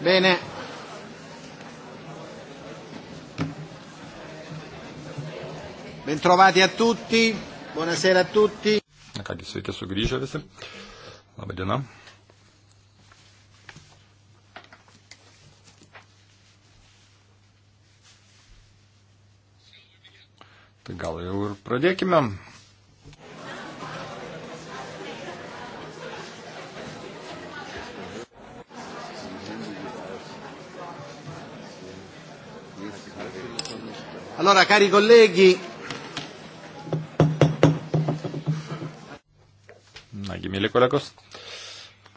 Bene. Bentrovati a tutti, buonasera a tutti. Na kągi, sveiki sugrįžę visi. Labadiena. Tai gal jau ir pradėkime. Allora, cari colleghi. Nagi, mėly kolegos,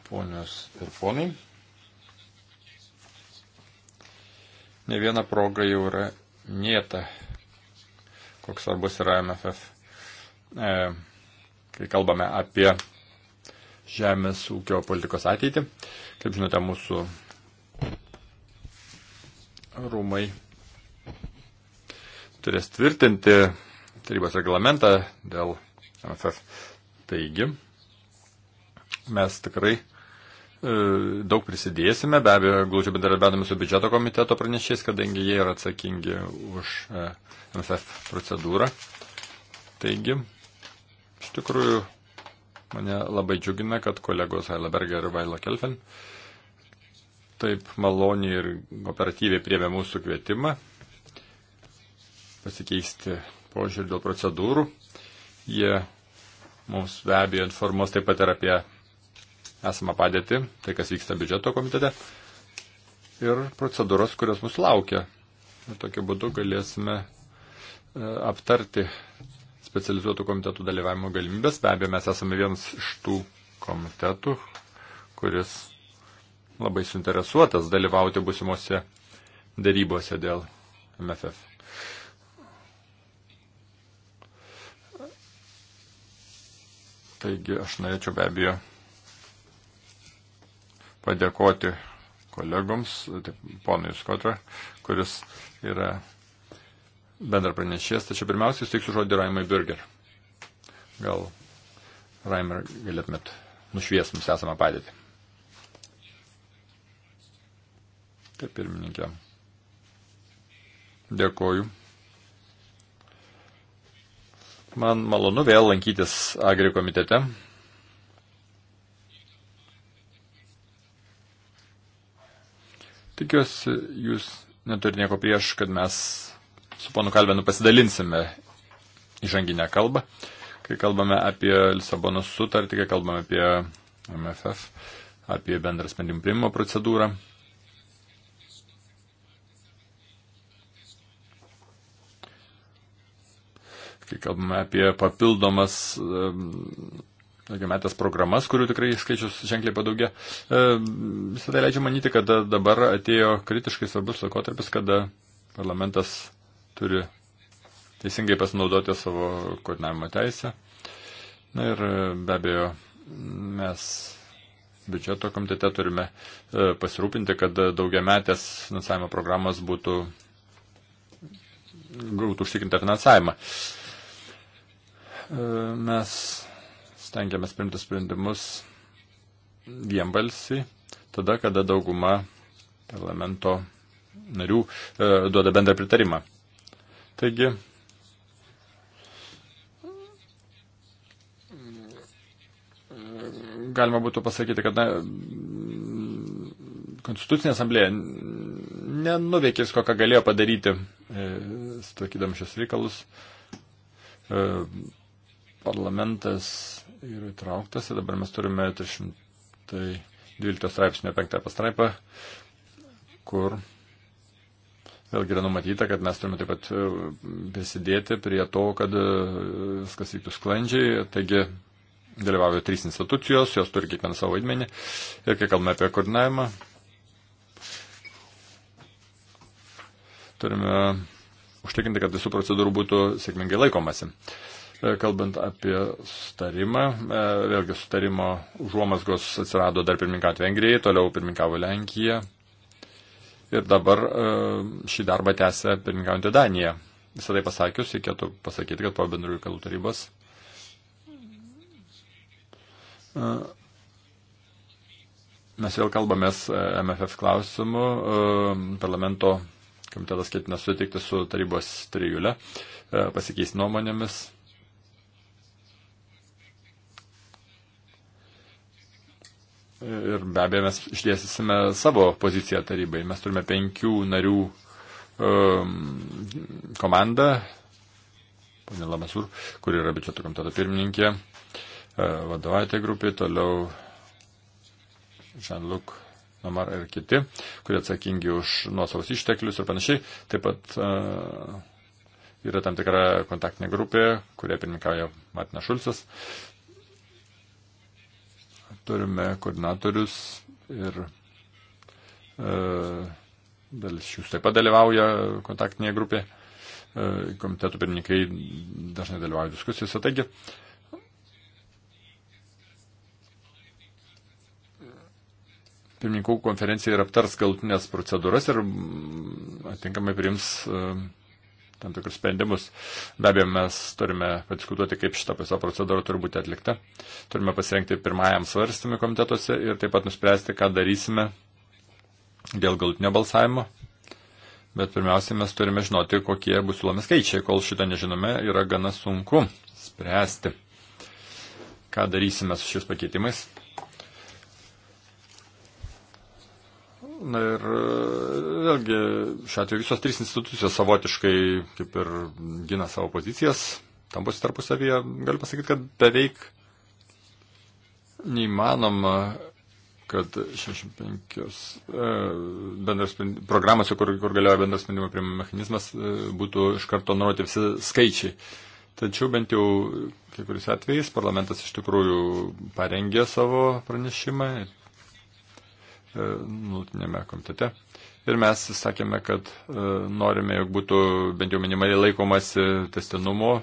ponios ir ponai. Ne viena proga jau yra mėta, koks svarbus yra MFF. E, kai kalbame apie žemės ūkio politikos ateitį, kaip žinote, mūsų rūmai turės tvirtinti tarybos reglamentą dėl MFF. Taigi, mes tikrai e, daug prisidėsime, be abejo, glaudžiai bendradarbiavame su biudžeto komiteto pranešiais, kadangi jie yra atsakingi už e, MFF procedūrą. Taigi, iš tikrųjų, mane labai džiugina, kad kolegos Heileberger ir Vaila Kelfen taip maloniai ir operatyviai priemė mūsų kvietimą pasikeisti požiūrį dėl procedūrų. Jie mums be abejo informuos taip pat ir apie esamą padėtį, tai kas vyksta biudžeto komitete ir procedūros, kurios mūsų laukia. Ir tokiu būdu galėsime e, aptarti specializuotų komitetų dalyvavimo galimybės. Be abejo, mes esame vienas iš tų komitetų, kuris labai suinteresuotas dalyvauti būsimose darybose dėl MFF. Taigi aš norėčiau be abejo padėkoti kolegoms, taip, ponui Skotra, kuris yra bendra pranešės. Tačiau pirmiausiai suteiksiu žodį Raimai Birger. Gal Raimai galėtumėt nušvies mums esamą padėtį. Taip, pirmininkė. Dėkoju. Man malonu vėl lankytis Agri komitete. Tikiuosi, jūs neturite nieko prieš, kad mes su ponu Kalvenu pasidalinsime įžanginę kalbą, kai kalbame apie Lisabonos sutartį, kai kalbame apie MFF, apie bendrą sprendimų priimimo procedūrą. kai kalbame apie papildomas daugiametės programas, kurių tikrai skaičius ženkliai padaugia. Visą tai leidžia manyti, kad dabar atėjo kritiškai svarbus laikotarpis, kada parlamentas turi teisingai pasinaudoti savo koordinavimo teisę. Na ir be abejo, mes biudžeto komitete turime e, pasirūpinti, kad daugiametės finansavimo programos būtų gautų užtikrintą finansavimą. Uh, Mes stengiamės priimti sprendimus vienbalsiai, tada, kada dauguma parlamento narių e, duoda bendrą pritarimą. Taigi, galima būtų pasakyti, kad na, Konstitucinė asamblėja nenuveikė visko, ką galėjo padaryti, e, stakydam šios reikalus. E, parlamentas yra įtrauktas ir dabar mes turime 312 straipsnio 5 pastraipą, kur vėlgi yra numatyta, kad mes turime taip pat e, prisidėti prie to, kad e, viskas vyktų sklandžiai. Taigi dalyvauja trys institucijos, jos turi kiekvieną savo vaidmenį ir kai kalbame apie koordinavimą. Turime užtikrinti, kad visų procedūrų būtų sėkmingai laikomasi. Uh, E, kalbant apie sutarimą, e, vėlgi sutarimo užuomasgos atsirado dar pirmininkant Vengrijai, toliau pirmininkavo Lenkija ir dabar e, šį darbą tęsia pirmininkaujantį Daniją. Visą tai pasakius, reikėtų pasakyti, kad po bendrųjų kalų tarybos mes vėl kalbamės MFF klausimu, parlamento komitetas ketina sutikti su tarybos trijulė, pasikeis nuomonėmis Ir be abejo, mes išdėsime savo poziciją tarybai. Mes turime penkių narių um, komandą, ponė Lamasur, kur yra biudžeto komiteto pirmininkė, e, vadovaitė grupė, toliau Jean-Luc Namar ir kiti, kurie atsakingi už nuosavus išteklius ir panašiai. Taip pat uh, yra tam tikra kontaktinė grupė, kurie pirmininkauja Martina Šulcas. Uh, turime koordinatorius ir e, dalis jūs taip pat dalyvauja kontaktinėje grupėje, e, komitetų pirmininkai dažnai dalyvauja diskusijose. Taigi, pirmininkų konferencija ir aptars galtinės procedūras ir atinkamai priims e, tam tikrus sprendimus. Be abejo, mes turime padiskutuoti, kaip šita visa procedūra turi būti atlikta. Turime pasirengti pirmajam svarstymui komitetuose ir taip pat nuspręsti, ką darysime dėl galutinio balsavimo. Bet pirmiausia, mes turime žinoti, kokie bus siūlomi skaičiai. Kol šitą nežinome, yra gana sunku spręsti, ką darysime su šiais pakeitimais. Na ir e, vėlgi šiuo atveju visos trys institucijos savotiškai kaip ir gina savo pozicijas, tampusi tarpusavyje, galiu pasakyti, kad beveik neįmanoma, kad 65 e, bendras programose, kur, kur galioja bendras sprendimo priimimo mechanizmas, e, būtų iš karto nurodyti visi skaičiai. Tačiau bent jau kai kuris atvejais parlamentas iš tikrųjų parengė savo pranešimą ir E, nutinėme komitete. Ir mes sakėme, kad e, norime, jog būtų bent jau minimaliai laikomasi testinumo,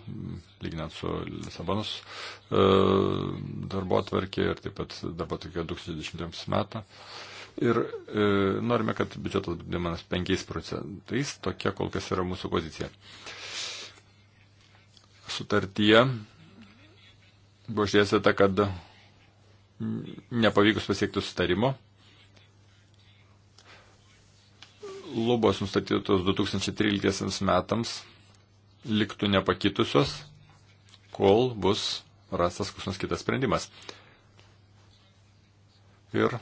lyginant su Lisabonos e, darbo atvarkė ir taip pat darbo atvarkė 2020 metą. Ir e, norime, kad biudžetas būtų dėmanas 5 procentais. Tokia kol kas yra mūsų pozicija. Sutartyje buvo išdėstyta, kad nepavykus pasiekti sustarimo, lubos nustatytos 2013 metams liktų nepakitusios, kol bus rastas kus nors kitas sprendimas. Ir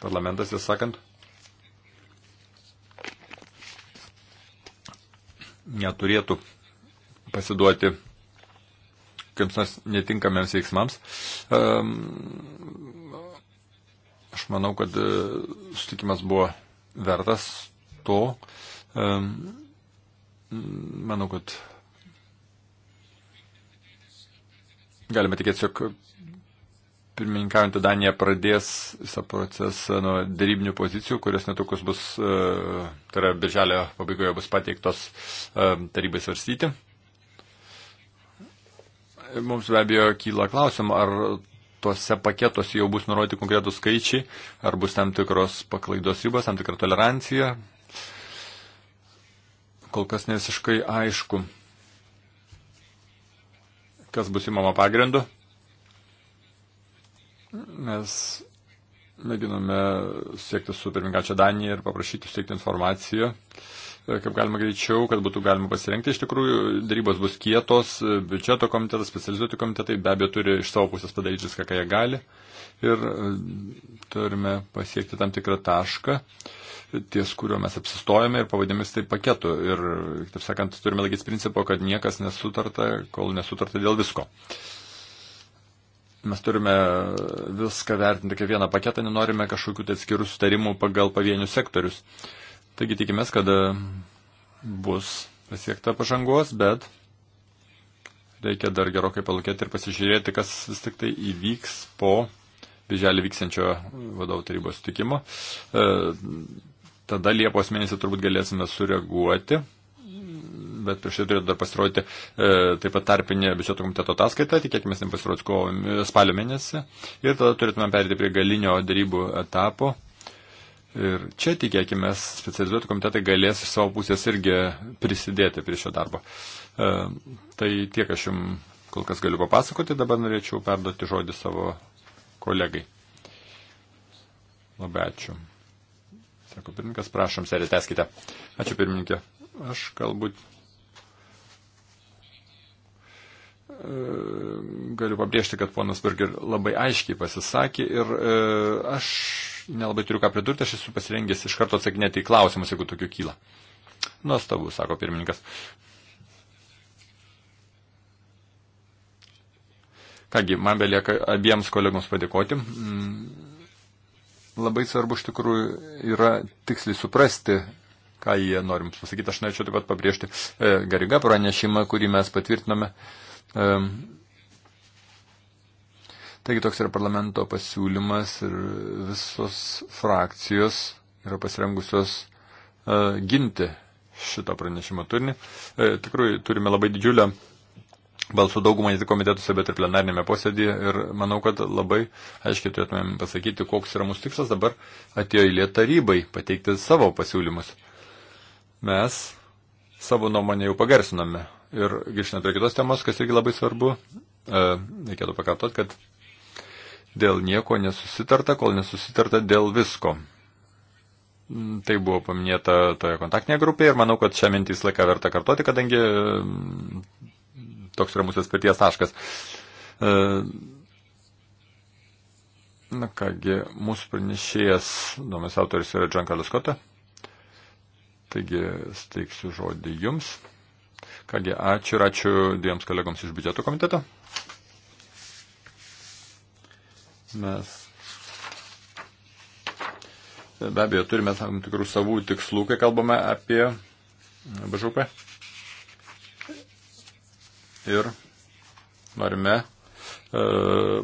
parlamentas, tiesą sakant, neturėtų pasiduoti kaip nors netinkamiems veiksmams. Ehm, aš manau, kad e, sutikimas buvo vertas to. Manau, kad galime tikėtis, jog pirmininkaujantį Daniją pradės visą procesą nuo dėrybinių pozicijų, kurios netrukus bus, e, tai yra birželio pabaigoje bus pateiktos e, tarybai svarstyti. Mums be abejo kyla klausimų, ar tuose paketuose jau bus nurodyti konkretus skaičiai, ar bus tam tikros paklaidos ribos, tam tikra tolerancija. Kol kas ne visiškai aišku, kas bus įmama pagrindu. Mes mėginome siekti su pirmingačia Danija ir paprašyti siekti informaciją. Uh, E, kaip galima greičiau, kad būtų galima pasirengti. Iš tikrųjų, darybos bus kietos, e, biudžeto komitetas, specializuoti komitetai be abejo turi iš savo pusės padaryti viską, ką jie gali. Ir e, turime pasiekti tam tikrą tašką, ties kuriuo mes apsistojame ir pavadėmės tai paketu. Ir, taip sakant, turime laikytis principo, kad niekas nesutarta, kol nesutarta dėl visko mes turime viską vertinti kaip vieną paketą, nenorime kažkokių tai atskirų sutarimų pagal pavienius sektorius. Uh, Taigi tikimės, kad e, bus pasiekta pažangos, bet reikia dar gerokai palūkėti ir pasižiūrėti, kas vis tik tai įvyks po birželį vyksiančio vadovų tarybos sutikimo. E, tada Liepos mėnesį turbūt galėsime sureaguoti, bet prieš tai turėtų dar pasirodyti e, taip pat tarpinė biudžeto komiteto ataskaita, tikėkime, jis pasirodys spalio mėnesį. Ir tada turėtume perėti prie galinio darybų etapo Ir čia tikėkime, specializuoti komitetai galės iš savo pusės irgi prisidėti prie šio darbo. E, tai tiek aš jums kol kas galiu papasakoti, dabar norėčiau perduoti žodį savo kolegai. Labai ačiū. Sako pirmininkas, prašom, serė, teskite. Ačiū pirmininkė. Aš galbūt e, galiu pabrėžti, kad ponas Berger labai aiškiai pasisakė ir e, aš nelabai turiu ką pridurti, aš esu pasirengęs iš karto atsakinėti į klausimus, jeigu tokių kyla. Nuostabu, sako pirmininkas. Kągi, man belieka abiems kolegoms padėkoti. Mm, labai svarbu iš tikrųjų yra tiksliai suprasti, ką jie norim pasakyti. Aš norėčiau taip pat pabrėžti e, Gariga pranešimą, kurį mes patvirtiname. E, Taigi toks yra parlamento pasiūlymas ir visos frakcijos yra pasirengusios uh, ginti šito pranešimo turinį. E, tikrai turime labai didžiulę balsų daugumą ne tik komitetuose, bet ir plenarnėme posėdėje. Ir manau, kad labai aiškiai turėtumėm pasakyti, koks yra mūsų tikslas. Dabar atėjo eilė tarybai pateikti savo pasiūlymus. Mes savo nuomonę jau pagarsiname. Ir grįžtame prie kitos temos, kas irgi labai svarbu. E, reikėtų pakartot, kad dėl nieko nesusitarta, kol nesusitarta dėl visko. Mm, tai buvo paminėta toje kontaktinėje grupėje ir manau, kad šią mintį visą laiką verta kartoti, kadangi mm, toks yra mūsų atspirties taškas. E, na kągi, mūsų pranešėjas, nuomis autoris yra John Carlos Kota. Taigi, steiksiu žodį jums. Kągi, ačiū ir ačiū dviems kolegoms iš biudžeto komiteto. mes be abejo turime tam tikrų savų tikslų, kai kalbame apie BŽP. Ir norime e,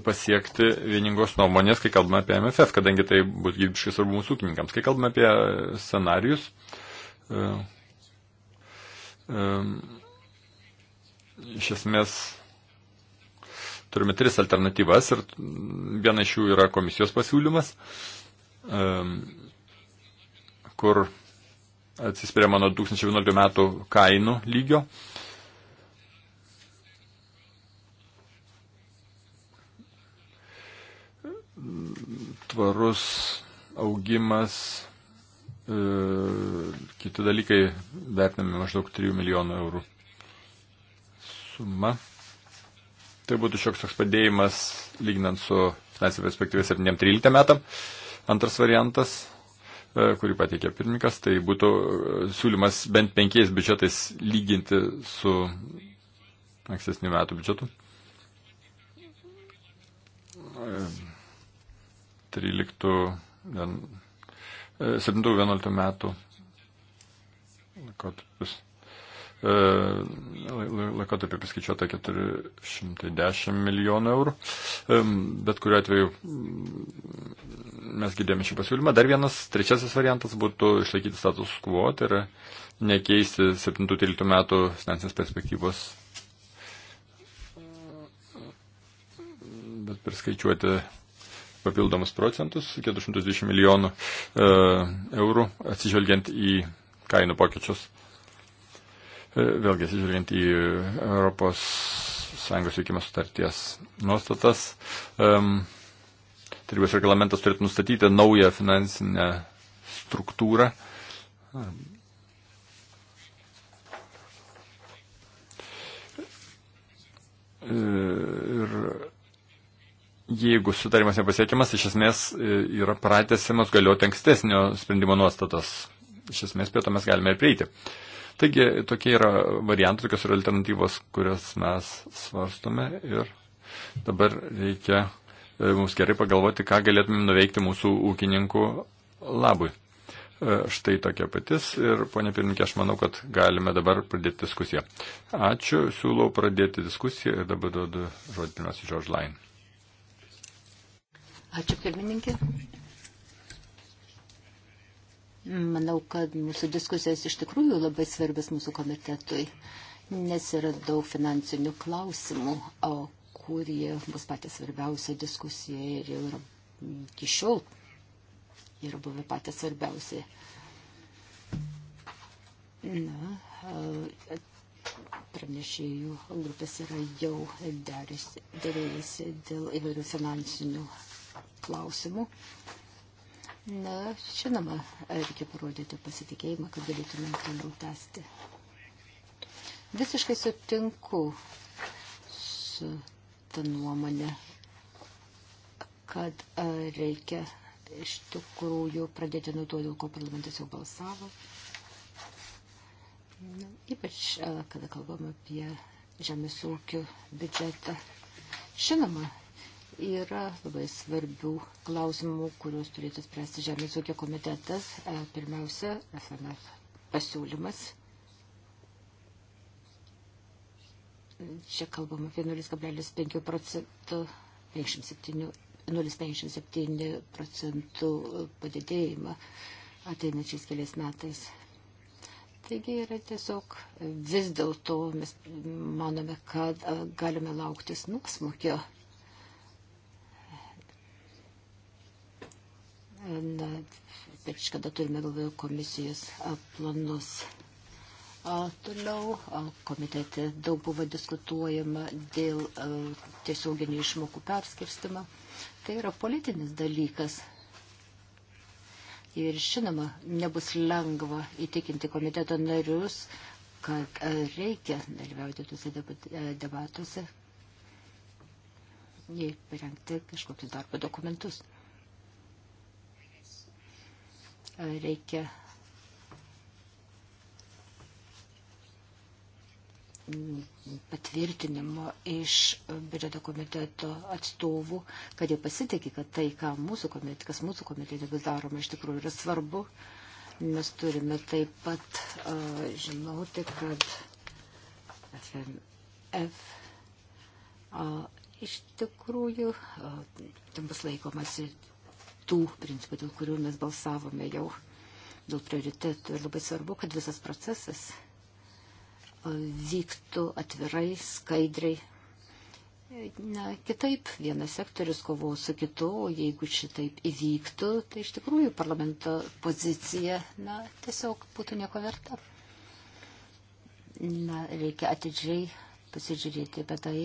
pasiekti vieningos nuomonės, kai kalbame apie MFF, kadangi tai bus gyvybiškai svarbu mūsų ūkininkams. Kai kalbame apie scenarius, e, e, iš esmės Turime tris alternatyvas ir viena iš jų yra komisijos pasiūlymas, kur atsispiriama nuo 2011 metų kainų lygio. Tvarus augimas, e, kiti dalykai vertinami maždaug 3 milijonų eurų suma. Tai būtų šioks toks padėjimas, lyginant su finansinė perspektyva 7-13 metam. Antras variantas, e, kurį pateikė pirmininkas, tai būtų e, siūlymas bent penkiais biudžetais lyginti su ankstesnių metų biudžetu. 13, e, 7-11 metų laikotarpis. E, laikotarpį paskaičiuota 410 milijonų eurų. E, bet kuriuo atveju mm, mes girdėjome šį pasiūlymą. Dar vienas, trečiasis variantas būtų išlaikyti status quo, tai yra nekeisti 7-13 metų finansinės perspektyvos, bet priskaičiuoti papildomus procentus, 420 milijonų e, eurų, atsižvelgiant į kainų pokyčius. E, vėlgi, atsižiūrint į e, Europos Sąjungos veikimo sutarties nuostatas, um, tarybos reglamentas turėtų nustatyti naują finansinę struktūrą. E, ir jeigu sutarimas nepasiekiamas, iš esmės yra pratesimas galioti ankstesnio sprendimo nuostatos. Iš esmės prie to mes galime ir prieiti. Uh, Taigi tokie yra variantai, tokios yra alternatyvos, kurias mes svarstome ir dabar reikia e, mums gerai pagalvoti, ką galėtumėm nuveikti mūsų ūkininkų labui. E, štai tokia patys ir, ponė pirmininkė, aš manau, kad galime dabar pradėti diskusiją. Ačiū, siūlau pradėti diskusiją ir dabar duodu žodį pirmiausia George Line. Ačiū, pirmininkė. Manau, kad mūsų diskusijos iš tikrųjų labai svarbės mūsų komitetui, nes yra daug finansinių klausimų, o kurie bus patys svarbiausia diskusija ir jau yra iki šiol yra buvę patys svarbiausi. Na, e, pranešėjų grupės yra jau derėjusi dėl įvairių finansinių klausimų. Na, žinoma, reikia parodyti pasitikėjimą, kad galėtume toliau tęsti. Visiškai sutinku su ta nuomonė, kad reikia iš tikrųjų pradėti nuo to, dėl ko parlamentas jau balsavo. Na, ypač, kada kalbam apie žemės ūkių biudžetą. Žinoma, Yra labai svarbių klausimų, kuriuos turėtų spręsti Žemės ūkio komitetas. E, pirmiausia, FNF pasiūlymas. Čia kalbam apie 0,5 procentų, 0,57 procentų padidėjimą ateinačiais keliais metais. Taigi yra tiesiog vis dėlto mes manome, kad e, galime lauktis nuosmukio. Na, bet iš kada turime galvoje komisijos planus. A, toliau a, komitete daug buvo diskutuojama dėl a, tiesioginių išmokų perskirstimą. Tai yra politinis dalykas. Ir žinoma, nebus lengva įtikinti komiteto narius, kad reikia dalyvauti tuose debatuose ir parengti kažkokius darbo dokumentus reikia patvirtinimo iš biudžeto komiteto atstovų, kad jie pasitikė, kad tai, ką mūsų komitete, kas mūsų komitete bus daroma, iš tikrųjų yra svarbu. Mes turime taip pat uh, žinoti, kad FMF uh, iš tikrųjų uh, tam bus laikomasi tų principų, dėl kurių mes balsavome jau, dėl prioritetų. Ir labai svarbu, kad visas procesas e, vyktų atvirai, skaidriai. Na, kitaip vienas sektorius kovojo su kitu, o jeigu šitaip įvyktų, tai iš tikrųjų parlamento pozicija, na, tiesiog būtų nieko verta. Na, reikia atidžiai pasižiūrėti apie tai,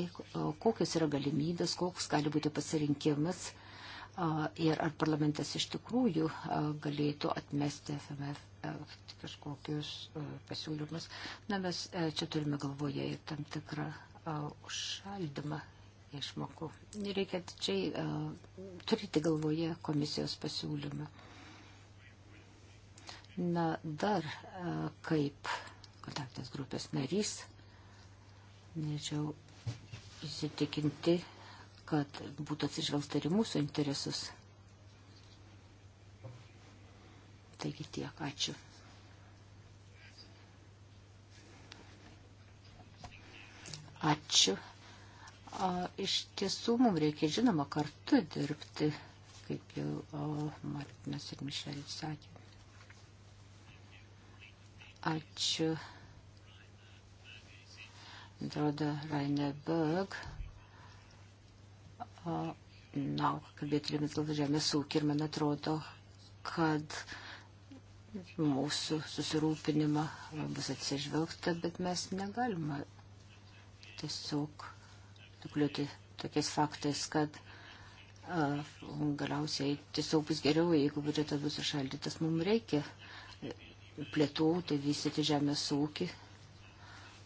kokios yra galimybės, koks gali būti pasirinkimas ir ar parlamentas iš tikrųjų galėtų atmesti FMF kažkokius pasiūlymus. Na, mes čia turime galvoje ir tam tikrą užšaldymą išmokų. Reikia čia turėti galvoje komisijos pasiūlymą. Na, dar kaip kontaktės grupės narys, nežinau, įsitikinti kad būtų atsižvelgta ir mūsų interesus. Taigi tiek, ačiū. Ačiū. A, iš tiesų, mums reikia, žinoma, kartu dirbti, kaip jau o, Martinas ir Mišelis sakė. Ačiū. Atrodo, Rainer Berg nav kalbėtumėm dėl žemės ūkio ir man atrodo, kad mūsų susirūpinimą bus atsižvelgta, bet mes negalime tiesiog kliūti tokiais faktais, kad a, galiausiai tiesiog bus geriau, jeigu biudžetas bus išaldytas, mums reikia plėtoti, vystyti žemės ūkį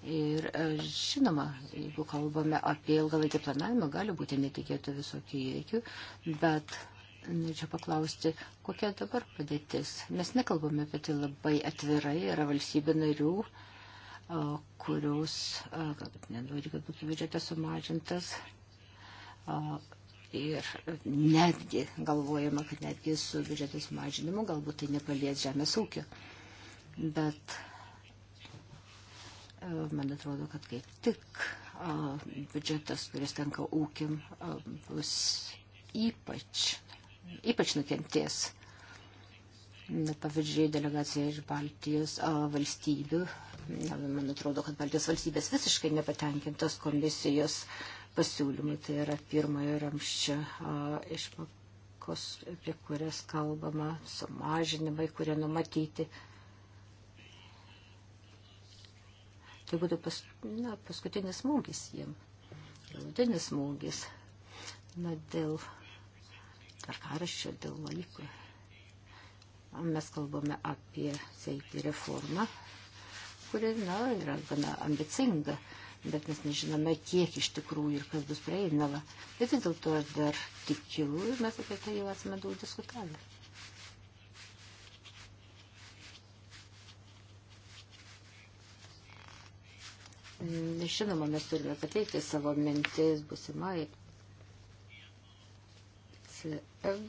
Ir e, žinoma, jeigu kalbame apie ilgalaikį planavimą, gali būti netikėtų visokių įvykių, bet norėčiau paklausti, kokia dabar padėtis. Mes nekalbame apie tai labai atvirai, yra valstybė narių, e, kurios, e, galbūt nenori, kad būtų biudžetas sumažintas. Ir netgi galvojama, kad netgi su biudžetais mažinimu galbūt tai nepalies žemės ūkio. Bet Man atrodo, kad kaip tik biudžetas, kuris tenka ūkim, bus ypač, ypač nukentės. Pavyzdžiui, delegacija iš Baltijos valstybių. Man atrodo, kad Baltijos valstybės visiškai nepatenkintos komisijos pasiūlymų. Tai yra pirmojo ramščio išmokos, apie kurias kalbama, sumažinimai, kurie numatyti. A, Tai būtų pas, na, paskutinis smūgis jiem. Galutinis smūgis. Na, dėl tvarkaraščio, dėl laiko. Mes kalbame apie sveiki reformą, kuri, na, yra gana ambicinga bet mes nežinome, kiek iš tikrųjų ir kas bus prieinama. Bet vis dėlto aš dar tikiu ir mes apie tai jau esame daug diskutavę. Mm, žinoma, mes turime pateikti savo mintis busimai e,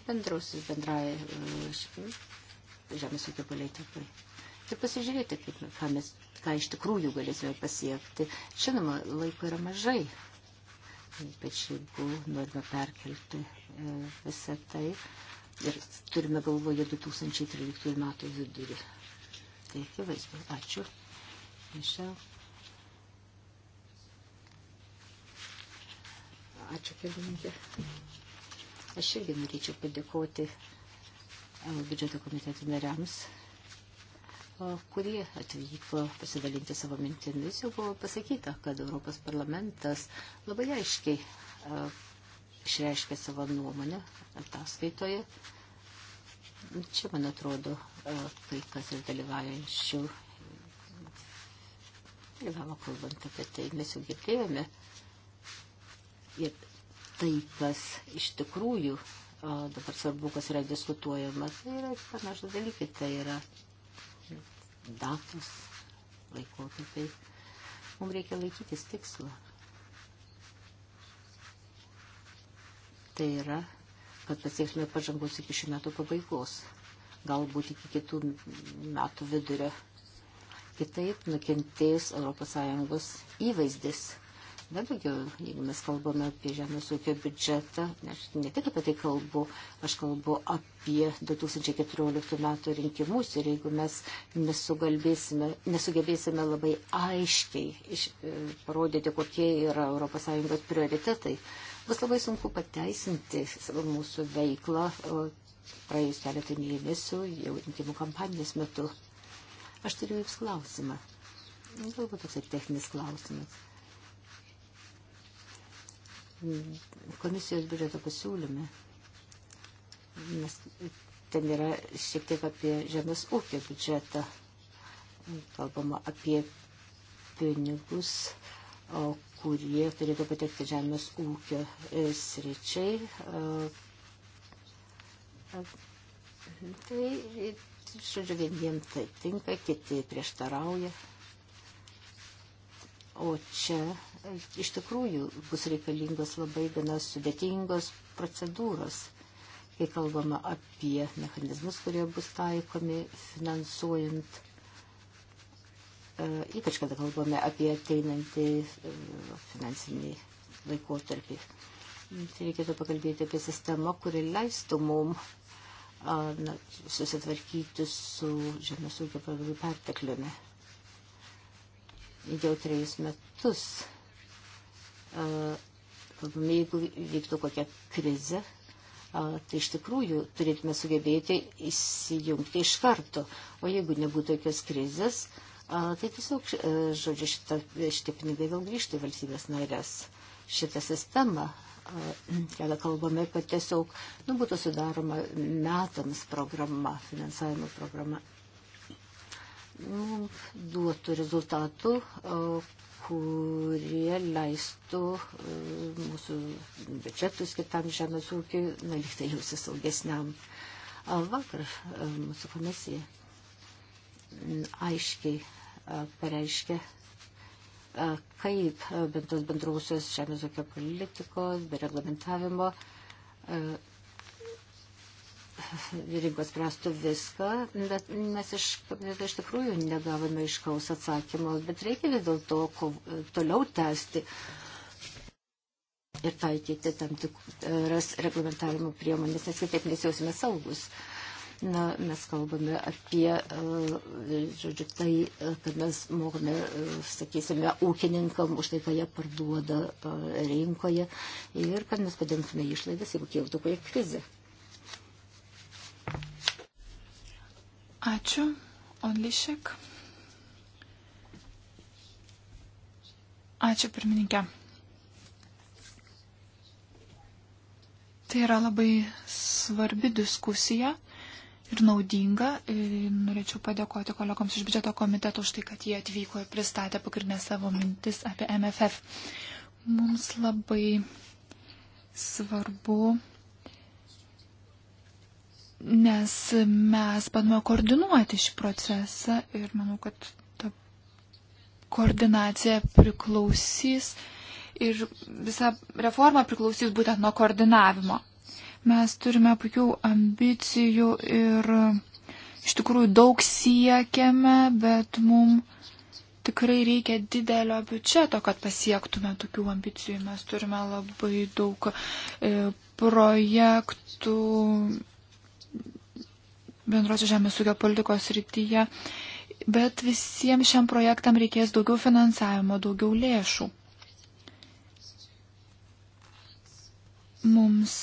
bendrausis bendrai e, žemės ūkio politikai. Ir pasižiūrėti, kaip, ką, mes, ką iš tikrųjų galėsime pasiekti. Žinoma, laiko yra mažai, bet jeigu norime perkelti e, visą tai ir turime galvoje 2013 metų vidurį. Tai akivaizdu. Ačiū. Mišel. Ačiū, pirmininkė. Aš irgi norėčiau padėkoti e, biudžeto komiteto nariams, kurie atvyko pasidalinti savo mintimis. Jau buvo pasakyta, kad Europos parlamentas labai aiškiai e, išreiškė savo nuomonę ataskaitoje. Čia, man atrodo, kai e, kas ir dalyvaujančių dalyvavo kalbant apie tai, mes jau girdėjome ir tai, kas iš tikrųjų o, dabar svarbu, kas yra diskutuojama, tai yra panašus dalykai, tai yra datos, laikotarpiai. Mums reikia laikytis tikslo. Tai yra, kad pasieksime pažangos iki šių metų pabaigos, galbūt iki kitų metų vidurio. Kitaip nukentės ES įvaizdis Na, daugiau, jeigu mes kalbame apie žemės ūkio biudžetą, aš ne tik apie tai kalbu, aš kalbu apie 2014 metų rinkimus ir jeigu mes nesugebėsime labai aiškiai iš, e, parodyti, kokie yra ES prioritetai, bus labai sunku pateisinti mūsų veiklą praėjus keletą mėnesių, jau rinkimų kampanijos metu. Aš turiu jums klausimą. Galbūt toks techninis klausimas. Komisijos biudžeto pasiūlyme. Mes ten yra šiek tiek apie žemės ūkio biudžetą. Kalbama apie pinigus, o, kurie turėtų patekti žemės ūkio e, sričiai. E, tai, žodžiu, vieniem tai tinka, kiti prieštarauja. O čia iš tikrųjų bus reikalingos labai gana sudėtingos procedūros, kai kalbama apie mechanizmus, kurie bus taikomi finansuojant, e, ypač kada kalbame apie ateinantį e, finansinį laikotarpį. Tai reikėtų pakalbėti apie sistemą, kuri leistų mum na, susitvarkyti su žemės ūkio produktų pertekliumi. Jau trejus metus kalbame, jeigu vyktų kokia krizė, tai iš tikrųjų turėtume sugebėti įsijungti iš karto. O jeigu nebūtų jokios krizės, tai tiesiog, e, žodžiu, šita, šitie pinigai vėl grįžtų į valstybės narės. Šitą sistemą, kada kalbame, kad tiesiog nu, būtų sudaroma metams programa, finansavimo programa, nu, duotų rezultatų, kurie leistų e, mūsų biudžetus kitam žemės ūkiui, na, liktai jausis saugesniam. Vakar e, mūsų komisija aiškiai e, pareiškė, kaip bendros bendrausios žemės ūkio politikos, be reglamentavimo rinkos spręstų viską, bet mes iš, iš tikrųjų negavome iškaus atsakymo, bet reikia vis dėlto toliau tęsti ir taikyti tam tikras reglamentavimo priemonės, nes kitaip nesijausime saugus. Na, mes kalbame apie, e, žodžiu, tai, e, kad mes mokame, e, sakysime, ūkininkam už tai, ką jie parduoda rinkoje ir kad mes padengtume išlaidas, jeigu kiltų kokia krizė. Ačiū, Onlišek. Ačiū, pirmininkė. Tai yra labai svarbi diskusija ir naudinga. Ir norėčiau padėkoti kolegoms iš biudžeto komiteto už tai, kad jie atvyko ir pristatė pagrindinę savo mintis apie MFF. Mums labai svarbu nes mes bandome koordinuoti šį procesą ir manau, kad ta koordinacija priklausys ir visa reforma priklausys būtent nuo koordinavimo. Mes turime puikių ambicijų ir iš tikrųjų daug siekiame, bet mums tikrai reikia didelio biudžeto, kad pasiektume tokių ambicijų. Mes turime labai daug e, projektų bendrosios žemės ūkio politikos rytyje, bet visiems šiam projektam reikės daugiau finansavimo, daugiau lėšų. Mums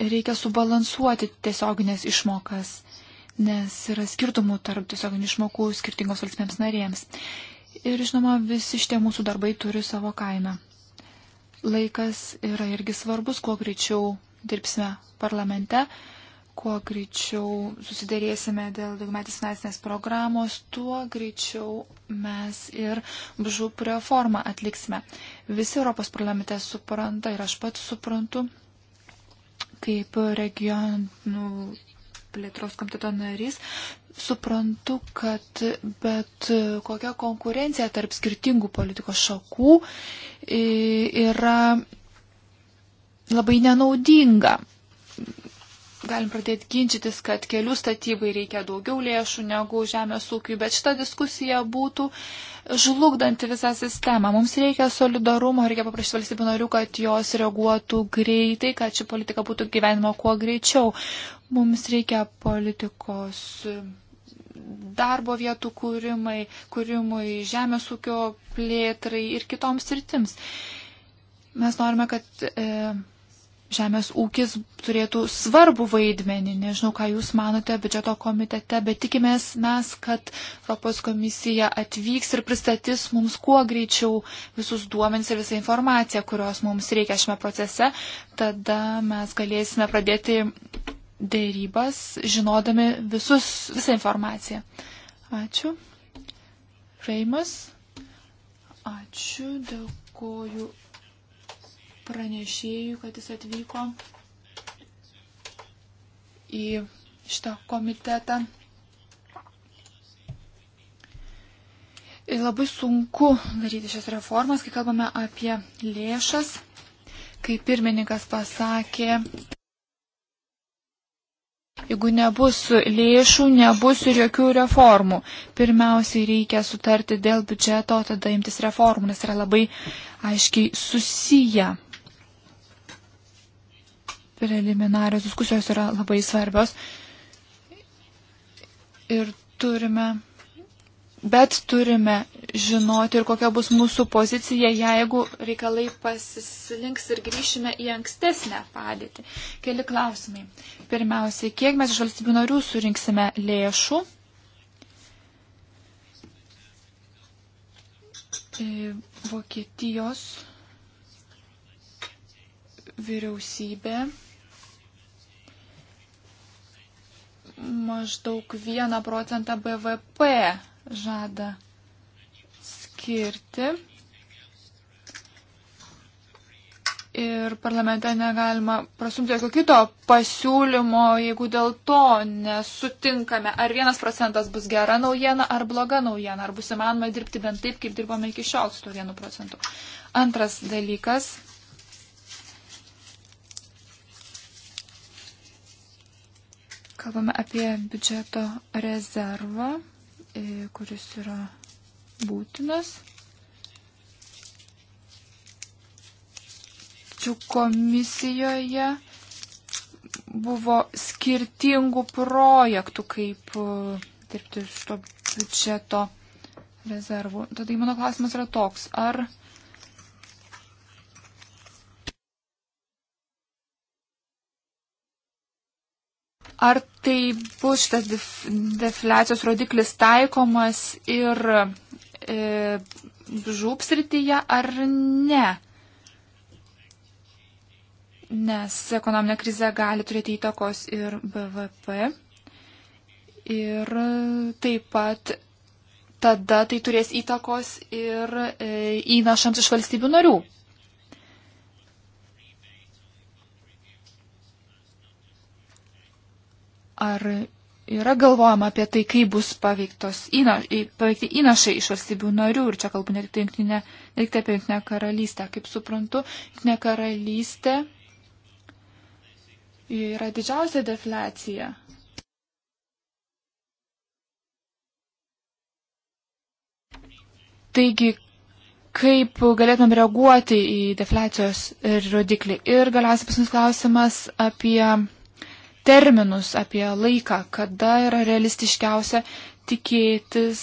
reikia subalansuoti tiesioginės išmokas, nes yra skirtumų tarp tiesioginių išmokų skirtingos valstybėms narėms. Ir žinoma, visi šitie mūsų darbai turi savo kainą. Laikas yra irgi svarbus, kuo greičiau dirbsime parlamente, kuo greičiau susidarėsime dėl daugmetės finansinės programos, tuo greičiau mes ir BŽUP reformą atliksime. Visi Europos parlamente supranta ir aš pats suprantu, kaip regionų plėtros komiteto narys, suprantu, kad bet kokia konkurencija tarp skirtingų politikos šakų e, yra labai nenaudinga galim pradėti ginčytis, kad kelių statybai reikia daugiau lėšų negu žemės ūkiui, bet šita diskusija būtų žlugdanti visą sistemą. Mums reikia solidarumo, reikia paprašyti valstybių narių, kad jos reaguotų greitai, kad ši politika būtų gyvenimo kuo greičiau. Mums reikia politikos darbo vietų kūrimai, kūrimui, žemės ūkio plėtrai ir kitoms sritims. Mes norime, kad. E, žemės ūkis turėtų svarbų vaidmenį. Nežinau, ką Jūs manote biudžeto komitete, bet tikimės mes, kad Europos komisija atvyks ir pristatys mums kuo greičiau visus duomenys ir visą informaciją, kurios mums reikia šiame procese. Tada mes galėsime pradėti dėrybas, žinodami visus, visą informaciją. Ačiū. Reimas. Ačiū. Dėkuoju pranešėjui, kad jis atvyko į šitą komitetą. Ir labai sunku daryti šias reformas, kai kalbame apie lėšas, kai pirmininkas pasakė, jeigu nebus lėšų, nebus ir jokių reformų. Pirmiausiai reikia sutarti dėl biudžeto, tada imtis reformų, nes yra labai aiškiai susiję preliminarios diskusijos yra labai svarbios. Ir turime, bet turime žinoti ir kokia bus mūsų pozicija, jeigu reikalai pasislinks ir grįšime į ankstesnę padėtį. Keli klausimai. Pirmiausiai, kiek mes iš valstybių narių surinksime lėšų? E, Vokietijos vyriausybė maždaug 1 procentą BVP žada skirti. Ir parlamente negalima prasumti jokio kito pasiūlymo, jeigu dėl to nesutinkame, ar vienas procentas bus gera naujiena, ar bloga naujiena, ar bus įmanoma dirbti bent taip, kaip dirbome iki šiol su tuo vienu procentu. Antras dalykas Kalbame apie biudžeto rezervą, e, kuris yra būtinas. Tačiau komisijoje buvo skirtingų projektų, kaip e, dirbti su to biudžeto rezervu. Tadai mano klausimas yra toks, ar Ar tai bus šitas defliacijos rodiklis taikomas ir e, žūpsrityje ar ne? Nes ekonominė krize gali turėti įtakos ir BVP. Ir taip pat tada tai turės įtakos ir e, įnašams iš valstybių narių. Ar yra galvojama apie tai, kaip bus paveiktos įnaš, paveikti įnašai iš valstybių narių, ir čia kalbu ne tik, tai jungtinė, ne tik tai apie Junktinę karalystę, kaip suprantu, Junktinė karalystė yra didžiausia deflecija. Taigi, kaip galėtumėm reaguoti į deflecijos rodiklį? Ir galiausiai paskutinis klausimas apie terminus, apie laiką, kada yra realistiškiausia tikėtis,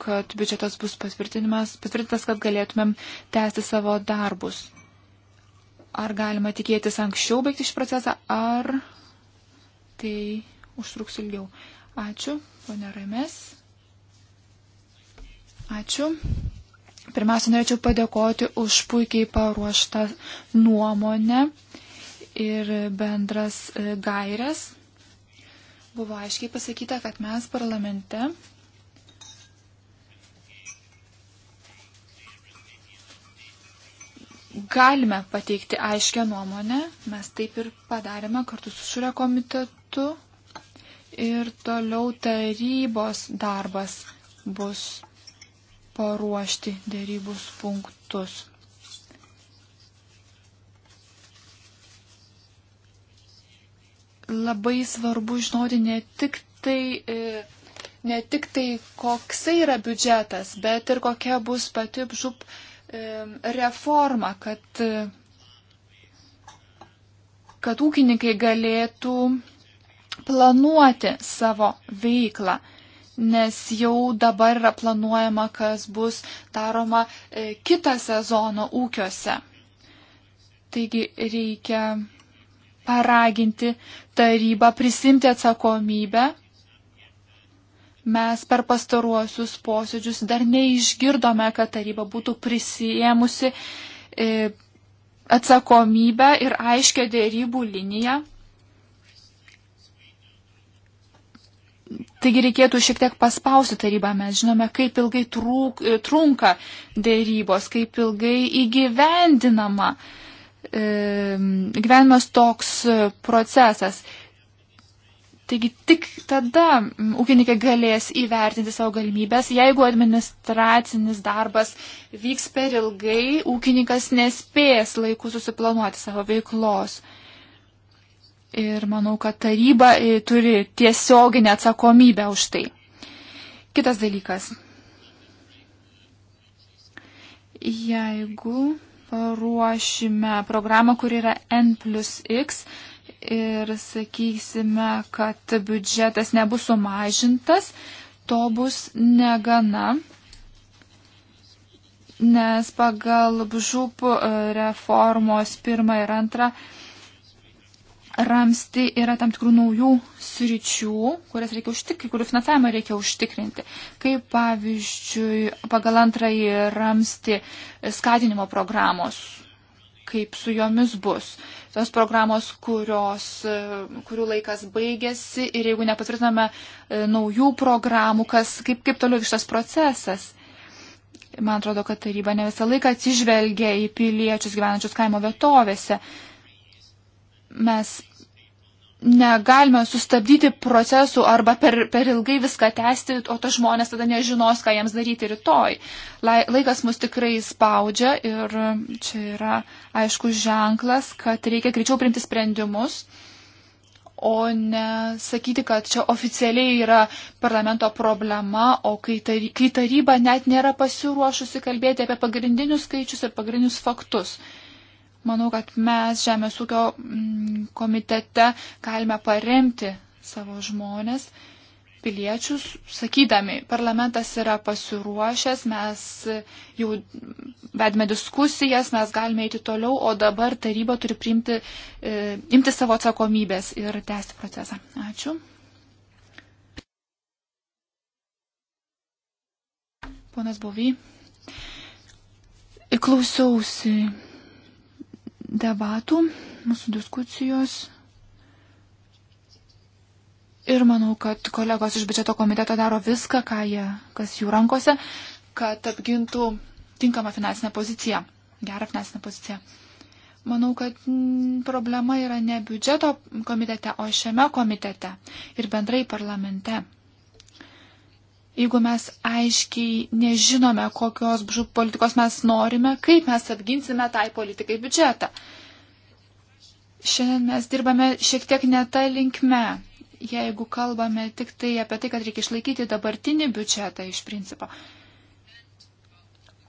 kad biudžetas bus patvirtintas, kad galėtumėm tęsti savo darbus. Ar galima tikėtis anksčiau baigti šį procesą, ar tai užtruks ilgiau. Ačiū, ponė Raimės. Ačiū. Pirmiausia, norėčiau padėkoti už puikiai paruoštą nuomonę ir bendras e, gairias, buvo aiškiai pasakyta, kad mes parlamente galime pateikti aiškę nuomonę, mes taip ir padarėme kartu su šiuo komitetu ir toliau tarybos darbas bus paruošti dėrybus punktus. labai svarbu žinoti ne tik tai. E, ne tik tai, koksai yra biudžetas, bet ir kokia bus pati žup e, reforma, kad, e, kad ūkininkai galėtų planuoti savo veiklą nes jau dabar yra planuojama, kas bus daroma kitą sezoną ūkiuose. Taigi reikia paraginti tarybą prisimti atsakomybę. Mes per pastaruosius posėdžius dar neišgirdome, kad taryba būtų prisijėmusi e, atsakomybę ir aiškę dėrybų liniją. Taigi reikėtų šiek tiek paspausti tarybą, mes žinome, kaip ilgai trūk, e, trunka dėrybos, kaip ilgai įgyvendinama uh, E, gyvenimas toks e, procesas. Taigi tik tada ūkininkai galės įvertinti savo galimybės. Jeigu administracinis darbas vyks per ilgai, ūkininkas nespės laiku susiplanuoti savo veiklos. Ir manau, kad taryba e, turi tiesioginę atsakomybę už tai. Kitas dalykas. Jeigu ruošime programą, kur yra N plus X ir sakysime, kad biudžetas nebus sumažintas, to bus negana, nes pagal BŽUP e, reformos pirmą ir antrą ramsti yra tam tikrų naujų sričių, kurias reikia užtikrinti, kurių finansavimą reikia užtikrinti. Kaip pavyzdžiui, pagal antrąjį ramsti skatinimo programos, kaip su jomis bus. Tos programos, kurios, kurių laikas baigėsi ir jeigu nepatvirtiname e, naujų programų, kas, kaip, kaip toliau šitas procesas man atrodo, kad taryba ne visą laiką atsižvelgia į piliečius gyvenančius kaimo vietovėse. Mes negalime sustabdyti procesų arba per, per ilgai viską tęsti, o tas žmonės tada nežinos, ką jiems daryti rytoj. Laikas mus tikrai spaudžia ir čia yra aišku ženklas, kad reikia greičiau priimti sprendimus, o ne sakyti, kad čia oficialiai yra parlamento problema, o kai taryba net nėra pasiruošusi kalbėti apie pagrindinius skaičius ir pagrindinius faktus. Manau, kad mes Žemės ūkio mm, komitete galime paremti savo žmonės, piliečius, sakydami, parlamentas yra pasiruošęs, mes jau vedame diskusijas, mes galime eiti toliau, o dabar taryba turi priimti, e, imti savo atsakomybės ir tęsti procesą. Ačiū. Ponas Bovy. Klausiausi debatų, mūsų diskusijos. Ir manau, kad kolegos iš biudžeto komiteto daro viską, jie, kas jų rankose, kad apgintų tinkamą finansinę poziciją, gerą finansinę poziciją. Manau, kad mm, problema yra ne biudžeto komitete, o šiame komitete ir bendrai parlamente jeigu mes aiškiai nežinome, kokios BŽUP politikos mes norime, kaip mes apginsime tai politikai biudžetą. Šiandien mes dirbame šiek tiek ne tą linkme, jeigu kalbame tik tai apie tai, kad reikia išlaikyti dabartinį biudžetą iš principo.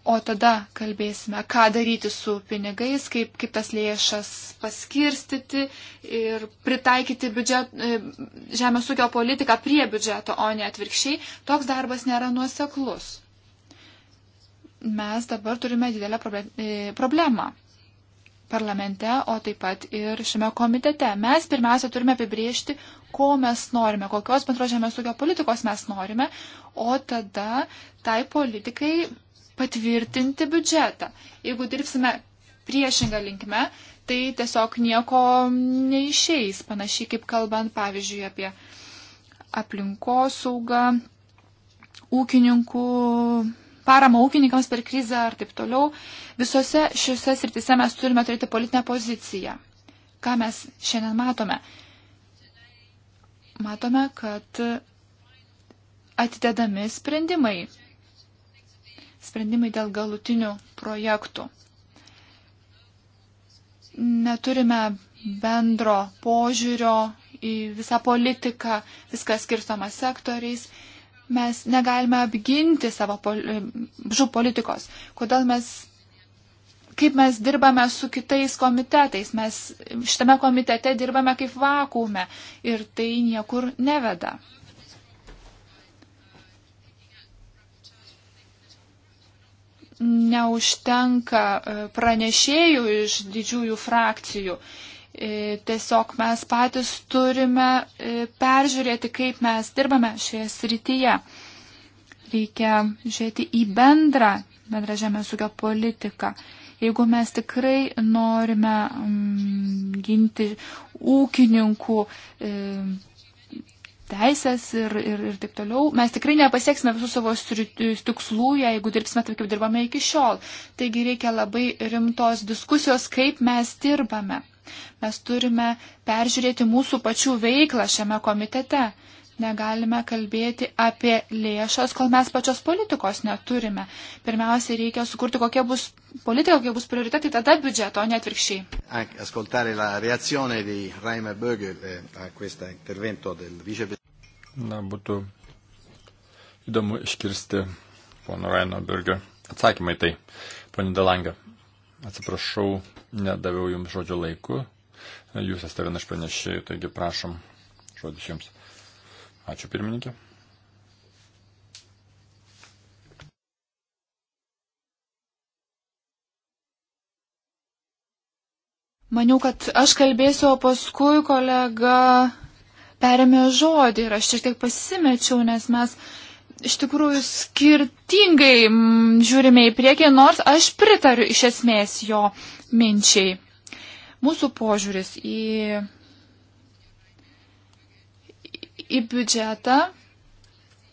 O tada kalbėsime, ką daryti su pinigais, kaip, kaip tas lėšas paskirstyti ir pritaikyti biudžet, e, žemės ūkio politiką prie biudžeto, o ne atvirkščiai. Toks darbas nėra nuoseklus. Mes dabar turime didelę e, problemą parlamente, o taip pat ir šiame komitete. Mes pirmiausia turime apibriežti, ko mes norime, kokios bendro žemės ūkio politikos mes norime, o tada tai politikai patvirtinti biudžetą. Jeigu dirbsime priešingą linkme, tai tiesiog nieko neišeis, panašiai kaip kalbant, pavyzdžiui, apie aplinkosaugą, ūkininkų, paramą ūkininkams per krizę ar taip toliau. Visose šiuose srityse mes turime turėti politinę poziciją. Ką mes šiandien matome? Matome, kad atidedami sprendimai sprendimai dėl galutinių projektų. Neturime bendro požiūrio į visą politiką, viskas skirstoma sektoriais. Mes negalime apginti savo poli e, žu politikos. Kodėl mes, kaip mes dirbame su kitais komitetais, mes šitame komitete dirbame kaip vakume ir tai niekur neveda. neužtenka e, pranešėjų iš didžiųjų frakcijų. E, tiesiog mes patys turime e, peržiūrėti, kaip mes dirbame šioje srityje. Reikia žiūrėti į bendrą, bendrą žemės ūkio politiką. Jeigu mes tikrai norime mm, ginti ūkininkų mm, teisės ir, ir, ir taip toliau. Mes tikrai nepasieksime visų savo tikslų, jeigu dirbsime taip, kaip dirbame iki šiol. Taigi reikia labai rimtos diskusijos, kaip mes dirbame. Mes turime peržiūrėti mūsų pačių veiklą šiame komitete. Negalime kalbėti apie lėšas, kol mes pačios politikos neturime. Pirmiausia, reikia sukurti, kokie bus politika, kokie bus prioritetai, tada biudžeto, o ne atvirkščiai. Ascoltare la reazione di Reimer Bögel eh, a questo intervento del vicepresidente. Na, būtų įdomu iškirsti pono Raino Birger atsakymai tai. Pane Delanga, atsiprašau, nedaviau jums žodžio laiku. Jūs esate vienas pranešėjų, taigi prašom žodis jums. Ačiū pirmininkė. Maniau, kad aš kalbėsiu, o paskui kolega perėmė žodį ir aš šiek tiek pasimečiau, nes mes iš tikrųjų skirtingai žiūrime į priekį, nors aš pritariu iš esmės jo minčiai. Mūsų požiūris į, į biudžetą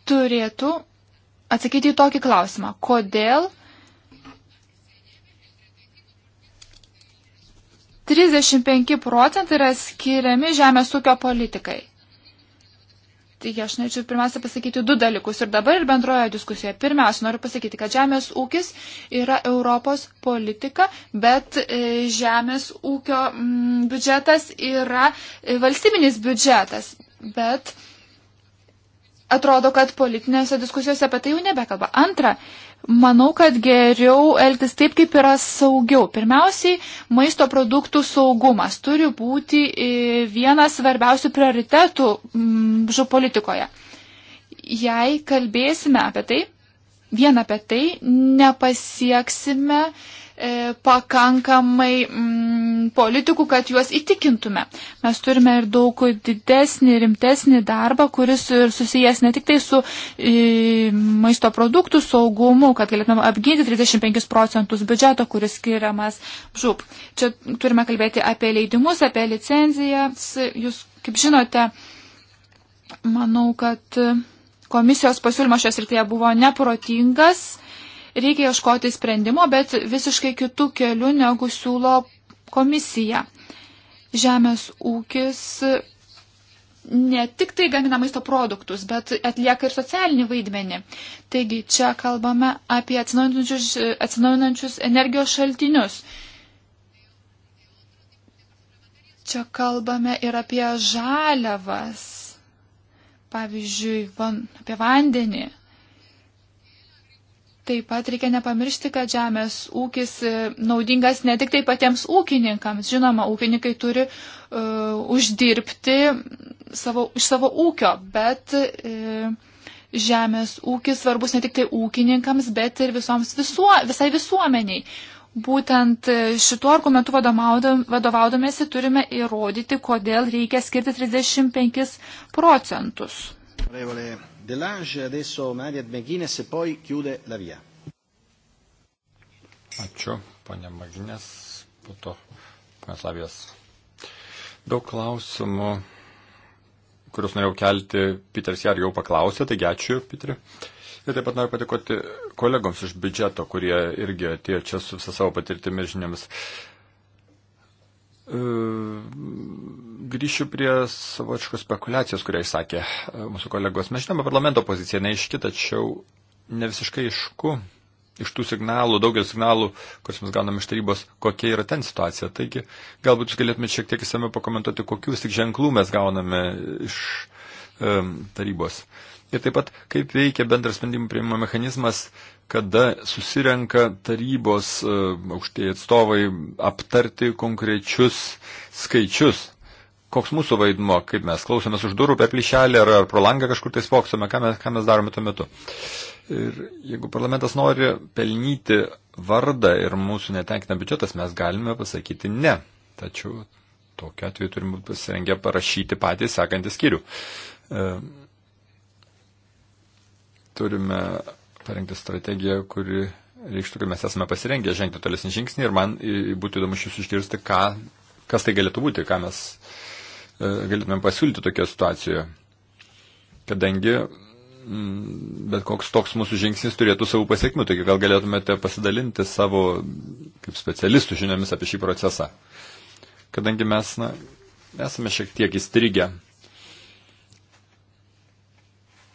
turėtų atsakyti į tokį klausimą. Kodėl 35 procentai yra skiriami žemės ūkio politikai? Taigi aš norėčiau pirmiausia pasakyti du dalykus ir dabar ir bendroje diskusijoje. Pirmiausia, noriu pasakyti, kad žemės ūkis yra Europos politika, bet e, žemės ūkio mm, biudžetas yra e, valstybinis biudžetas. Bet atrodo, kad politinėse diskusijose apie tai jau nebekalba. Antra, Manau, kad geriau elgtis taip, kaip yra saugiau. Pirmiausiai, maisto produktų saugumas turi būti e, vienas svarbiausių prioritetų mm, žu politikoje. Jei kalbėsime apie tai, vien apie tai, nepasieksime E, pakankamai mm, politikų, kad juos įtikintume. Mes turime ir daug didesnį, rimtesnį darbą, kuris ir susijęs ne tik tai su y, e, maisto produktų saugumu, kad galėtume apginti 35 procentus biudžeto, kuris skiriamas žūp. Čia turime kalbėti apie leidimus, apie licenzijas. Jūs, kaip žinote, manau, kad komisijos pasiūlymas šios rytyje buvo neprotingas Reikia ieškoti sprendimo, bet visiškai kitų kelių negu siūlo komisija. Žemės ūkis ne tik tai gamina maisto produktus, bet atlieka ir socialinį vaidmenį. Taigi čia kalbame apie atsinaujinančius, atsinaujinančius energijos šaltinius. Čia kalbame ir apie žaliavas, pavyzdžiui, van, apie vandenį. Taip pat reikia nepamiršti, kad žemės ūkis e, naudingas ne tik tai patiems ūkininkams. Žinoma, ūkininkai turi uh, uždirbti savo, iš savo ūkio, bet uh, žemės ūkis svarbus ne tik tai ūkininkams, bet ir visoms visuo, visai visuomeniai. Būtent šituo argumentu vadovaudomėsi turime įrodyti, kodėl reikia skirti 35 procentus. Reivalė. Delange, adesso Maria Meginės ir e poi chiude la via. Ačiū, ponia Maginės, po to ponas Lavijas. Daug klausimų, kuriuos norėjau kelti, Piteris Jar jau paklausė, taigi ačiū, Piteri. Ir taip pat noriu padėkoti kolegoms iš biudžeto, kurie irgi atėjo čia su visą savo patirtimi žiniomis. E, grįšiu prie savočios spekulacijos, kurią išsakė e, mūsų kolegos. Mes žinome parlamento poziciją, neaiški, tačiau ne visiškai aišku iš tų signalų, daugelio signalų, kuriuos mes gauname iš tarybos, kokia yra ten situacija. Taigi, galbūt jūs galėtumėte šiek tiek įsame pakomentuoti, kokius tik ženklų mes gauname iš um, tarybos. Ir taip pat, kaip veikia bendras sprendimų prieimimo mechanizmas kada susirenka tarybos e, aukštieji atstovai aptarti konkrečius skaičius. Koks mūsų vaidmo, kaip mes klausomės už durų per plyšelį ar, ar pro langą kažkur tai spoksome, ką mes, ką mes darome tuo metu. Ir jeigu parlamentas nori pelnyti vardą ir mūsų netenkina biudžetas, mes galime pasakyti ne. Tačiau tokiu atveju turime pasirengę parašyti patys sekantį skyrių. E, turime parengti strategiją, kuri reikštų, kad mes esame pasirengę žengti tolesnį žingsnį ir man būtų įdomu iš jūsų išgirsti, ką, kas tai galėtų būti, ką mes e, galėtumėm pasiūlyti tokioje situacijoje. Kadangi mm, bet koks toks mūsų žingsnis turėtų savo pasiekmių, taigi gal galėtumėte pasidalinti savo kaip specialistų žiniomis apie šį procesą. Kadangi mes na, esame šiek tiek įstrigę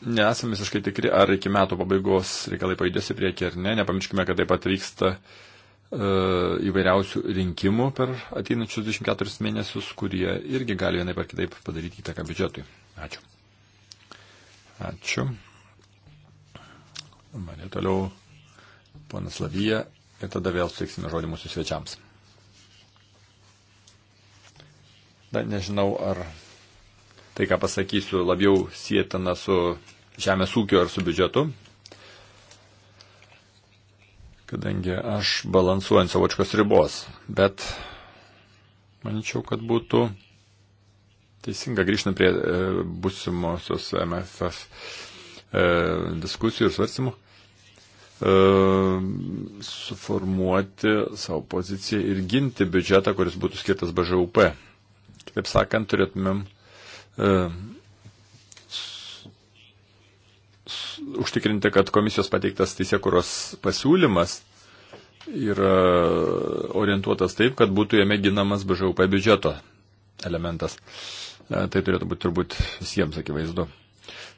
nesame visiškai tikri, ar iki metų pabaigos reikalai pajudės į priekį ar ne. Nepamirškime, kad taip pat vyksta e, įvairiausių rinkimų per ateinančius 24 mėnesius, kurie irgi gali vienaip ar kitaip padaryti įtaką biudžetui. Ačiū. Ačiū. Mane toliau ponas Lavija ir tada vėl suteiksime žodį mūsų svečiams. Dar nežinau, ar tai, ką pasakysiu, labiau sėtina su žemės ūkio ar su biudžetu, kadangi aš balansuoju ant savočkos ribos, bet manyčiau, kad būtų teisinga grįžtant prie e, būsimosios MFF e, diskusijų ir svarstymų e, suformuoti savo poziciją ir ginti biudžetą, kuris būtų skirtas BŽUP. Kitaip sakant, turėtumėm E, užtikrinti, kad komisijos pateiktas teisėkuros pasiūlymas yra orientuotas taip, kad būtų jame ginamas BŽUP biudžeto elementas. E, tai turėtų būti turbūt visiems akivaizdu.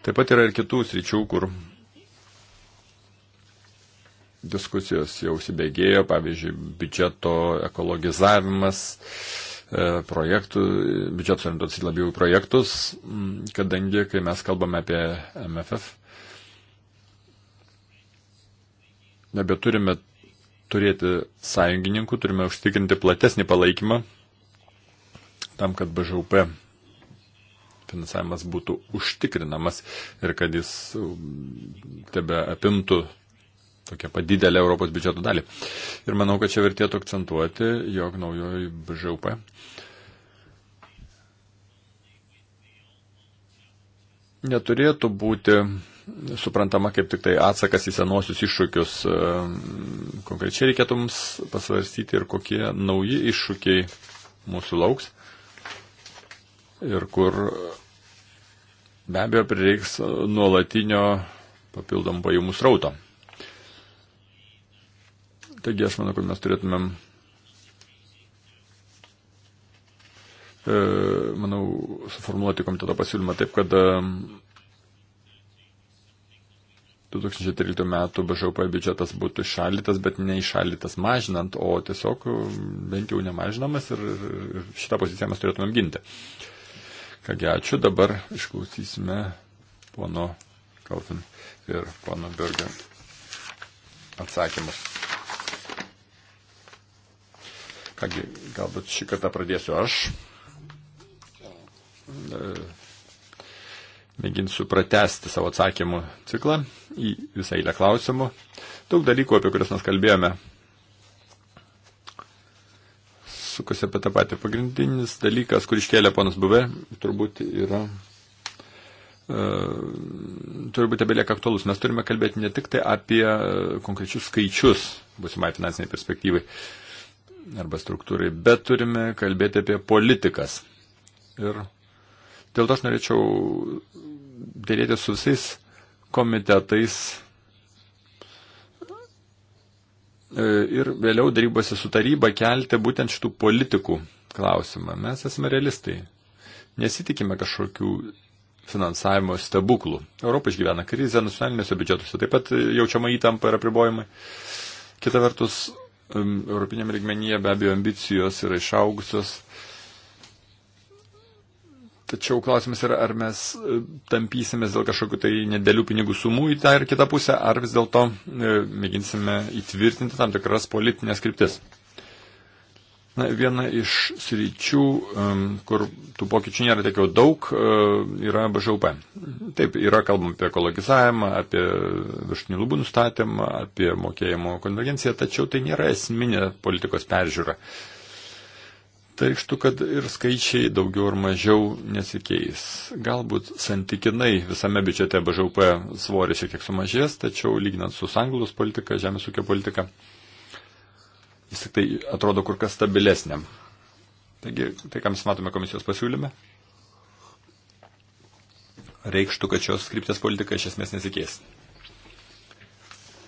Taip pat yra ir kitų sričių, kur diskusijos jau užsibėgėjo, pavyzdžiui, biudžeto ekologizavimas, E, projektų, biudžetas orientuotas į labiau projektus, kadangi, kai mes kalbame apie MFF, nebeturime turėti sąjungininkų, turime užtikrinti platesnį palaikymą tam, kad BŽUP finansavimas būtų užtikrinamas ir kad jis tebe apimtų tokią padidelę Europos biudžeto dalį. Ir manau, kad čia vertėtų akcentuoti, jog naujoji BŽUP neturėtų būti suprantama kaip tik tai atsakas į senosius iššūkius. Konkrečiai reikėtų mums pasvarstyti ir kokie nauji iššūkiai mūsų lauks ir kur be abejo prireiks nuolatinio papildomų pajamų srauto. Taigi aš manau, kad mes turėtumėm, e, manau, suformuoluoti komiteto pasiūlymą taip, kad 2013 e, metų BŽP biudžetas būtų išalytas, bet ne išalytas mažinant, o tiesiog e, bent jau nemažinamas ir šitą poziciją mes turėtumėm ginti. Kągi, ačiū, dabar išklausysime pono Kalfin ir pono Berger atsakymus. Kągi, galbūt šį kartą pradėsiu aš. E, mėginsiu pratesti savo atsakymų ciklą į visą eilę klausimų. Daug dalykų, apie kurias mes kalbėjome, sukasi apie tą patį. Pagrindinis dalykas, kurį iškėlė ponas Buvė, turbūt yra e, turbūt abelieka aktualus. Mes turime kalbėti ne tik tai apie e, konkrečius skaičius būsimai finansiniai perspektyvai. Uh, arba struktūrai, bet turime kalbėti apie politikas. Ir dėl to aš norėčiau dėrėti su visais komitetais e, ir vėliau darybose su taryba kelti būtent šitų politikų klausimą. Mes esame realistai. Nesitikime kažkokių finansavimo stebuklų. Europa išgyvena krizę nacionalinėse biudžetuose, taip pat jaučiama įtampa ir apribojimai. Kita vertus, Europinėme ligmenyje be abejo ambicijos yra išaugusios. Tačiau klausimas yra, ar mes e, tampysimės dėl kažkokiu tai nedėlių pinigų sumų į tą ir kitą pusę, ar vis dėlto e, mėginsime įtvirtinti tam tikras politinės kryptis. Na, viena iš sričių, kur tų pokyčių nėra tiek jau daug, e, yra BŽUP. Taip, yra kalbam apie ekologizavimą, apie viršutinių lubų nustatymą, apie mokėjimo konvergenciją, tačiau tai nėra esminė politikos peržiūra. Tai reikštų, kad ir skaičiai daugiau ar mažiau nesikeis. Galbūt santykinai visame biudžete BŽUP svoris šiek tiek sumažės, tačiau lyginant su sanglus politika, žemės ūkio politika, vis tik tai atrodo kur kas stabilesniam. Taigi, tai ką mes matome komisijos pasiūlyme, reikštų, kad šios skriptės politika iš esmės nesikeis.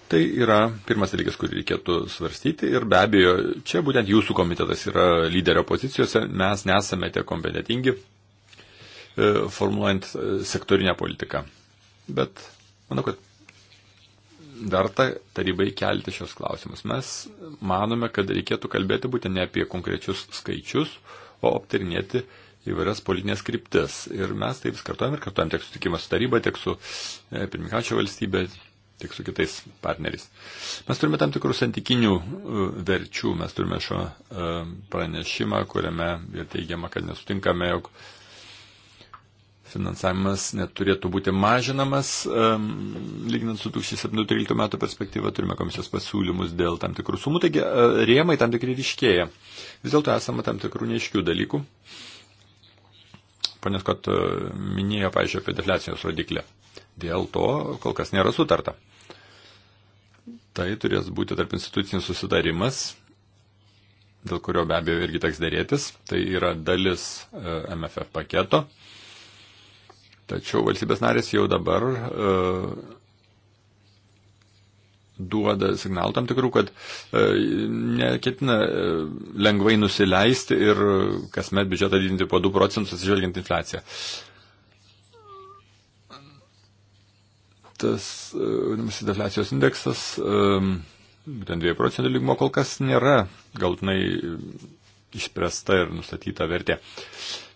Tai yra pirmas dalykas, kurį reikėtų svarstyti ir be abejo, čia būtent jūsų komitetas yra lyderio pozicijose, mes nesame tie kompetitingi e, formuluojant e, sektorinę politiką. Bet manau, kad verta tarybai kelti šios klausimus. Mes manome, kad reikėtų kalbėti būtent ne apie konkrečius skaičius, o aptarinėti įvairias politinės kryptis. Ir mes taip kartuojam ir kartuojam tiek su tikimo su taryba, tiek su e, pirmininkačio valstybė, tiek su kitais partneriais. Mes turime tam tikrų santykinių e, verčių, mes turime šio e, pranešimą, kuriame ir teigiama, kad nesutinkame, jog finansavimas neturėtų būti mažinamas. Lyginant su 2007-2013 metų perspektyva turime komisijos pasiūlymus dėl tam tikrų sumų, taigi e, rėmai tam tikri ryškėja. Vis dėlto esame tam tikrų neiškių dalykų. Ponės, kad e, minėjo, pažiūrėjau, apie defliacijos rodiklį. Dėl to kol kas nėra sutarta. Tai turės būti tarp institucinis susidarimas, dėl kurio be abejo irgi teks dėrėtis. Tai yra dalis e, MFF paketo. Tačiau valstybės narės jau dabar e, duoda signalų tam tikrų, kad e, neketina e, lengvai nusileisti ir kasmet biudžetą didinti po 2 procentus atsižvelgiant infliaciją. Tas e, vadinamas defliacijos indeksas, e, būtent 2 procentų lygmo kol kas nėra galtinai išspręsta ir nustatyta vertė.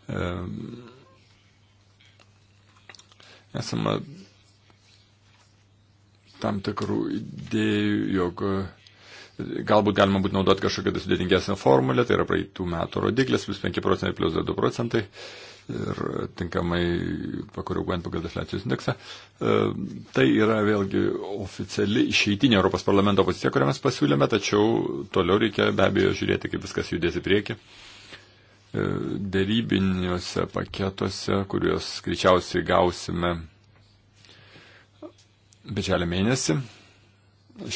Um, esama tam tikrų idėjų, jog e, galbūt galima būtų naudoti kažkokią tai sudėtingesnę formulę, tai yra praeitų metų rodiklis, plus 5 procentai, plus 2 procentai ir tinkamai pakoreguojant pagal defliacijos indeksą. E, tai yra vėlgi oficiali išeitinė Europos parlamento pozicija, kurią mes pasiūlėme, tačiau toliau reikia be abejo žiūrėti, kaip viskas judės į priekį. E, dėrybiniuose paketuose, kuriuos greičiausiai gausime birželio mėnesį,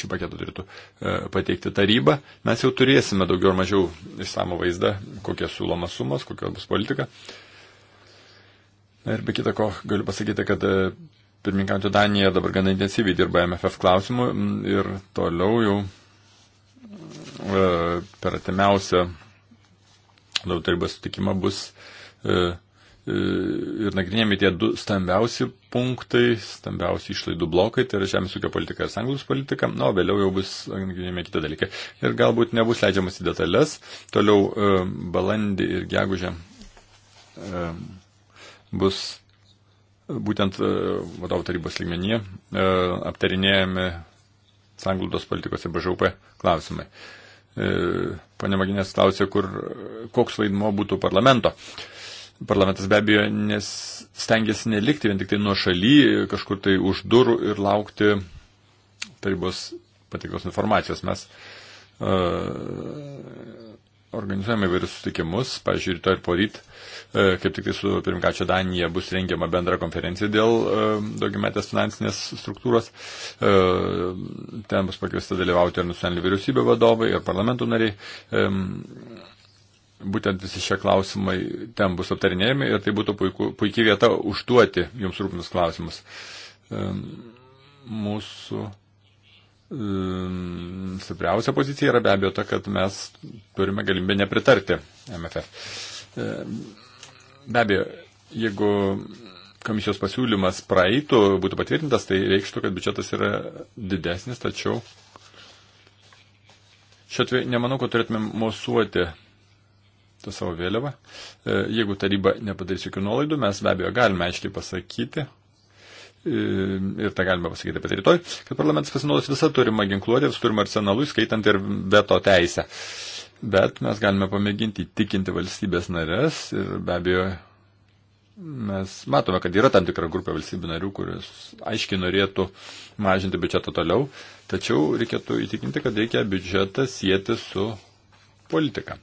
šį paketą turėtų e, pateikti taryba, mes jau turėsime daugiau ar mažiau išsamą vaizdą, kokia siūloma sumas, kokia bus politika. Ir be kita ko, galiu pasakyti, kad e, pirmininkantį Daniją dabar gana intensyviai dirba MFF klausimu ir toliau jau per atimiausią vadovų tarybos sutikimą bus e, e, ir nagrinėjami tie du stambiausi punktai, stambiausi išlaidų blokai, tai yra žemės ūkio politika ir sanglus politika, na, o vėliau jau bus nagrinėjami kiti dalykai. Ir galbūt nebus leidžiamas į detalės, toliau e, balandį ir gegužę e, bus e, būtent e, vadovų tarybos lygmenyje e, aptarinėjami sanglūdos politikos ir BŽUP klausimai. E, Pane Maginės klausė, kur, koks vaidmo būtų parlamento. Parlamentas be abejo nes stengiasi nelikti vien tik tai nuo šaly, kažkur tai už durų ir laukti tarybos patikros informacijos. Mes uh, organizuojame įvairius sutikimus, pažiūrėjau, rytoj ir poryt, e, kaip tik tai su pirmkačia Danija bus rengiama bendra konferencija dėl e, daugiametės finansinės struktūros. E, ten bus pakviesta dalyvauti ir nacionalinių vyriausybių vadovai, ir parlamentų nariai. Būtent visi šie klausimai ten bus aptarinėjami ir tai būtų puiku, puikiai vieta užduoti jums rūpinus klausimus. Mūsų Ehm, stipriausia pozicija yra be abejo ta, kad mes turime galimybę nepritarti MFF. Ehm, be abejo, jeigu komisijos pasiūlymas praeitų, būtų patvirtintas, tai reikštų, kad biudžetas yra didesnis, tačiau šiuo atveju nemanau, kad turėtume mosuoti tą savo vėliavą. Ehm, jeigu taryba nepadarys jokių nuolaidų, mes be abejo galime aiškiai pasakyti, Ehm, ir tą galime pasakyti apie tai rytoj, kad parlamentas pasinaudos visą turimą ginkluotę ir turimą arsenalų, skaitant ir veto teisę. Bet mes galime pamėginti įtikinti valstybės narės ir be abejo mes matome, kad yra tam tikra grupė valstybių narių, kuris aiškiai norėtų mažinti biudžetą toliau, tačiau reikėtų įtikinti, kad reikia biudžetą sieti su politika.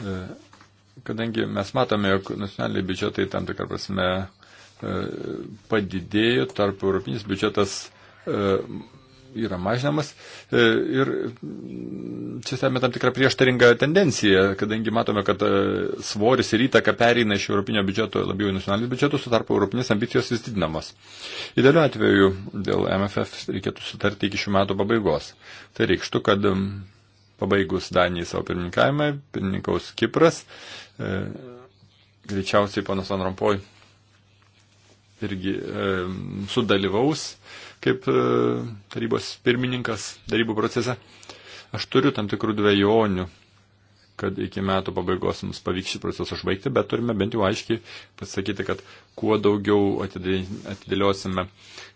Ehm, kadangi mes matome, jog nacionaliniai biudžetai tam tikrą prasme E, padidėjo, tarp europinis biudžetas e, yra mažinamas e, ir čia stebime tam tikrą prieštaringą tendenciją, kadangi matome, kad svoris ir įtaka pereina iš europinio biudžeto labiau į nacionalinius biudžetus, su tarpu europinės ambicijos vis didinamos. Idealiu atveju dėl MFF reikėtų sutarti iki šių metų pabaigos. Tai reikštų, kad pabaigus Danijai savo pirmininkavimą, pirmininkaus Kipras, greičiausiai panas Anrompoj irgi e, sudalyvaus kaip e, tarybos pirmininkas darybų procese. Aš turiu tam tikrų dviejonių, kad iki metų pabaigos mums pavyks šį procesą užbaigti, bet turime bent jau aiškiai pasakyti, kad kuo daugiau atidėliosime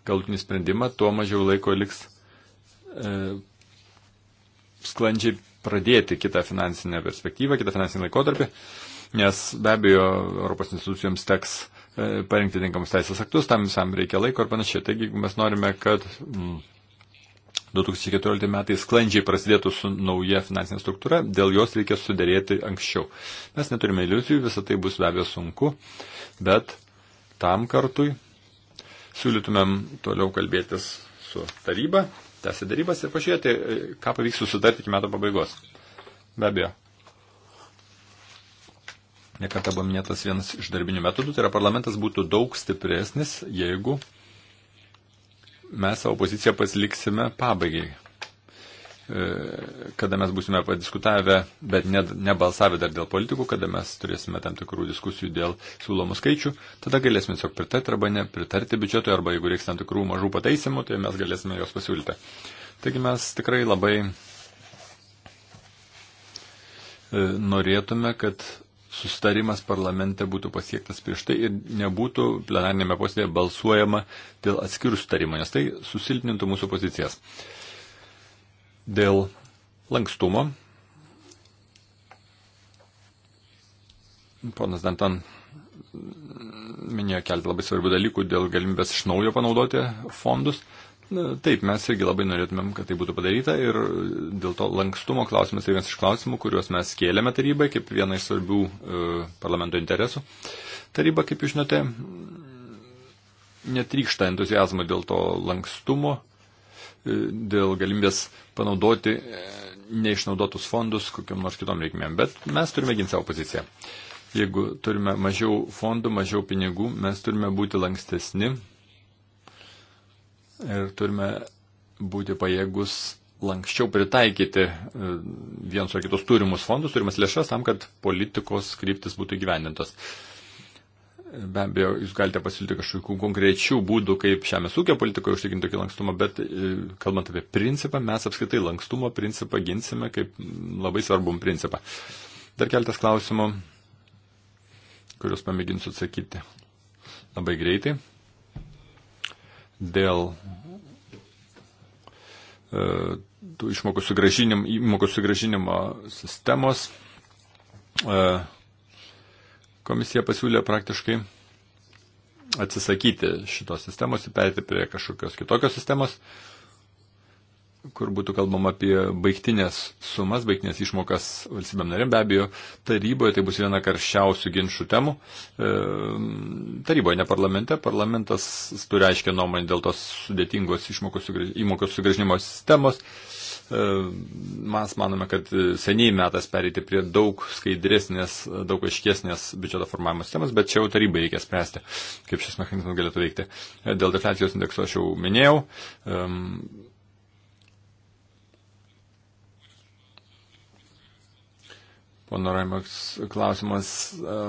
galutinį sprendimą, tuo mažiau laiko liks e, sklandžiai pradėti kitą finansinę perspektyvą, kitą finansinį laikotarpį, nes be abejo Europos institucijoms teks E, parengti tinkamus teisės aktus, tam visam reikia laiko ir panašiai. Taigi, jeigu mes norime, kad 2014 mm, metai sklandžiai prasidėtų su nauja finansinė struktūra, dėl jos reikia sudėrėti anksčiau. Mes neturime iliuzijų, visą tai bus be abejo sunku, bet tam kartui siūlytumėm toliau kalbėtis su taryba, tęsti darybas ir pažiūrėti, e, ką pavyks susitarti iki metų pabaigos. Be abejo, Nekartą buvo minėtas vienas iš darbinių metodų, tai yra parlamentas būtų daug stipresnis, jeigu mes savo poziciją pasiliksime pabaigai. E, kada mes būsime padiskutavę, bet nebalsavę dar dėl politikų, kada mes turėsime tam tikrų diskusijų dėl siūlomų skaičių, tada galėsime tiesiog pritarti arba nepritarti biudžetui, arba jeigu reiks tam tikrų mažų pataisimų, tai mes galėsime juos pasiūlyti. Taigi mes tikrai labai e, norėtume, kad sustarimas parlamente būtų pasiektas prieš tai ir nebūtų plenarinėme posėdėje balsuojama dėl atskirų sustarimų, nes tai susilpnintų mūsų pozicijas. Dėl lankstumo. Ponas Dantan minėjo keletą labai svarbių dalykų dėl galimybės iš naujo panaudoti fondus. Uh, Na, taip, mes irgi labai norėtumėm, kad tai būtų padaryta ir dėl to lankstumo klausimas yra vienas iš klausimų, kuriuos mes kėlėme tarybai kaip vieną iš svarbių e, parlamento interesų. Taryba, kaip jūs žinote, netrykšta entuzijazmo dėl to lankstumo, e, dėl galimybės panaudoti e, neišnaudotus fondus kokiam nors kitom reikmėm, bet mes turime ginti savo poziciją. Jeigu turime mažiau fondų, mažiau pinigų, mes turime būti lankstesni ir turime būti pajėgus lankščiau pritaikyti e, vienus ar kitus turimus fondus, turimas lėšas tam, kad politikos kryptis būtų įgyvendintos. Be abejo, jūs galite pasiūlyti kažkokių konkrečių būdų, kaip žemės ūkio politikoje užtikrinti tokį lankstumą, bet e, kalbant apie principą, mes apskritai lankstumo principą ginsime kaip labai svarbum principą. Dar keltas klausimų, kuriuos pamėginsiu atsakyti labai greitai dėl e, tų išmokų sugražinimo, įmokų sugražinimo sistemos. E, komisija pasiūlė praktiškai atsisakyti šitos sistemos, įperėti prie kažkokios kitokios sistemos. Uh, kur būtų kalbama apie baigtinės sumas, baigtinės išmokas valstybėm narėm. Be abejo, taryboje tai bus viena karščiausių ginčių temų. E, taryboje, ne parlamente. Parlamentas turi aiškę nuomonę dėl tos sudėtingos išmokos sugražinimo sistemos. E, mes manome, kad seniai metas pereiti prie daug skaidresnės, daug aiškesnės biudžeto formavimo sistemos, bet čia jau tarybai reikia spręsti, kaip šis mechanizmas galėtų veikti. E, dėl defliacijos indekso aš jau minėjau. E, pono Raimoks klausimas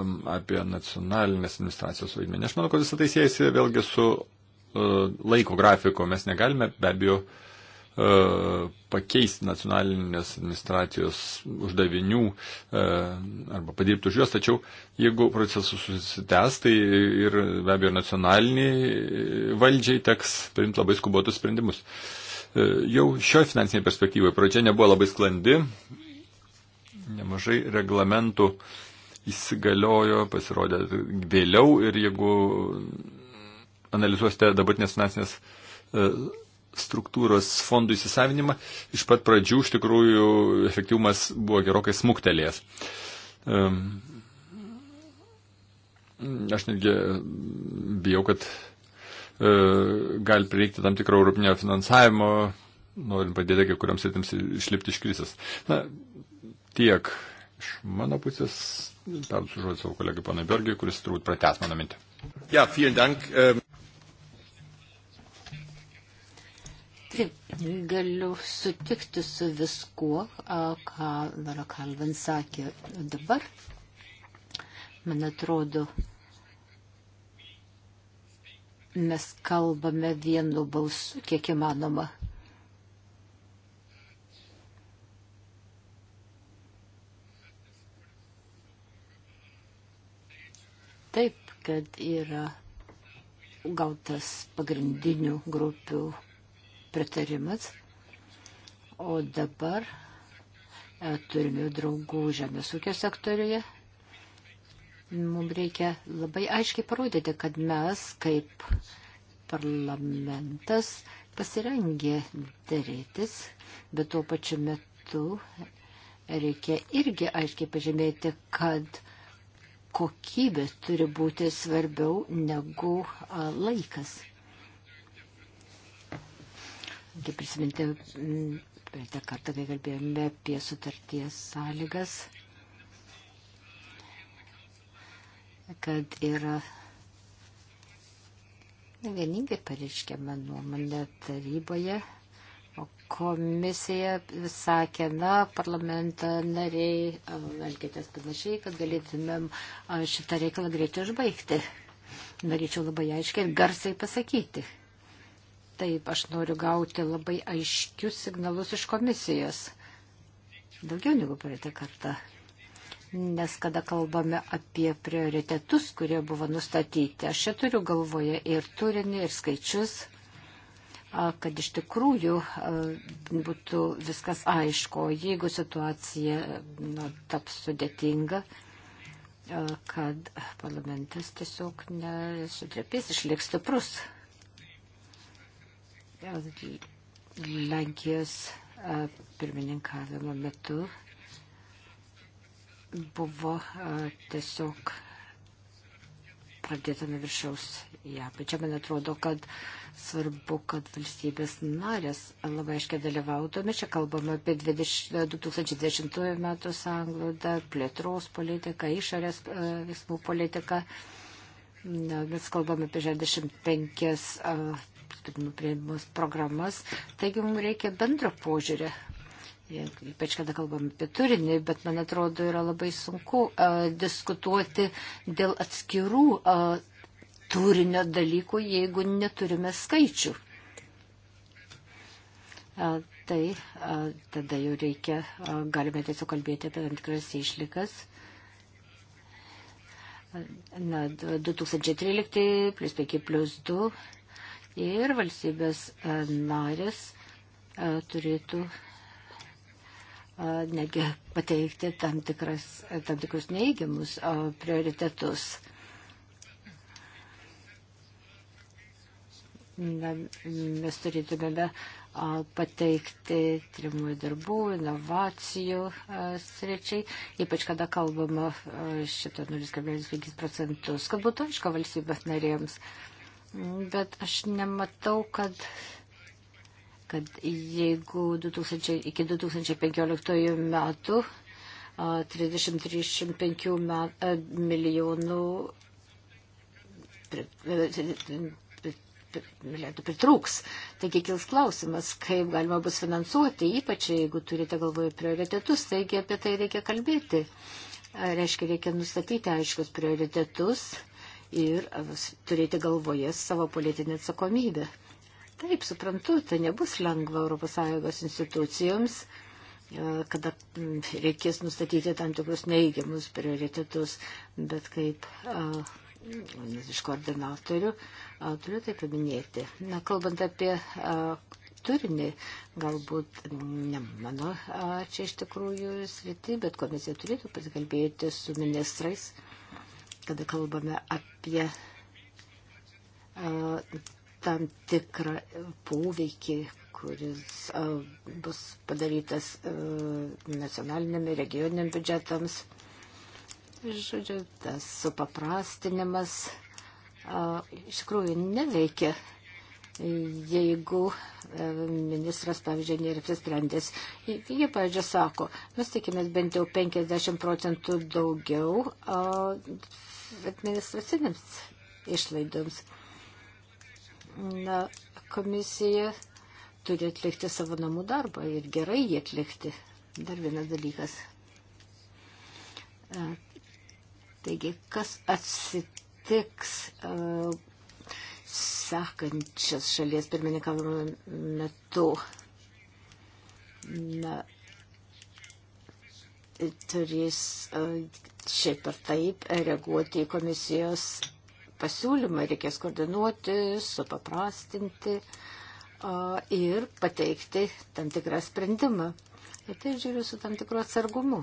um, apie nacionalinės administracijos vaidmenį. Aš manau, kad visą tai siejasi vėlgi su uh, laiko grafiku. Mes negalime be abejo uh, pakeisti nacionalinės administracijos uždavinių uh, arba padirbti už juos, tačiau jeigu procesas susitęs, tai ir be abejo nacionaliniai valdžiai teks priimti labai skubotus sprendimus. Uh, jau šioje finansinėje perspektyvoje pradžia nebuvo labai sklandi, nemažai reglamentų įsigaliojo, pasirodė vėliau ir jeigu analizuosite dabartinės finansinės e, struktūros fondų įsisavinimą, iš pat pradžių iš tikrųjų efektyvumas buvo gerokai smuktelės. Aš netgi bijau, kad e, gali prireikti tam tikro europinio finansavimo, norint padėti kai kuriams sritims išlipti iš krizės. Na, tiek iš mano pusės. Perduosiu žodį savo kolegai panai Bergiui, kuris turbūt pratęs mano mintį. Ja, dank, um... Ähm, Taip, galiu sutikti su viskuo, ką Vara Kalvin sakė dabar. Man atrodo, mes kalbame vienu balsu, kiek įmanoma Taip, kad yra gautas pagrindinių grupių pritarimas, o dabar e, turime draugų žemės ūkio sektoriuje. Mums reikia labai aiškiai parodyti, kad mes kaip parlamentas pasirengė darytis, bet tuo pačiu metu reikia irgi aiškiai pažymėti, kad kokybė turi būti svarbiau negu laikas. Kaip prisiminti, praeitą kartą, kai kalbėjome apie sutarties sąlygas, kad yra vieningai pareiškiama nuomonė taryboje Komisija sakė, na, parlamento nariai, um, elgėtės panašiai, kad galėtumėm uh, šitą reikalą greitai užbaigti. Norėčiau labai aiškiai ir garsiai pasakyti. Taip, aš noriu gauti labai aiškius signalus iš komisijos. Daugiau negu praeitą kartą nes kada kalbame apie prioritetus, kurie buvo nustatyti, aš čia turiu galvoje ir turinį, ir skaičius, kad iš tikrųjų būtų viskas aišku. Jeigu situacija nu, taps sudėtinga, kad parlamentas tiesiog nesutrepės, išliks stiprus. Lenkijos pirmininkavimo metu buvo tiesiog pradėtame viršaus ją. Bet čia man atrodo, kad svarbu, kad valstybės narės labai aiškiai dalyvautume. Čia kalbame apie 20, 2010 e, metų sąnglaudą, plėtros politiką, išorės e, veiksmų politiką. Na, mes kalbame apie 65 e, sprendimų prieimimus programas. Taigi mums reikia bendro požiūrį ypač kada kalbam apie turinį, bet man atrodo yra labai sunku a, diskutuoti dėl atskirų a, turinio dalykų, jeigu neturime skaičių. Tai tada jau reikia, galime tiesiog kalbėti apie tam tikras išlikas. Na, 2013 plus 5 plus 2 ir valstybės narės turėtų netgi pateikti tam, tikras, tam tikrus neįgimus prioritetus. na, mes turėtumėme pateikti tyrimų darbų, inovacijų sričiai, ypač kada kalbama šito 0,5 procentus, kad būtų aišku valstybės narėms. Bet aš nematau, kad kad jeigu 2000, iki 2015 metų 30-35 milijonų milijardų pritrūks. Taigi kils klausimas, kaip galima bus finansuoti, ypač jeigu turite galvoje prioritetus, taigi apie tai reikia kalbėti. Reiškia, reikia nustatyti aiškius prioritetus ir turėti galvoje savo politinę atsakomybę. Taip, suprantu, tai nebus lengva ES institucijoms kada reikės nustatyti tam tikrus neįgiamus prioritetus, bet kaip uh, vienas iš koordinatorių, turiu tai paminėti. Na, kalbant apie turinį, galbūt ne mano čia iš tikrųjų srity, bet komisija turėtų pasikalbėti su ministrais, kada kalbame apie tam tikrą poveikį, kuris bus padarytas nacionaliniam ir regioniniam biudžetams Žodžiu, tas supaprastinimas iš tikrųjų neveikia jeigu e, ministras, pavyzdžiui, nėra apsisprendęs. Jie, pavyzdžiui, sako, mes tikimės bent jau 50 procentų daugiau administracinėms išlaidoms. Na, komisija turi atlikti savo namų darbą ir gerai jį atlikti. Dar vienas dalykas. E, Taigi, kas atsitiks uh, sekančias šalies pirmininkavimo metu? Na, turės uh, šiaip ar taip reaguoti į komisijos pasiūlymą, reikės koordinuoti, supaprastinti uh, ir pateikti tam tikrą sprendimą. Ir tai žiūriu su tam tikru atsargumu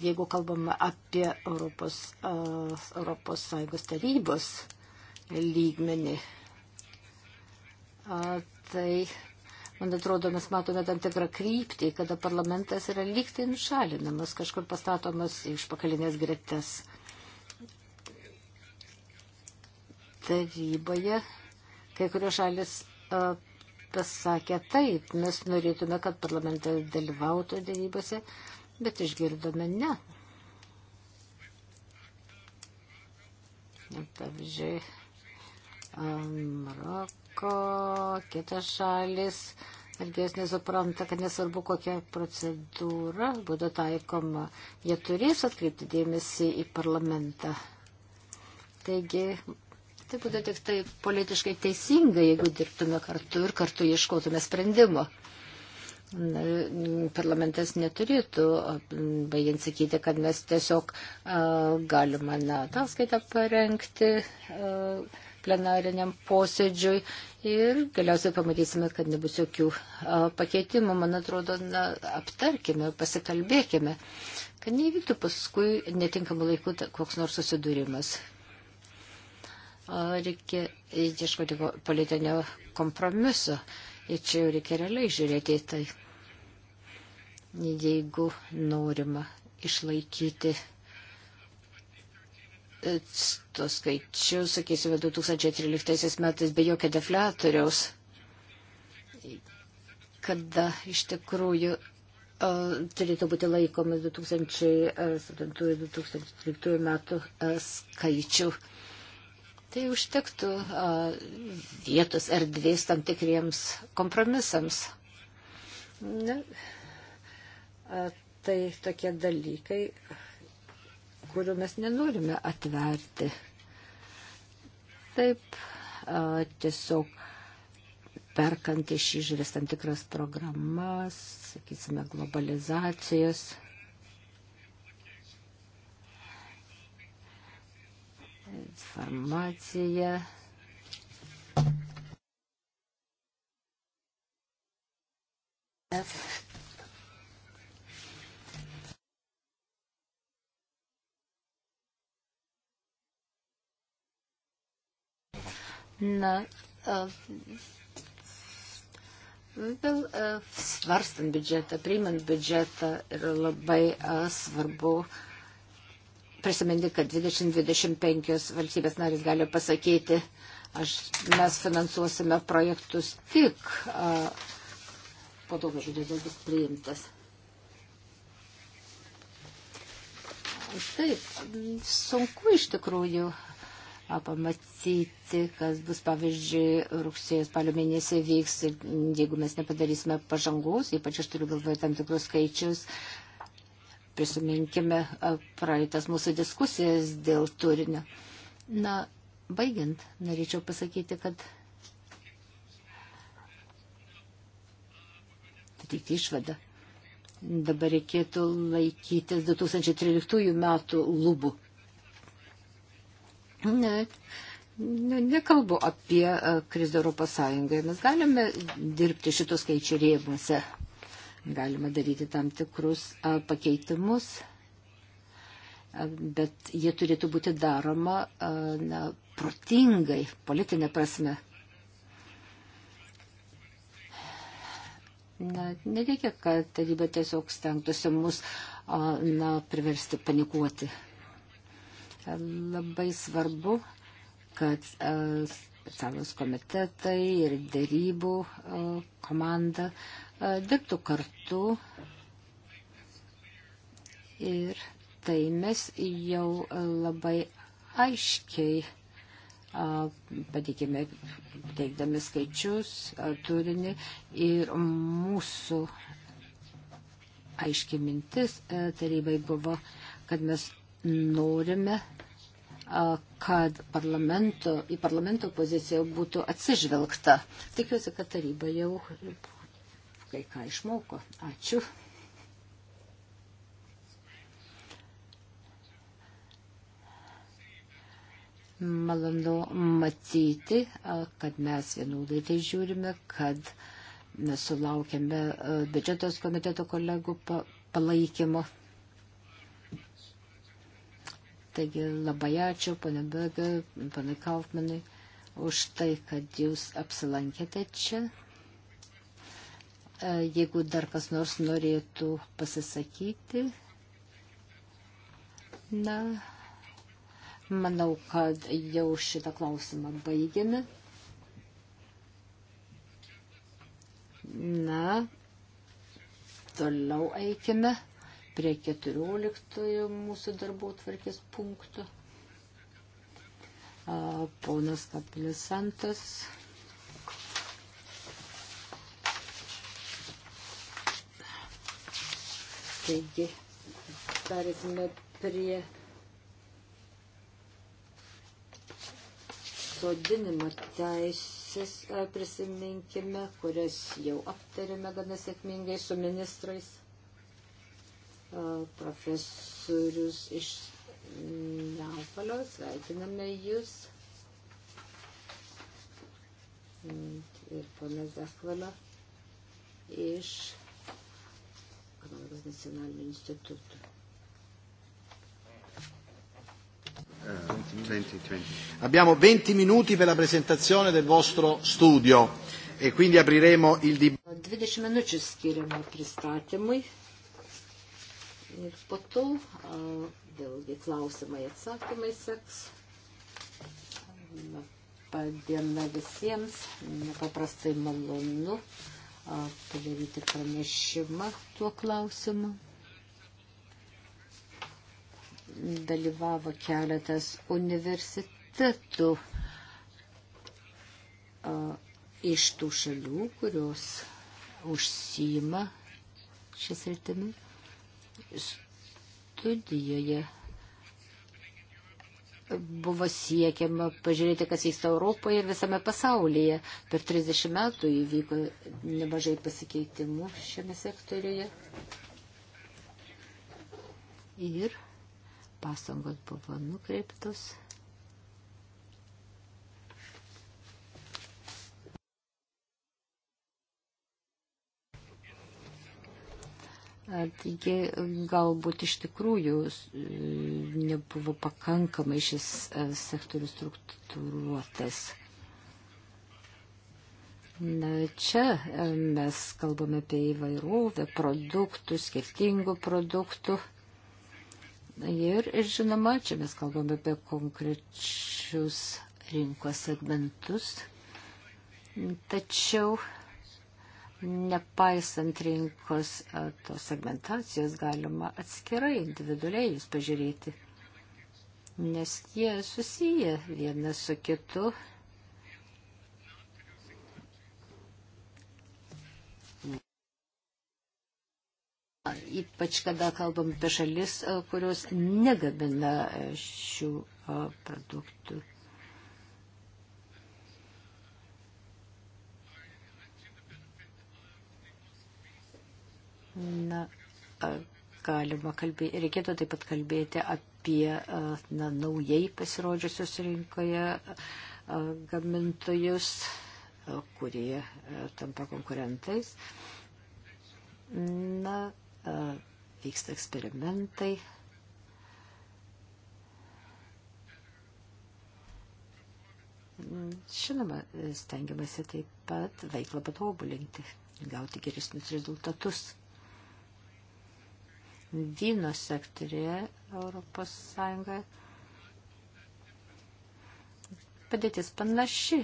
jeigu kalbam apie Europos, Europos Sąjungos tarybos lygmenį, tai, man atrodo, mes matome tam tikrą kryptį, kada parlamentas yra lygtai nušalinamas, kažkur pastatomas iš pakalinės gretes. Taryboje kai kurios šalis pasakė taip, mes norėtume, kad parlamentas dalyvautų dėrybose, bet išgirdome ne. Pavyzdžiui, Maroko, kitas šalis, Elgės nesupranta, kad nesvarbu, kokia procedūra būtų taikoma, jie turės atkreipti dėmesį į parlamentą. Taigi Tai būtų tik tai politiškai teisinga, jeigu dirbtume kartu ir kartu ieškotume sprendimo. Parlamentas neturėtų baigiant sakyti, kad mes tiesiog uh, galime ataskaitą parengti uh, plenariniam posėdžiui ir galiausiai pamatysime, kad nebus jokių uh, pakeitimų. Man atrodo, na, aptarkime, pasikalbėkime, kad neįvyktų paskui netinkamų laikų koks nors susidūrimas reikia ieškoti politinio kompromiso. Ir čia jau reikia realiai žiūrėti į tai. Jeigu norima išlaikyti e, tos skaičius, sakysime, 2013 metais be jokio deflatoriaus, kada iš tikrųjų e, turėtų būti laikomas 2007-2013 e, metų skaičių tai užtektų a, vietos erdvės tam tikriems kompromisams. Na, a, tai tokie dalykai, kurių mes nenorime atverti. Taip, a, tiesiog perkant iš išrės tam tikras programas, sakysime, globalizacijos informaciją. Na, vėl svarstant biudžetą, priimant biudžetą yra labai svarbu uh, prisiminti, kad 20-25 valstybės narys gali pasakyti, aš, mes finansuosime projektus tik a, po to, kai žodis bus priimtas. Taip, sunku iš tikrųjų pamatyti, kas bus, pavyzdžiui, rugsėjo spalio mėnesį vyks, jeigu mes nepadarysime pažangos, ypač aš turiu galvoje tam tikrus skaičius, Prisiminkime praeitas mūsų diskusijas dėl turinio. Na, baigiant, norėčiau pasakyti, kad tik išvada. Dabar reikėtų laikytis 2013 metų lubų. Ne, ne, nekalbu apie krizę Europos Sąjungoje. Mes galime dirbti šitų skaičių rėmuose. Galima daryti tam tikrus pakeitimus, bet jie turėtų būti daroma na, protingai, politinė prasme. Na, nereikia, kad taryba tiesiog stengtųsi mus na, priversti panikuoti. Labai svarbu, kad specialus komitetai ir darybų komanda E, dirbtų kartu ir tai mes jau labai aiškiai e, patikime teikdami skaičius, e, turinį ir mūsų aiški mintis tarybai buvo, kad mes norime, kad parlamento, į parlamento poziciją būtų atsižvelgta. Tikiuosi, kad taryba jau kai ką išmoko. Ačiū. Malonu matyti, kad mes vienodai tai žiūrime, kad mes sulaukėme biudžetos komiteto kolegų palaikymo. Taigi labai ačiū, pane Bega, pane Kaufmanai, už tai, kad jūs apsilankėte čia. E, jeigu dar kas nors norėtų pasisakyti, na, manau, kad jau šitą klausimą baigėme. Na, toliau eikime prie 14 mūsų darbo tvarkės punktų. E, ponas Kaplisantas. Taigi, perėsime prie sodinimo teisės, prisiminkime, kurias jau aptarėme gana sėkmingai su ministrais. Profesorius iš Neapalio, sveikiname jūs. Mm, ir ponas Zakvalio iš ekonomikos nacionaliniu institutu. Uh, eh, 20, 20. Abbiamo 20 minuti per la presentazione del vostro studio e quindi apriremo il dibattito. 20 minučių skiriame pristatymui ir po to uh, vėlgi klausimai atsakymai seks. Labą dieną visiems, nepaprastai malonu. Uh, padaryti pranešimą tuo klausimu. Dalyvavo keletas universitetų iš tų šalių, kurios užsima šias rytimi studijoje buvo siekiama pažiūrėti, kas vyksta Europoje ir visame pasaulyje. Per 30 metų įvyko nemažai pasikeitimų šiame sektoriuje. Ir pastangos buvo nukreiptos Taigi galbūt iš tikrųjų nebuvo pakankamai šis e, sektorius struktūruotas. Na, čia e, mes kalbame apie įvairovę produktų, skirtingų produktų. Ir, ir žinoma, čia mes kalbame apie konkrečius rinkos segmentus. Tačiau nepaisant rinkos e, tos segmentacijos, galima atskirai, individualiai jūs pažiūrėti, nes jie susiję vienas su kitu. Ypač kada kalbam apie šalis, e, kurios negamina e, šių produktų. Na, galima kalbėti, reikėtų taip pat kalbėti apie na, naujai pasirodžiusius rinkoje gamintojus, kurie tampa konkurentais. Na, vyksta eksperimentai. Žinoma, stengiamasi taip pat veiklą patobulinti, gauti geresnius rezultatus vyno sektorėje Europos Sąjungoje. Padėtis panaši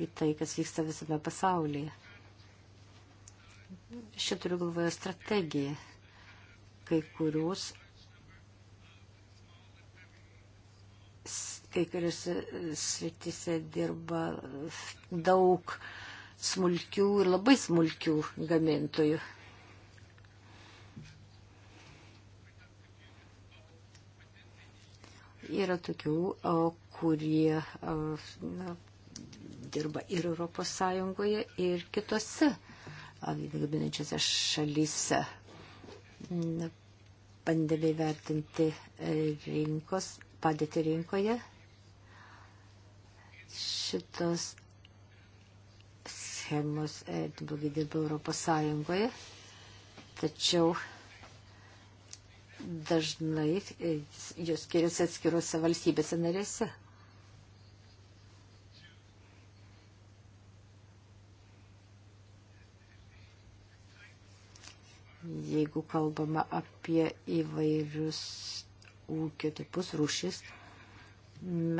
į tai, kas vyksta visame pasaulyje. Šia turiu galvoje strategiją, kai kurios kai kuriuose sritise dirba daug smulkių ir labai smulkių gamintojų. yra tokių, kurie na, dirba ir Europos Sąjungoje, ir kitose gaminančiose šalyse. Bandėme vertinti e, rinkos, padėti rinkoje. Šitos schemos e, blogai dirba Europos Sąjungoje, tačiau dažnai jos skiriasi atskiruose valstybėse narėse. Jeigu kalbama apie įvairius ūkio tipus, rūšis,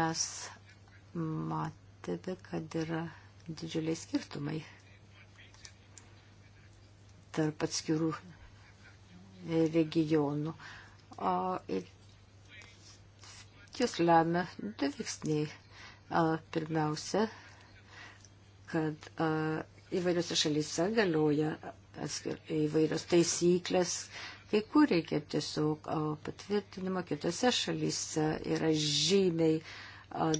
mes matėme, kad yra didžiuliai skirtumai tarp atskirų regionų. Jūs lemia du veiksniai. Pirmiausia, kad įvairiose šalyse galioja įvairios taisyklės, kai kur reikia tiesiog patvirtinimo, kitose šalyse yra žymiai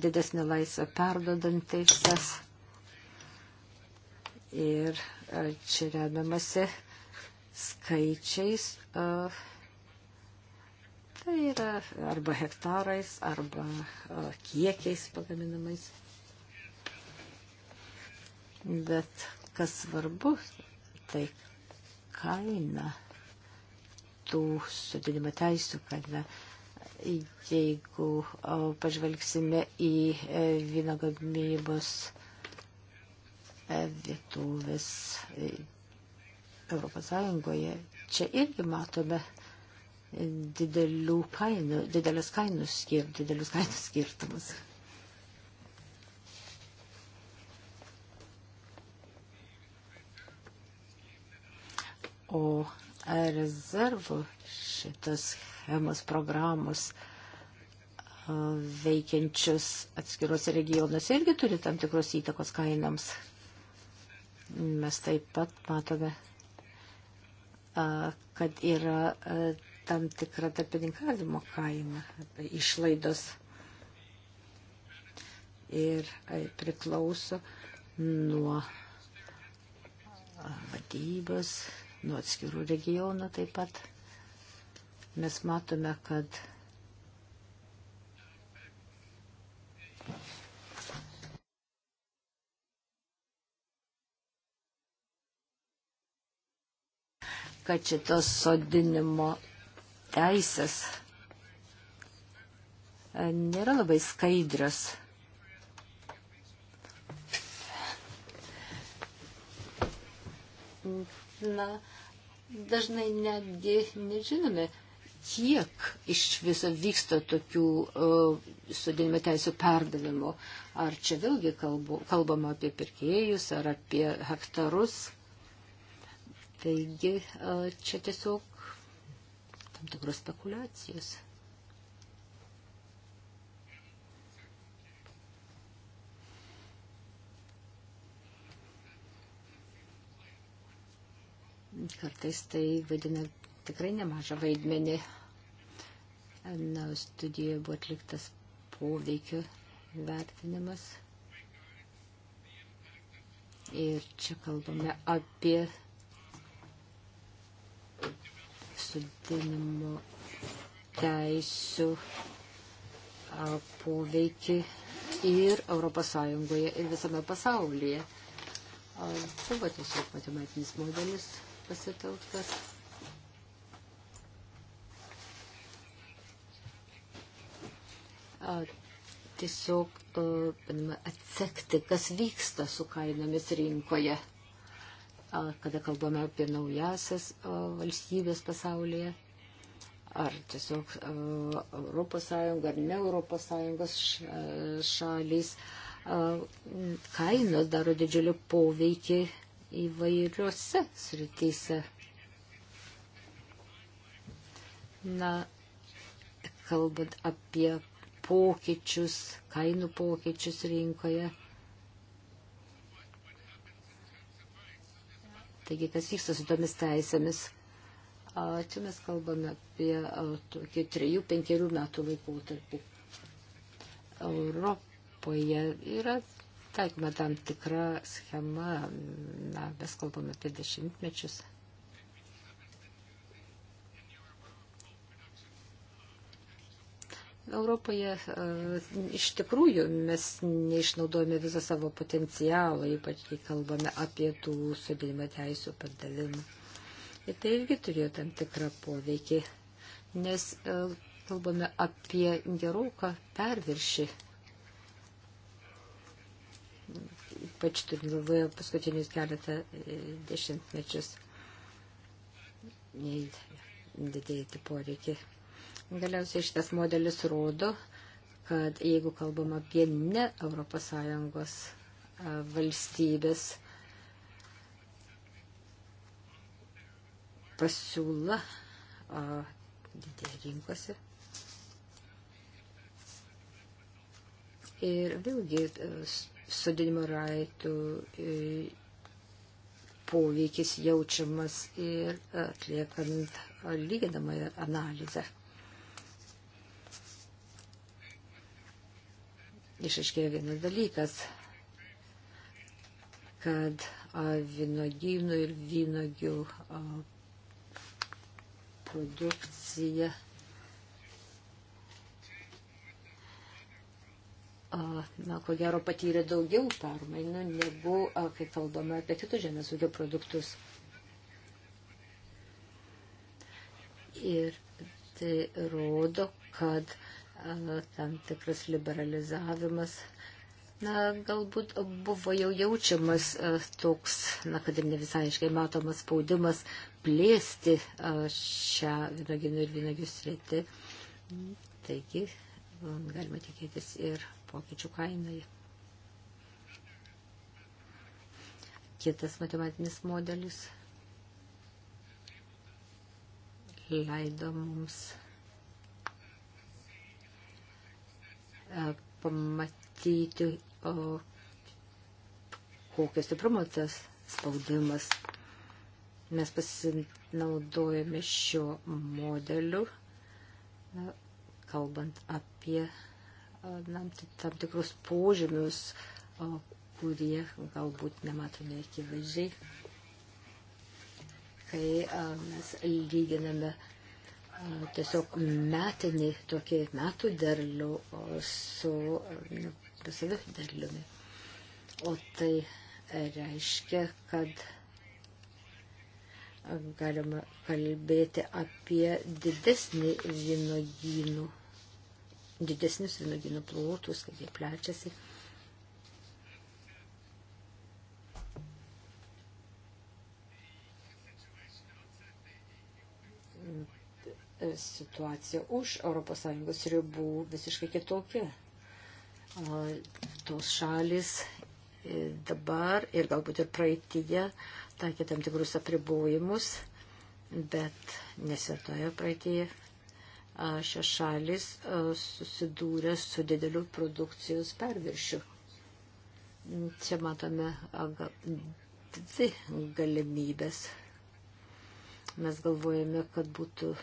didesnė laisvė perdodant teisės. Ir čia remiamasi skaičiais, tai yra arba hektarais, arba kiekiais pagaminamais. Bet kas svarbu, tai kaina tų sudėdimo teisų kaina. Jeigu pažvelgsime į e, vyno gamybos e, vietuvės Europos Sąjungoje. Čia irgi matome didelių kainų, didelis kainų skir, didelius kainų skirtumus. O rezervų šitas schemas programos veikiančius atskiruose regionuose irgi turi tam tikros įtakos kainams. Mes taip pat matome kad yra tam tikra tarpininkavimo kaina, išlaidos ir priklauso nuo vadybos, nuo atskirų regionų taip pat. Mes matome, kad kad šitos sodinimo teisės e, nėra labai skaidrios. Na, dažnai netgi nežinome, kiek iš viso vyksta tokių uh, e, sudėlimo teisų perdavimų. Ar čia vėlgi kalbu, kalbama apie pirkėjus, ar apie hektarus. Taigi čia tiesiog tam tikros spekulacijos. Kartais tai vadina tikrai nemažą vaidmenį. Na, studijoje buvo atliktas poveikio vertinimas. Ir čia kalbame apie pasodinimo teisų poveikį ir ES ir visame pasaulyje. Buvo tiesiog matematinis modelis pasitelktas. Tiesiog bandama atsekti, kas vyksta su kainomis rinkoje kada kalbame apie naujasias valstybės pasaulyje, ar tiesiog Europos Sąjunga, ar ne Europos Sąjungos šalys, kainos daro didžiulį poveikį įvairiuose srityse. Na, kalbant apie pokyčius, kainų pokyčius rinkoje, Taigi, kas vyksta su tomis teisėmis? Čia mes kalbame apie tokį 3-5 metų laikotarpį. Europoje yra taikoma tam tikra schema, na, mes kalbame apie dešimtmečius. Europoje e, iš tikrųjų mes neišnaudojame visą savo potencialą, ypač kai kalbame apie tų sudėlimą teisų pardavimą. Ir tai irgi turėjo tam tikrą poveikį, nes e, kalbame apie geroką perviršį. Ypač turint galvoje paskutinius keletą e, dešimtmečius didėjti poreikiai. Galiausiai šitas modelis rodo, kad jeigu kalbam apie ne ES e, valstybės pasiūla e, didėja rinkose. Ir vėlgi e, sodinimo raitų poveikis jaučiamas ir atliekant lyginamąją analizę. išaiškėjo vienas dalykas, kad vynogynų ir vynogių produkcija na, ko gero patyrė daugiau permainų negu, kai kalbame apie kitus žemės ūkio produktus. Ir tai rodo, kad uh, tam tikras liberalizavimas. Na, galbūt buvo jau jaučiamas e, toks, na, kad ir ne visai aiškiai matomas spaudimas plėsti e, šią vynoginų ir vynogių sritį. Taigi, galima tikėtis ir pokyčių kainoje. Kitas matematinis modelis leido mums E, pamatyti, kokio stiprumo tas spaudimas. Mes pasinaudojame šiuo modeliu, kalbant apie e, tai tam tikrus požymius, kurie galbūt nematomi akivaizdžiai, kai e, mes lyginame tiesiog metinį tokį metų derlių su nu, visavi derliumi. O tai reiškia, kad galima kalbėti apie didesnį vynogynų, didesnius vynogynų plotus, kaip jie plečiasi. situacija už ES ribų visiškai kitokia. Tos šalis e, dabar ir galbūt ir praeitie taikė tam tikrus apribojimus, bet nesvetoje praeitie šios šalis susidūrė su dideliu produkcijos perviršiu. Čia matome dvi galimybės mes galvojame, kad būtų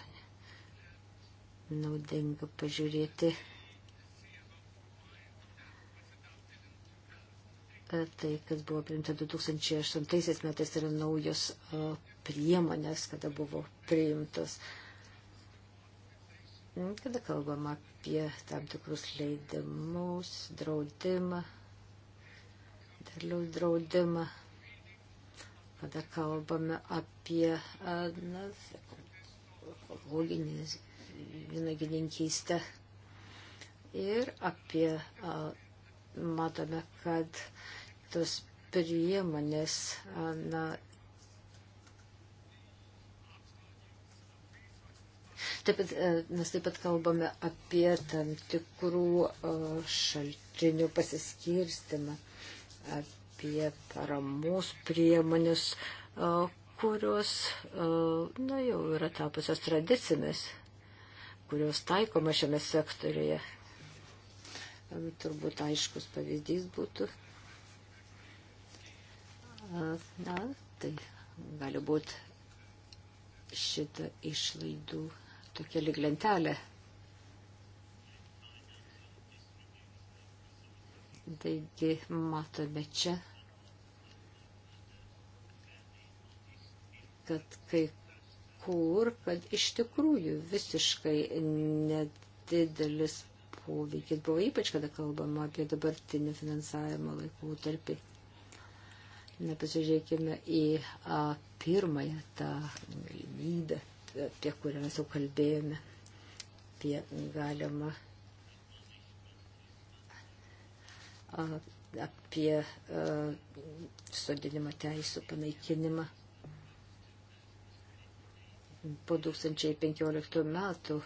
naudinga pažiūrėti e, tai, kas buvo priimta 2008 metais, tai yra naujos e, priemonės, kada buvo priimtos. E, kada kalbam apie tam tikrus leidimus, draudimą, derlių draudimą, kada kalbame apie na, ekologinės vynagininkystę. Ir apie, a, matome, kad tos priemonės, a, na, Taip pat, mes taip pat kalbame apie tam tikrų šaltinių pasiskirstimą, apie paramos priemonės, kurios na, jau yra tapusios tradicinės kurios taikoma šiame sektoriuje. Turbūt aiškus pavyzdys būtų. Na, tai gali būti šita išlaidų tokia liglentelė. Taigi matome čia, kad kai kur, kad iš tikrųjų visiškai nedidelis poveikis buvo, ypač kada kalbama apie dabartinį finansavimo laikotarpį. Na, pasižiūrėkime į a, pirmąją tą galimybę, apie kurią mes jau kalbėjome, apie galimą, a, apie a, sodinimo teisų panaikinimą po 2015 metų.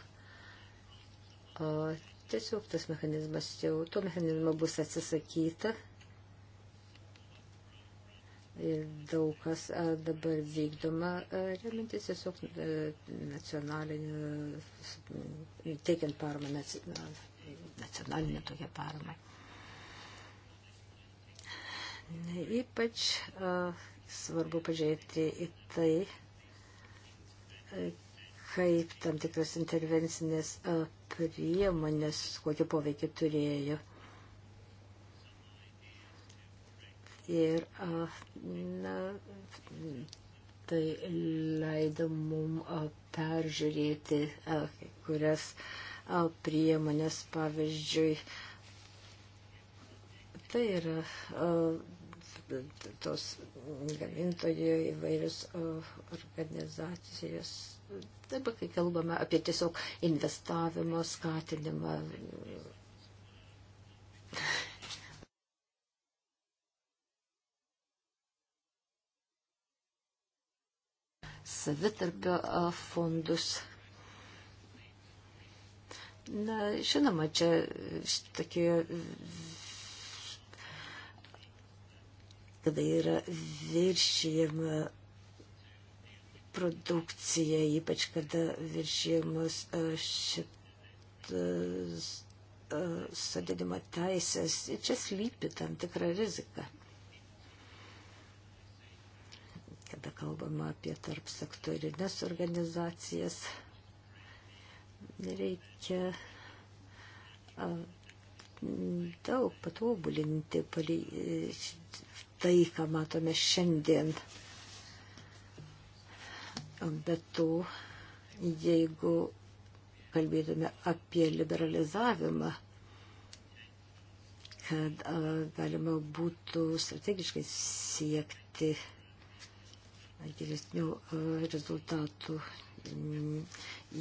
O, tiesiog tas mechanizmas jau, to mechanizmo bus atsisakyta. Ir daug kas dabar vykdoma remintis tiesiog nacionalinį, teikiant paramą nacionalinę tokią paramą. Ypač svarbu pažiūrėti į tai, kaip tam tikras intervencinės e, priemonės, kokį poveikį turėjo. Ir e, na, tai leido mum e, peržiūrėti kai kurias priemonės, pavyzdžiui, tai yra tos gamintojai, įvairius organizacijos. Dabar, kai kalbame apie tiesiog investavimo skatinimą. savitarpio fondus. Na, žinoma, čia tokie kada yra viršijama produkcija, ypač kada viršijamos e, šitas e, sudėdimo teisės. Ir čia slypi tam tikrą riziką. Kada kalbama apie tarp sektorinės organizacijas, reikia daug patobulinti tai, ką matome šiandien. Bet to, jeigu kalbėtume apie liberalizavimą, kad a, galima būtų strategiškai siekti geresnių rezultatų, mm,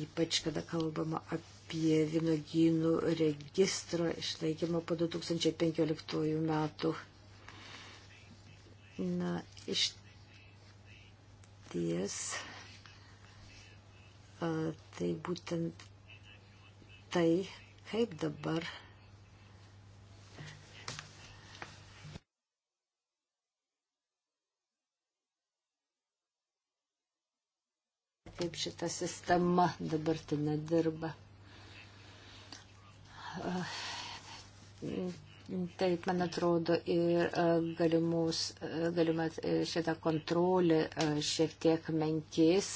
ypač kada kalbama apie vinogynų registro išlaikymą po 2015 metų. Na, iš ties, tai būtent tai, kaip dabar kaip šita sistema dabartinė dirba. Taip, man atrodo, ir e, galimus, e, galimas e, šitą kontrolę šiek tiek menkės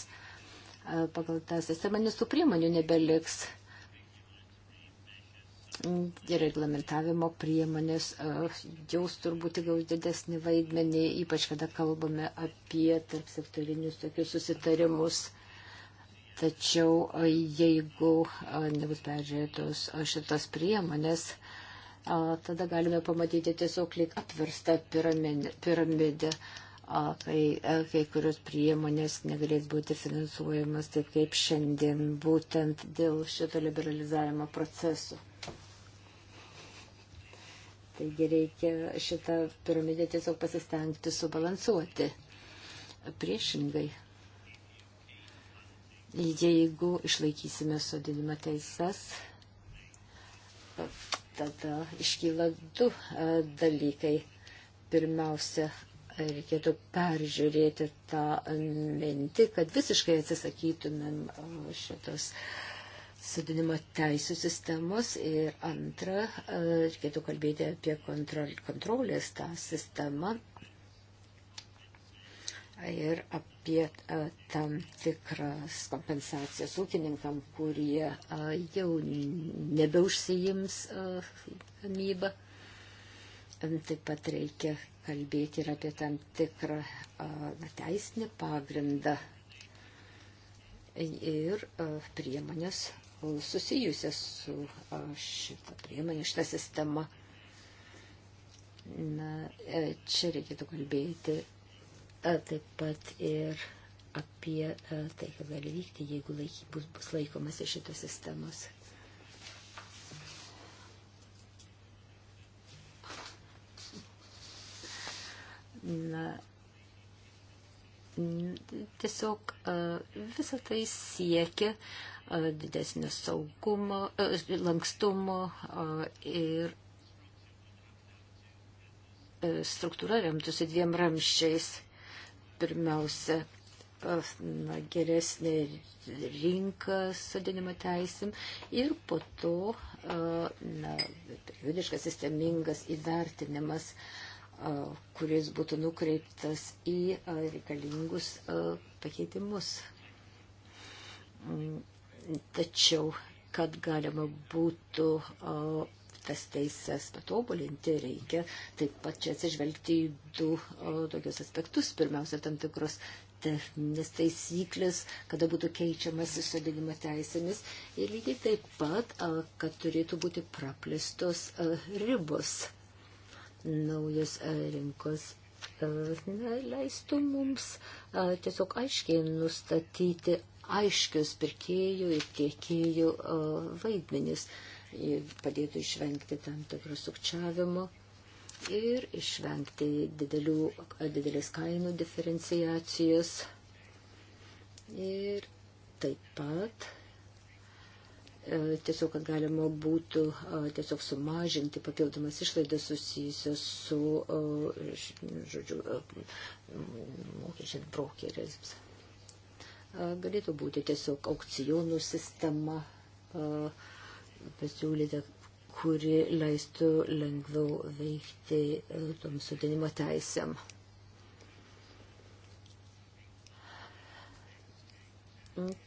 pagal tą sistemą, nes tų priemonių nebeliks. Ir reglamentavimo priemonės jaus turbūt gaus didesnį vaidmenį, ypač kada kalbame apie tarp sektorinius tokius susitarimus. Tačiau jeigu nebus peržiūrėtos šitas priemonės, tada galime pamatyti tiesiog lyg apverstą piramidę, kai kai kurios priemonės negalės būti finansuojamas taip kaip šiandien, būtent dėl šito liberalizavimo proceso. Taigi reikia šitą piramidę tiesiog pasistengti subalansuoti. Priešingai, jeigu išlaikysime sodinimo teises, tada iškyla du e, dalykai. Pirmiausia, reikėtų peržiūrėti tą mintį, kad visiškai atsisakytumėm e, šitos sudinimo teisų sistemos ir antra, e, reikėtų kalbėti apie kontrol, kontrolės tą sistemą ir apie e, tam tikras kompensacijas ūkininkam, kurie e, jau nebeužsijims e, gamybą. Taip pat reikia kalbėti ir apie tam tikrą teisinį pagrindą ir priemonės susijusias su šita priemonė, šita sistema. Na, čia reikėtų kalbėti taip pat ir apie tai, kas gali vykti, jeigu laiky, bus, bus laikomasi šitos sistemos. Na, tiesiog visą tai siekia didesnio saugumo, lankstumo ir struktūra remtųsi dviem ramščiais – pirmiausia na, geresnė rinka sodinimo teisim ir po to na, periodiškas sistemingas įvertinimas, kuris būtų nukreiptas į reikalingus pakeitimus. Mm, tačiau, kad galima būtų tas teises patobulinti, reikia taip pat čia atsižvelgti į du o, tokius aspektus. Pirmiausia, tam tikros techninės taisyklės, kada būtų keičiamas įsodinimo teisėmis ir lygiai taip pat, kad turėtų būti praplėstos ribos naujos rinkos. Na, leistų mums tiesiog aiškiai nustatyti aiškius pirkėjų ir tiekėjų vaidmenis. Uh, padėtų išvengti tam tikrų sukčiavimo ir išvengti didelių, didelės kainų diferenciacijos. Ir taip pat e, tiesiog, kad galima būtų e, tiesiog sumažinti papildomas išlaidas susijusias su, e, žodžiu, mokesčiant brokeriais. Galėtų būti tiesiog aukcijonų sistema, uh, pasiūlyta, kuri leistų lengviau veikti e, tom sutinimo teisėm.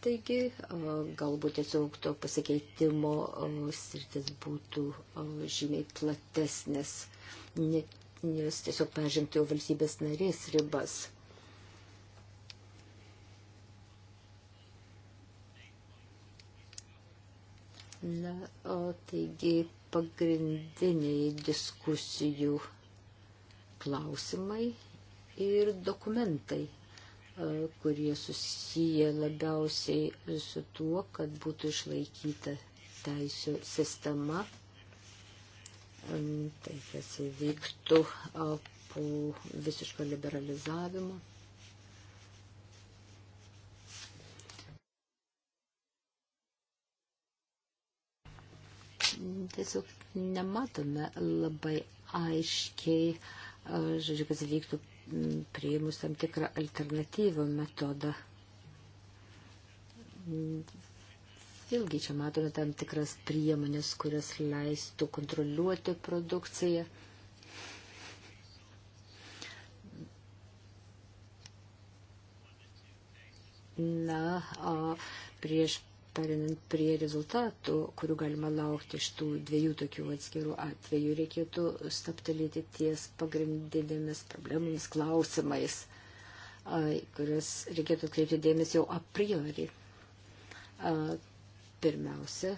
Taigi, e, galbūt tiesiog to pasikeitimo e, sritis būtų žymiai platesnis, nes tiesiog peržengtų valstybės narės ribas. Na, o taigi pagrindiniai diskusijų klausimai ir dokumentai, kurie susiję labiausiai su tuo, kad būtų išlaikyta teisų sistema, tai kas įvyktų po visiško liberalizavimo. tiesiog nematome labai aiškiai, žodžiu, kas vyktų priimus tam tikrą alternatyvą metodą. Vėlgi čia matome tam tikras priemonės, kurias leistų kontroliuoti produkciją. Na, o prieš perinant prie rezultatų, kurių galima laukti iš tų dviejų tokių atskirų atvejų, reikėtų staptelėti ties pagrindinėmis problemomis, klausimais, kurias reikėtų kreipti dėmesį jau a priori. Pirmiausia,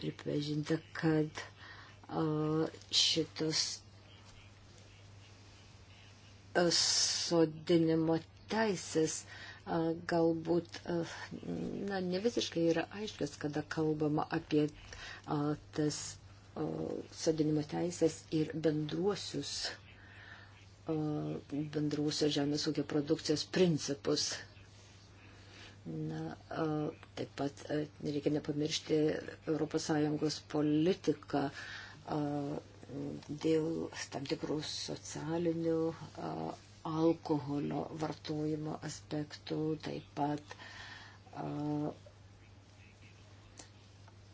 pripažinta, kad šitos sodinimo teisės galbūt na, ne visiškai yra aiškios, kada kalbama apie tas sodinimo teisės ir bendruosius bendruosios žemės ūkio produkcijos principus. Na, taip pat nereikia nepamiršti ES politiką dėl tam tikrų socialinių alkoholio vartojimo aspektų, taip pat uh,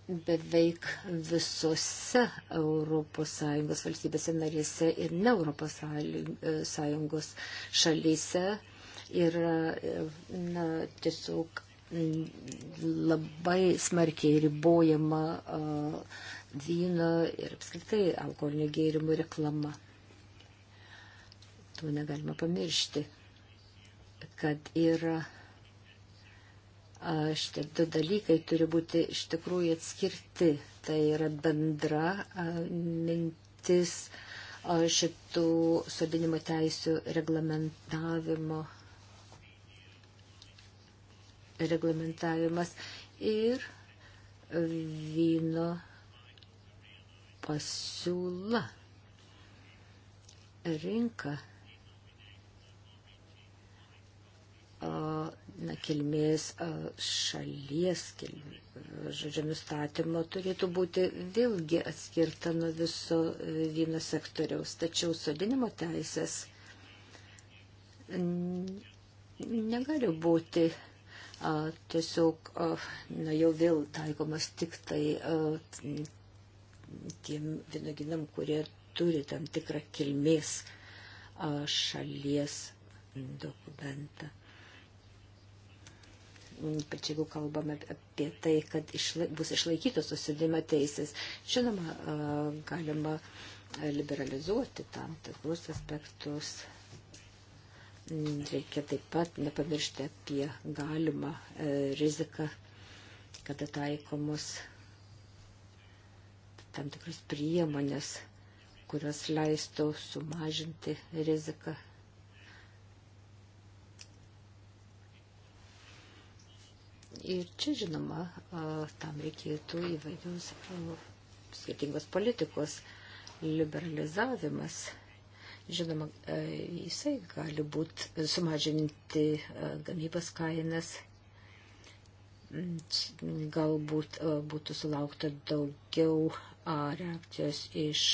beveik visose ES valstybėse narėse ir ne ES šalyse yra na, tiesiog labai smarkiai ribojama uh, vyno ir apskritai alkoholinio gėrimų reklama. To negalima pamiršti, kad yra šitie du dalykai turi būti iš tikrųjų atskirti. Tai yra bendra mintis šitų sodinimo teisių reglamentavimo reglamentavimas ir vyno pasiūla rinka na, kilmės šalies, kilmės, žodžiu, nustatymo turėtų būti vėlgi atskirta nuo viso e, vyno sektoriaus. Tačiau sodinimo teisės negali būti a, tiesiog, a, na jau vėl taikomas tik tai a, tiem vynoginam, kurie turi tam tikrą kilmės a, šalies dokumentą ypač jeigu kalbame apie tai, kad išla, bus išlaikytos susidimo teisės. Žinoma, galima liberalizuoti tam tikrus aspektus. Reikia taip pat nepamiršti apie galimą e, riziką, kada taikomus tam tikras priemonės, kurios leistų sumažinti riziką Ir čia, žinoma, tam reikėtų įvairios skirtingos politikos liberalizavimas. Žinoma, jisai gali būti sumažinti gamybos kainas, galbūt būtų sulaukta daugiau reakcijos iš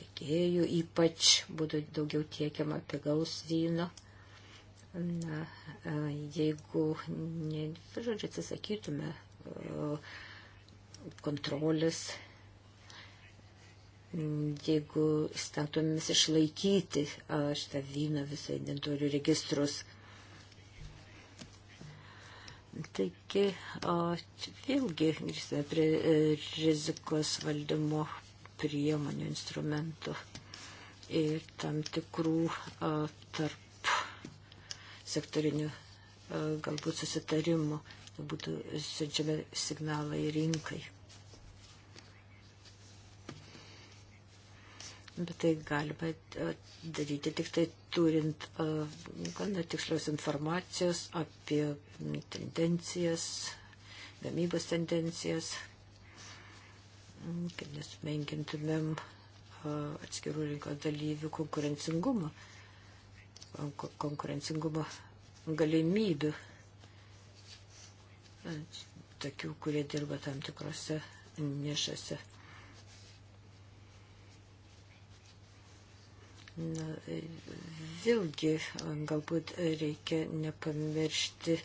tiekėjų, ypač būtų daugiau tiekiama pigaus vyno. Na, e, jeigu, ne, žodžiu, atsisakytume e, kontrolės, jeigu stengtumėmės išlaikyti e, šitą vyną visą inventorių registrus. Taigi, vėlgi grįžtame prie rizikos valdymo priemonių instrumentų ir tam tikrų tarp sektorinių e, galbūt susitarimų, būtų siunčiami signalai rinkai. Bet tai galima e, daryti tik tai turint e, gana tikslios informacijos apie tendencijas, gamybos tendencijas, kad nesumenkintumėm atskirų rinkos dalyvių konkurencingumą konkurencingumo galimybių. Tokių, kurie dirba tam tikrose nišose. Na, vėlgi, galbūt reikia nepamiršti e,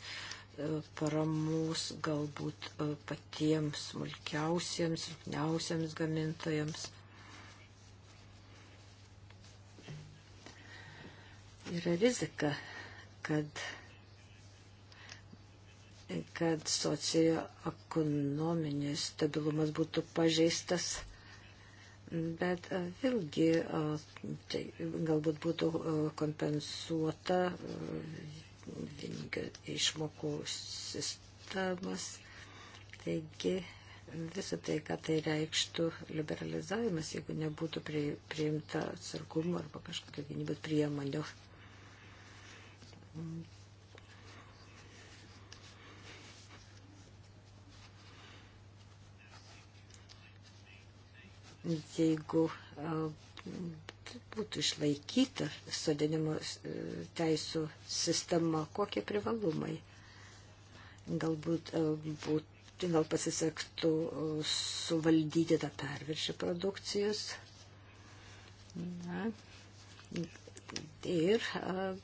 paramos galbūt e, patiems smulkiausiems, silpniausiems gamintojams. yra rizika, kad, kad socioekonominis stabilumas būtų pažeistas. Bet e, vėlgi, e, tai galbūt būtų e, kompensuota vieningio išmokų sistemas. Taigi, visą tai, ką tai reikštų liberalizavimas, jeigu nebūtų priimta atsargumo arba kažkokio gynybos priemonių. Jeigu būtų išlaikyta sodinimo e, teisų sistema, kokie privalumai galbūt būtų gal pasisektų suvaldyti tą perviršį produkcijos. Na, ir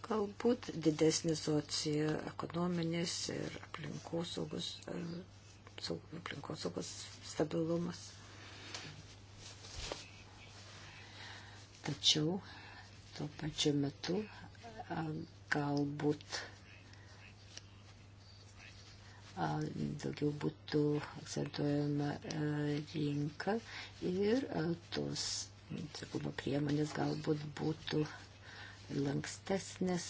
galbūt didesnis socioekonominis ir aplinkosaugos aplinkosaugos stabilumas. Tačiau tuo pačiu metu galbūt daugiau būtų akcentuojama rinka ir tos saugumo priemonės galbūt būtų lankstesnės,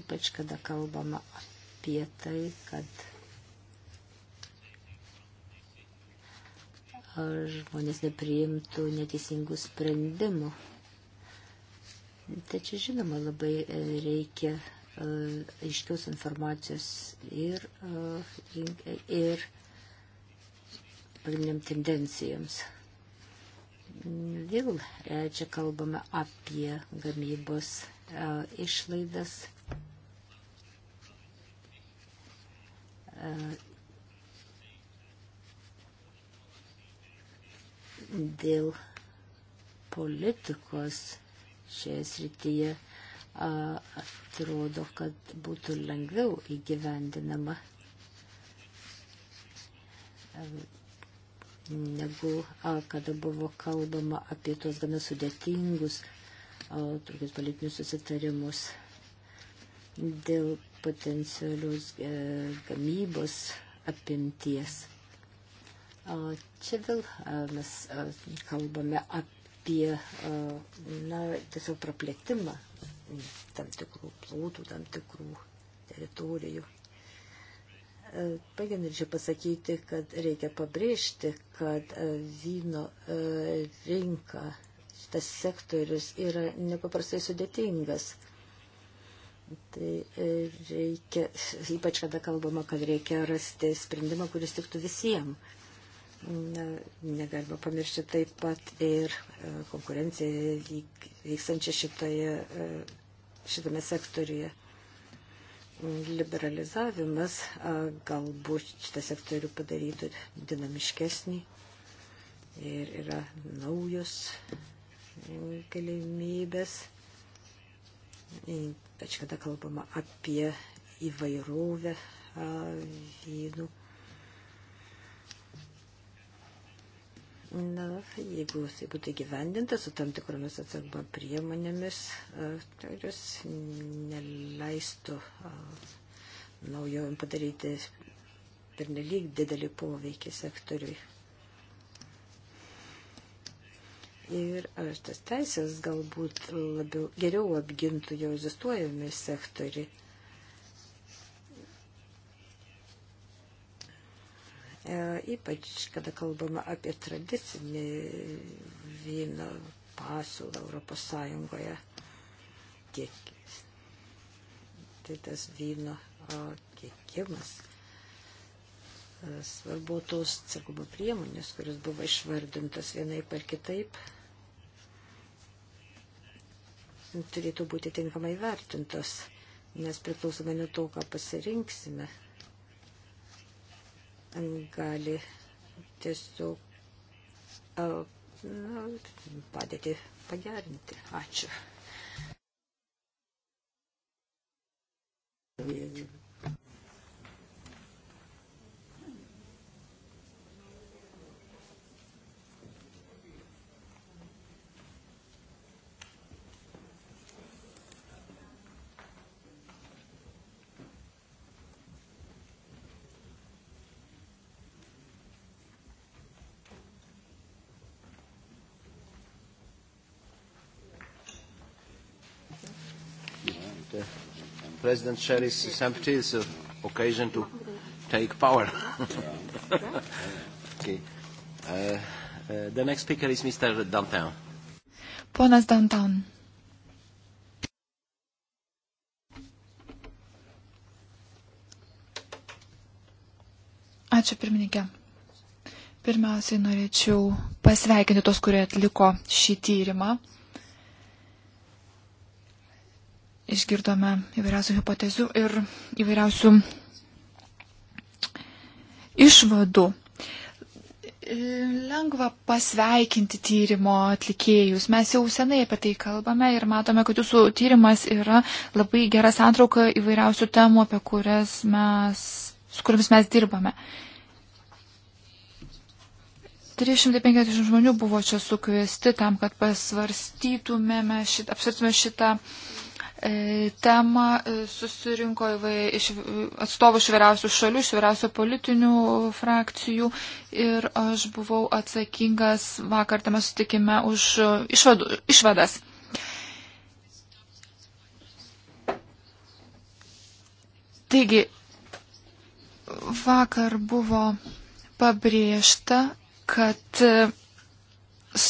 ypač kada kalbama apie tai, kad žmonės nepriimtų neteisingų sprendimų. Tačiau, žinoma, labai e, reikia e, aiškiaus informacijos ir, e, ir pagrindiniam tendencijoms. Vėl e, čia kalbame apie gamybos e, išlaidas. E, dėl politikos šioje srityje atrodo, kad būtų lengviau įgyvendinama negu kada buvo kalbama apie tos gana sudėtingus tokius politinius susitarimus dėl potencialios e, gamybos apimties. Čia vėl mes kalbame apie na, tiesiog praplėtimą tam tikrų plotų, tam tikrų teritorijų. Baigiant norėčiau pasakyti, kad reikia pabrėžti, kad e, vyno e, rinka, šitas sektorius yra nepaprastai sudėtingas. Tai e, reikia, ypač kada kalbama, kad reikia rasti sprendimą, kuris tiktų visiems. Ne, negalima pamiršti taip pat ir konkurenciją vykstančią šitoje, šitame sektoriuje liberalizavimas galbūt šitą sektorių padarytų dinamiškesnį ir yra naujos e, galimybės, ypač kada kalbama apie įvairovę vynų. Uh, Na, jeigu jisai būtų gyvendinta su tam tikromis atsargumo priemonėmis, e, tai jos neleistų naujovim padaryti per nelik didelį poveikį sektoriui. Ir ar tas teisės galbūt labiau, geriau apgintų jau egzistuojami sektoriai E, ypač kada kalbama apie tradicinį vyną pasiūlą Europos Sąjungoje. Kiek, tai tas vyno tiekimas. E, svarbu tos atsargumo priemonės, kuris buvo išvardintas vienaip ar kitaip, turėtų būti tinkamai vertintos, nes priklausomai nuo to, ką pasirinksime – gali tiesiog na, padėti pagerinti. Ačiū. President Sherry's is empty. It's an occasion to take power. okay. uh, uh, the next speaker is Mr. Dantin. Ponas Dantin. Ačiū pirmininkė. Pirmiausiai norėčiau pasveikinti tos, kurie atliko šį tyrimą. Išgirdome įvairiausių hipotezių ir įvairiausių išvadų. Lengva pasveikinti tyrimo atlikėjus. Mes jau senai apie tai kalbame ir matome, kad jūsų tyrimas yra labai gera santrauka įvairiausių temų, apie kurias mes, su kuriamis mes dirbame. 350 žmonių buvo čia sukviesti tam, kad pasvarstytumėme, šit, apsvarstume šitą E, temą e, susirinko iš atstovų iš vyriausių šalių, iš vyriausių politinių frakcijų ir aš buvau atsakingas vakar tame sutikime už išvadų, išvadas. Taigi, vakar buvo pabrėžta, kad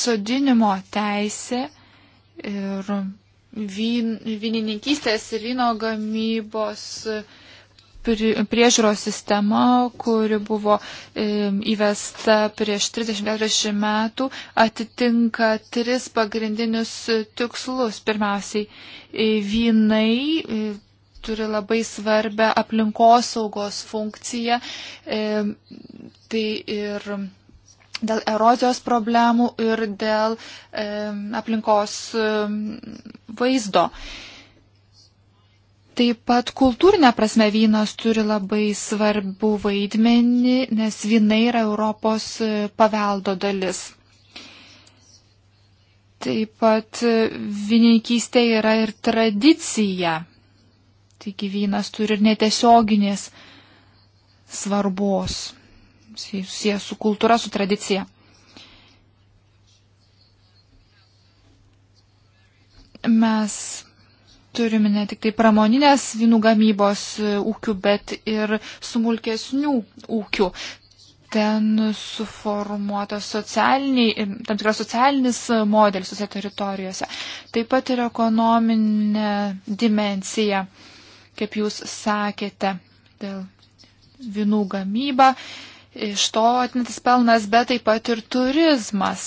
sodinimo teisė ir vyn, vynininkystės ir vyno gamybos priežiūros sistema, kuri buvo įvesta prieš 30-40 metų, atitinka tris pagrindinius tikslus. Pirmiausiai, e, vynai e, turi labai svarbę aplinkosaugos funkciją. Tai ir dėl erozijos problemų ir dėl e, aplinkos e, vaizdo. Taip pat kultūrinė prasme vynas turi labai svarbų vaidmenį, nes vynai yra Europos e, paveldo dalis. Taip pat e, vininkystė yra ir tradicija. Taigi vynas turi ir netiesioginės svarbos susiję su kultūra, su tradicija. Mes turime ne tik tai pramoninės vynų gamybos e, ūkių, bet ir smulkesnių ūkių. Ten suformuotas e, tam tikras socialinis modelis tose teritorijose. Taip pat ir ekonominė dimencija, kaip jūs sakėte, dėl vynų gamyba, iš to atnetis pelnas, bet taip pat ir turizmas.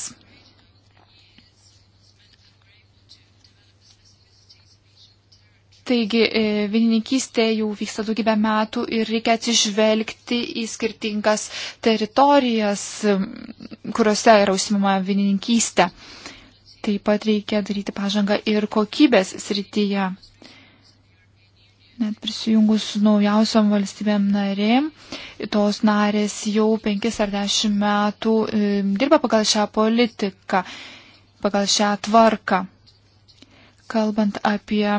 Taigi, e, vienininkystė jau vyksta daugybę metų ir reikia atsižvelgti į skirtingas teritorijas, kuriuose yra užsimama vienininkystė. Taip pat reikia daryti pažangą ir kokybės srityje net prisijungus naujausiam valstybėm narėm, tos narės jau penkis ar dešimt metų dirba pagal šią politiką, pagal šią tvarką. Kalbant apie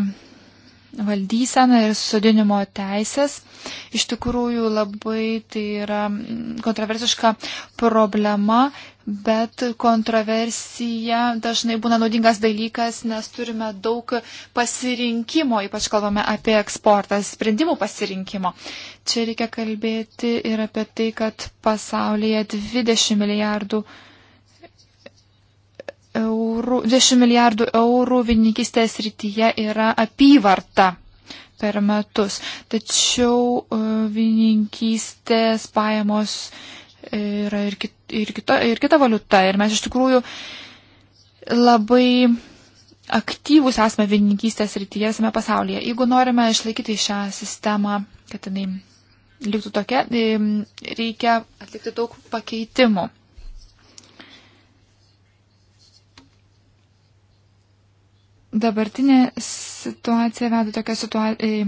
valdysena ir sudinimo teisės. Iš tikrųjų labai tai yra kontroversiška problema, bet kontroversija dažnai būna naudingas dalykas, nes turime daug pasirinkimo, ypač kalbame apie eksportą, sprendimų pasirinkimo. Čia reikia kalbėti ir apie tai, kad pasaulyje 20 milijardų eurų, 20 milijardų eurų vininkistės rytyje yra apyvarta per metus. Tačiau e, vininkystės pajamos e, yra ir, kit, ir, kita, ir kita valiuta. Ir mes iš tikrųjų labai aktyvus esame vininkystės rytyje visame pasaulyje. Jeigu norime išlaikyti šią sistemą, kad jinai liktų tokia, tai, mm, reikia atlikti daug pakeitimų. Dabartinė situacija veda tokia situacija.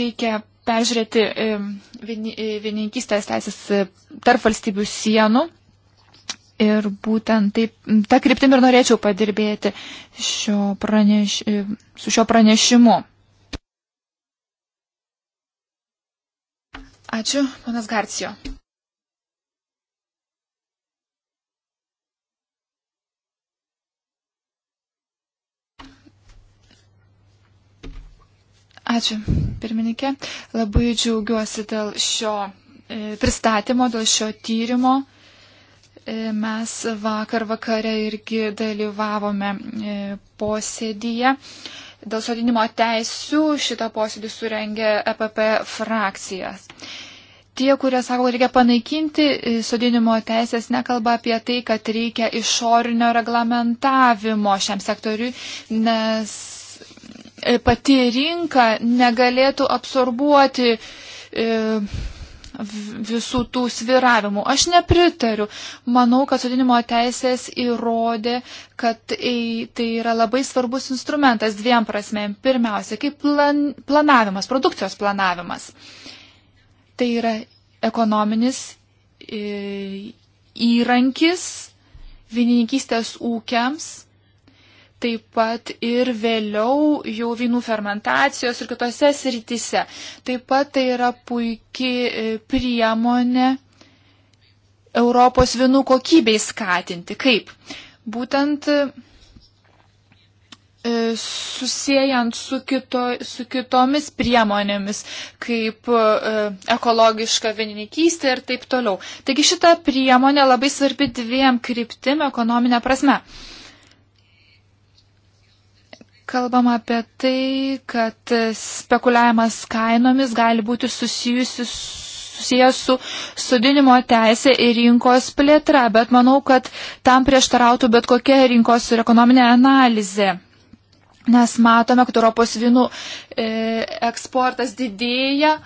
Reikia peržiūrėti vienininkystės teisės tarp valstybių sienų. Ir būtent taip, tą kryptim ir norėčiau padirbėti šio praneš, su šio pranešimu. Ačiū, panas Garcijo. Ačiū, pirmininkė. Labai džiaugiuosi dėl šio e, pristatymo, dėl šio tyrimo. E, mes vakar vakare irgi dalyvavome e, posėdyje. Dėl sodinimo teisių šitą posėdį surengė EPP frakcijas. Tie, kurie sako, kad reikia panaikinti sodinimo teisės, nekalba apie tai, kad reikia išorinio reglamentavimo šiam sektoriui, nes E, pati rinka negalėtų absorbuoti e, visų tų sviravimų. Aš nepritariu. Manau, kad sudinimo teisės įrodė, kad tai yra labai svarbus instrumentas dviem prasmėm. Pirmiausia, kaip plan, planavimas, produkcijos planavimas. Tai yra ekonominis e, įrankis vienininkystės ūkiams taip pat ir vėliau jau vynų fermentacijos ir kitose srityse. Taip pat tai yra puikiai e, priemonė Europos vynų kokybei skatinti. Kaip? Būtent e, susijęjant su, kito, su kitomis priemonėmis, kaip e, ekologiška vienininkystė ir taip toliau. Taigi šita priemonė labai svarbi dviem kryptim ekonominė prasme. Uh, kalbama apie tai, kad spekuliavimas kainomis gali būti susijusi susijęs su sudinimo teisė ir rinkos plėtra, bet manau, kad tam prieštarautų bet kokia rinkos ir ekonominė analizė. Nes matome, kad Europos vynų e, eksportas didėja,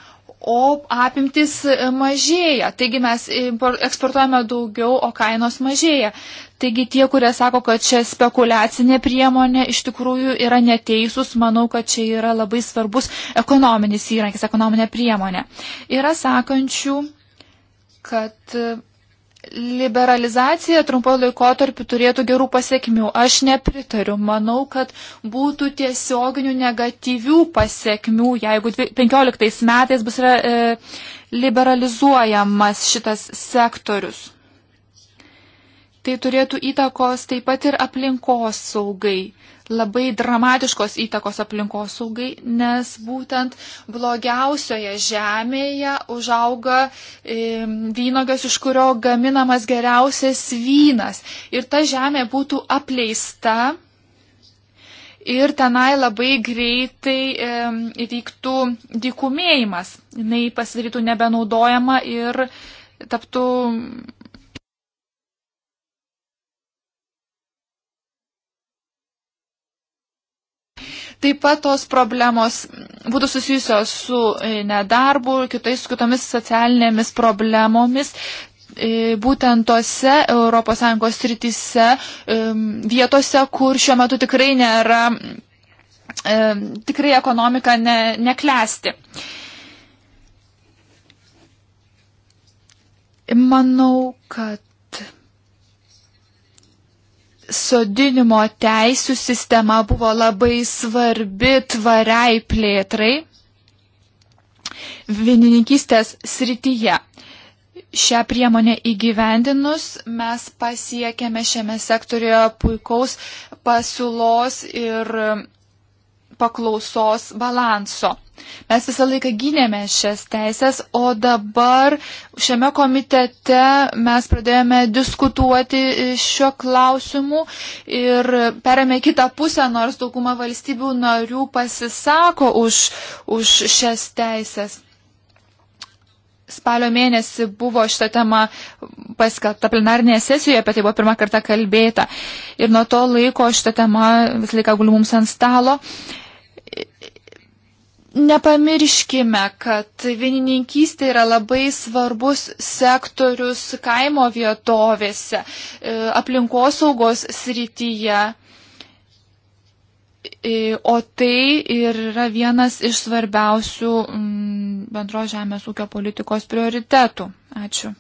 o apimtis mažėja. Taigi mes eksportuojame daugiau, o kainos mažėja. Taigi tie, kurie sako, kad čia spekulacinė priemonė iš tikrųjų yra neteisūs, manau, kad čia yra labai svarbus ekonominis įrankis, ekonominė priemonė. Yra sakančių, kad liberalizacija trumpo laikotarpiu turėtų gerų pasiekmių. Aš nepritariu. Manau, kad būtų tiesioginių negatyvių pasiekmių, jeigu 15 metais bus e, liberalizuojamas šitas sektorius tai turėtų įtakos taip pat ir aplinkos saugai. Labai dramatiškos įtakos aplinkos saugai, nes būtent blogiausioje žemėje užauga e, vynogas, iš kurio gaminamas geriausias vynas. Ir ta žemė būtų apleista ir tenai labai greitai e, įvyktų dykumėjimas. Jis pasidarytų nebenaudojama ir taptų Taip pat tos problemos būtų susijusios su e, nedarbu, kitais, kitomis socialinėmis problemomis. E, būtent tose ES rytise, e, vietose, kur šiuo metu tikrai nėra, tikrai ekonomika ne, neklesti. Manau, kad sodinimo teisų sistema buvo labai svarbi tvariai plėtrai vienininkystės srityje. Šią priemonę įgyvendinus mes pasiekėme šiame sektorioje puikaus pasiūlos ir paklausos balanso. Mes visą laiką gynėme šias teisės, o dabar šiame komitete mes pradėjome diskutuoti e, šiuo klausimu ir perėmė kitą pusę, nors dauguma valstybių narių pasisako už, už šias teisės. Spalio mėnesį buvo šitą temą paskelbta plenarnėje sesijoje, apie tai buvo pirmą kartą kalbėta. Ir nuo to laiko šitą temą visą laiką guli mums ant stalo Nepamirškime, kad vienininkystė yra labai svarbus sektorius kaimo vietovėse, e, aplinkosaugos srityje. E, o tai ir yra vienas iš svarbiausių mm, bendro žemės ūkio politikos prioritetų. Ačiū.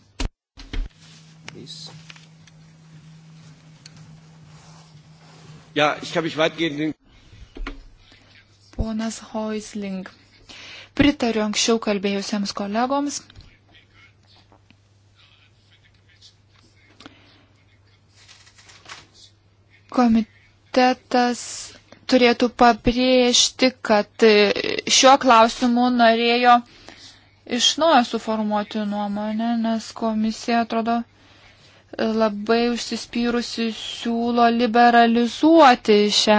Ja, ich kann mich weitgehend Ponas Hoisling. Pritariu anksčiau kalbėjusiems kolegoms. Komitetas turėtų pabrėžti, kad šiuo klausimu norėjo iš naujo suformuoti nuomonę, nes komisija atrodo labai užsispyrusi siūlo liberalizuoti šią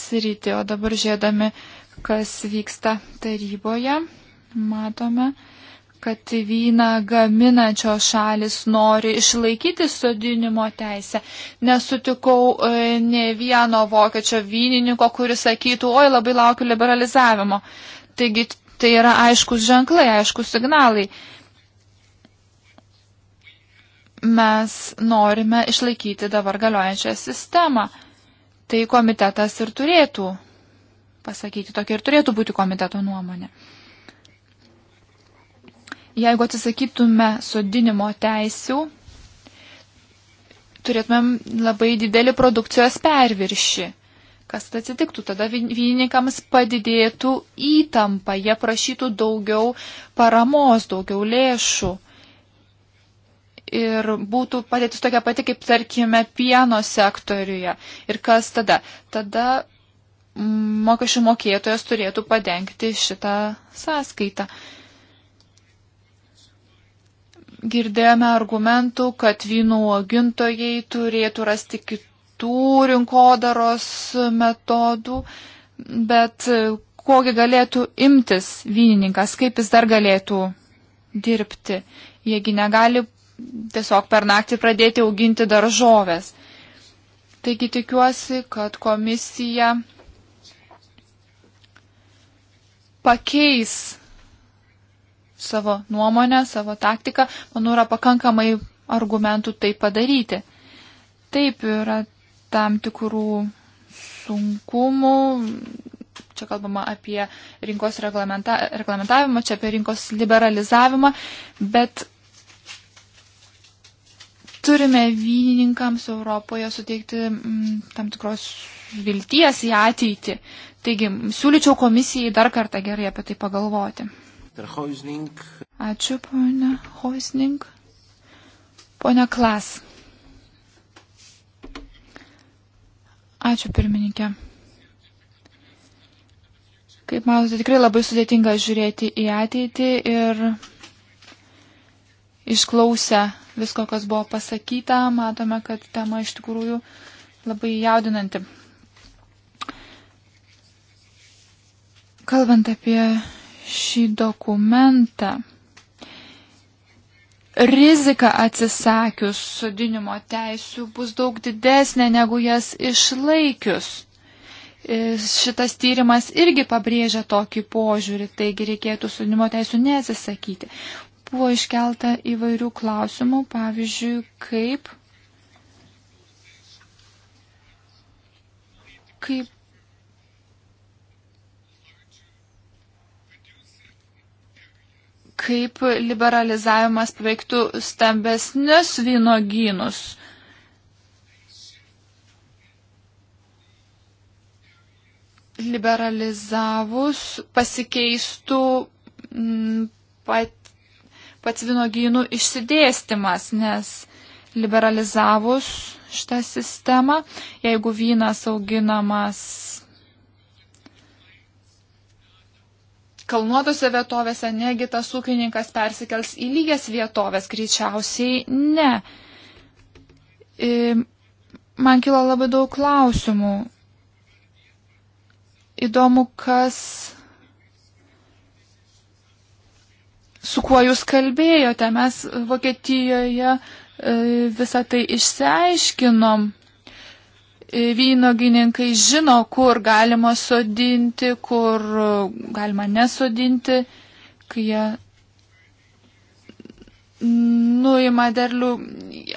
sritį, o dabar žiedami uh, kas vyksta taryboje. Matome, kad vyną gaminančios šalis nori išlaikyti sodinimo teisę. Nesutikau e, ne vieno vokiečio vynininko, kuris sakytų, oi labai laukiu liberalizavimo. Taigi tai yra aiškus ženklai, aiškus signalai. Mes norime išlaikyti dabar galiojančią sistemą. Tai komitetas ir turėtų pasakyti. Tokia ir turėtų būti komiteto nuomonė. Jeigu atsisakytume sodinimo teisių, turėtumėm labai didelį produkcijos perviršį. Kas atsitiktų? Tada vynininkams padidėtų įtampa, jie prašytų daugiau paramos, daugiau lėšų. Ir būtų padėtis tokia pati, kaip tarkime, pieno sektoriuje. Ir kas tada? Tada mokesčių mokėtojas turėtų padengti šitą sąskaitą. Girdėjome argumentų, kad vynų augintojai turėtų rasti kitų rinkodaros metodų, bet kogi galėtų imtis vynininkas, kaip jis dar galėtų dirbti, jiegi negali tiesiog per naktį pradėti auginti daržovės. Taigi tikiuosi, kad komisija pakeis savo nuomonę, savo taktiką, manau, yra pakankamai argumentų tai padaryti. Taip yra tam tikrų sunkumų. Čia kalbama apie rinkos reglamenta, reglamentavimą, čia apie rinkos liberalizavimą, bet turime vynininkams Europoje suteikti m, mm, tam tikros vilties į ateitį. Taigi, siūlyčiau komisijai dar kartą gerai apie tai pagalvoti. Ačiū, ponia Hoisning. Ponia Klas. Ačiū, pirmininkė. Kaip manote, tikrai labai sudėtinga žiūrėti į ateitį ir išklausę visko, kas buvo pasakyta, matome, kad tema iš tikrųjų labai jaudinanti. Kalbant apie šį dokumentą, rizika atsisakius sodinimo teisų bus daug didesnė negu jas išlaikius. Šitas tyrimas irgi pabrėžia tokį požiūrį, taigi reikėtų sodinimo teisų neatsisakyti. Buvo iškelta įvairių klausimų, pavyzdžiui, kaip, kaip kaip liberalizavimas paveiktų stambesnius vynogynus. Liberalizavus pasikeistų mm, pat, pats vynogynų išsidėstimas, nes liberalizavus šitą sistemą, jeigu vynas auginamas kalnuotose vietovėse, negi tas ūkininkas persikels į lygias vietovės, greičiausiai ne. E, man kilo labai daug klausimų. Įdomu, kas. Su kuo jūs kalbėjote? Mes Vokietijoje e, visą tai išsiaiškinom vynogininkai žino, kur galima sodinti, kur e, galima nesodinti, kai jie nuima derlių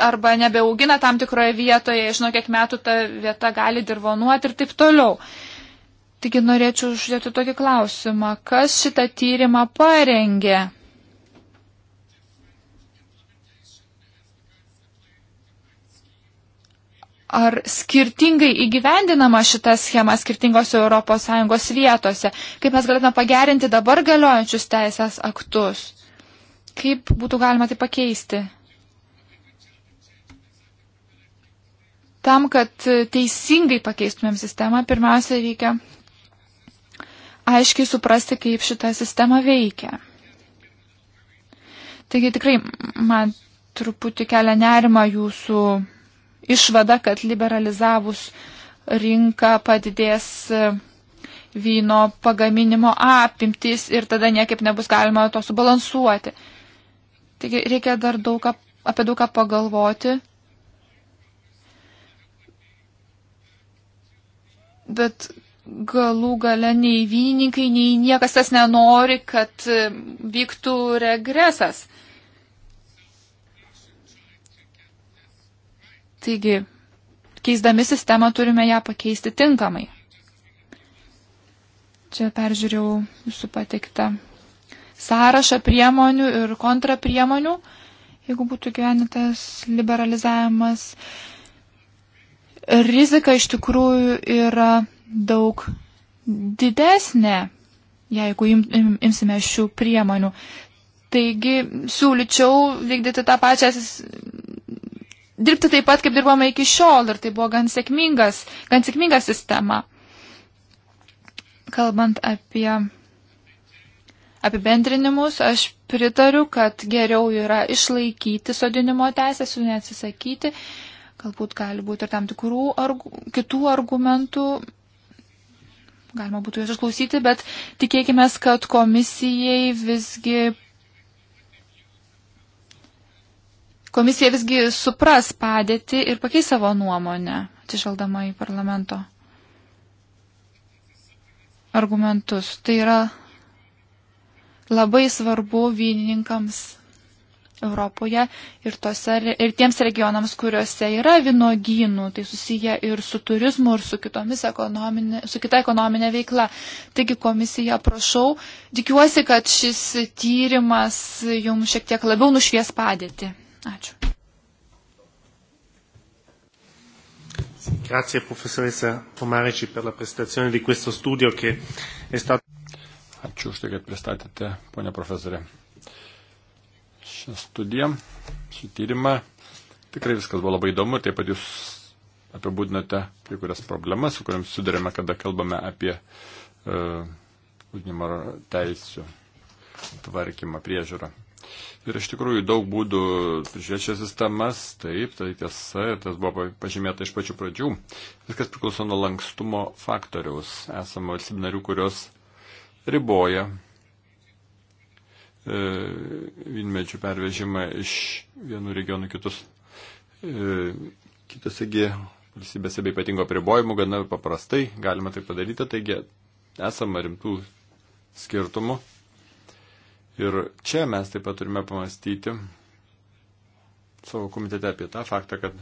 arba nebeaugina tam tikroje vietoje, žino, kiek metų ta vieta gali dirvonuoti ir taip toliau. Taigi norėčiau uždėti tokį klausimą, kas šitą tyrimą parengė? ar skirtingai įgyvendinama šita schema skirtingose ES vietose, kaip mes galėtume pagerinti dabar galiojančius teisės aktus, kaip būtų galima tai pakeisti. Tam, kad teisingai pakeistumėm sistemą, pirmiausia reikia aiškiai suprasti, kaip šita sistema veikia. Taigi tikrai man truputį kelia nerima jūsų išvada, kad liberalizavus rinką padidės e, vyno pagaminimo apimtis ir tada niekaip nebus galima to subalansuoti. Taigi reikia dar daug, apie daug ką pagalvoti. Bet galų gale nei vynininkai, nei niekas tas nenori, kad e, vyktų regresas. Taigi, keisdami sistemą turime ją pakeisti tinkamai. Čia peržiūrėjau jūsų pateiktą sąrašą priemonių ir kontrapriemonių, jeigu būtų gyvenitas liberalizavimas. Rizika iš tikrųjų yra daug didesnė, jeigu im, im, imsime šių priemonių. Taigi siūlyčiau vykdyti tą pačią dirbti taip pat, kaip dirbome iki šiol ir tai buvo gan sėkmingas, gan sėkminga sistema. Kalbant apie apibendrinimus, aš pritariu, kad geriau yra išlaikyti sodinimo teisės, jų neatsisakyti. Galbūt gali būti ir tam tikrų argu, kitų argumentų. Galima būtų juos išklausyti, bet tikėkime, kad komisijai visgi komisija visgi supras padėti ir pakeis savo nuomonę, atsižvelgdama į parlamento argumentus. Tai yra labai svarbu vynininkams Europoje ir, tose, ir tiems regionams, kuriuose yra vinogynų, tai susiję ir su turizmu, ir su, ekonominė, su kita ekonominė veikla. Taigi komisija, prašau, tikiuosi, kad šis tyrimas jums šiek tiek labiau nušvies padėti. Ačiū. Grazie profesoressa Pomarici per la presentazione di questo studio che è stato. Ačiū už tai, kad pristatėte, ponia profesorė. Šią studiją, šį tyrimą, tikrai viskas buvo labai įdomu ir taip pat jūs apibūdinote kai kurias problemas, su kuriams sudarėme, kada kalbame apie uh, e, užnimo teisų tvarkymą, priežiūrą. Ir iš tikrųjų daug būdų prižiūrėti sistemas, taip, tai tiesa, ir tas buvo pažymėta iš pačių pradžių. Viskas priklauso nuo lankstumo faktoriaus. Esama valstybių narių, kurios riboja e, vynmedžių pervežimą iš vienų regionų kitus. E, kitasegi valstybėse be ypatingo pribojimų gana paprastai galima tai padaryti, taigi esama rimtų skirtumų Ir čia mes taip pat turime pamastyti savo komitete apie tą faktą, kad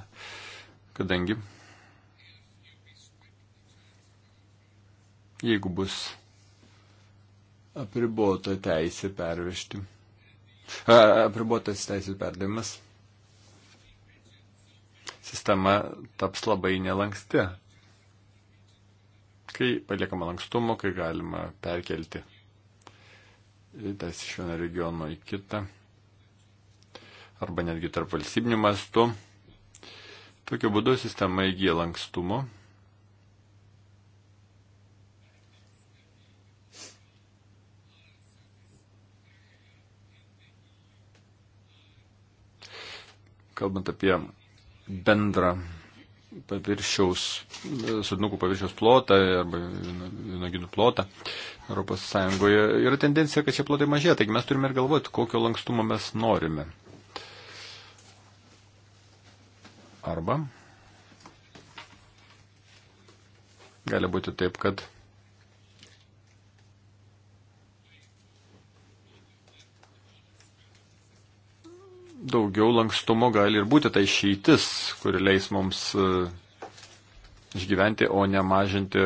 kadangi jeigu bus apribuota teisė pervežti, apribuotas teisės perdavimas, sistema taps labai nelanksti. Kai paliekama lankstumo, kai galima perkelti teisę iš vieno regiono į kitą, arba netgi tarp valstybinių mastų. Tokiu būdu sistema įgyja lankstumo. Kalbant apie bendrą paviršiaus, sodnukų paviršiaus plotą arba vynogynų plotą Europos Sąjungoje, yra tendencija, kad šie plotai mažėja, taigi mes turime ir galvoti, kokio lankstumo mes norime. Arba gali būti taip, kad daugiau lankstumo gali ir būti tai šeitis, kuri leis mums e, išgyventi, o ne mažinti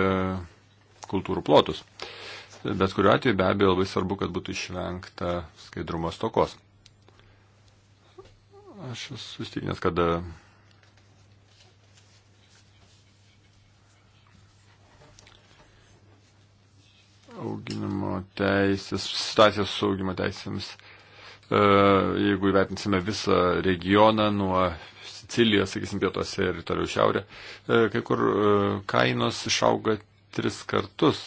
kultūrų plotus. Bet kuriuo atveju be abejo labai svarbu, kad būtų išvengta skaidrumo stokos. Aš esu įstikinęs, kad e, auginimo teisės, situacijos su augimo teisėmis E, jeigu įvertinsime visą regioną nuo Sicilijos, sakysim, pietuose ir toliau šiaurė, e, kai kur e, kainos išauga tris kartus.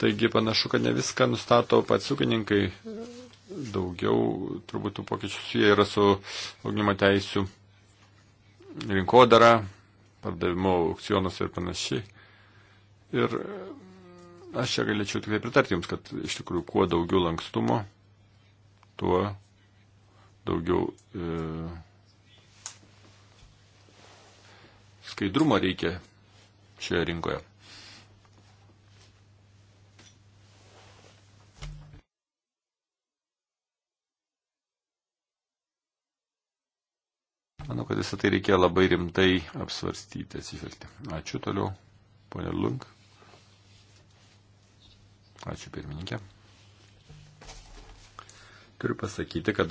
Taigi panašu, kad ne viską nustato pats ūkininkai. Daugiau turbūt tų pokyčių susiję yra su augnimo teisų rinkodara, pardavimo aukcionus ir panašiai. Ir aš čia galėčiau tikrai pritarti Jums, kad iš tikrųjų kuo daugiau lankstumo, tuo daugiau e, skaidrumo reikia šioje rinkoje. Manau, kad visą tai reikia labai rimtai apsvarstyti, atsižvelgti. Ačiū toliau, ponė Lung. Ačiū pirmininkė turiu pasakyti, kad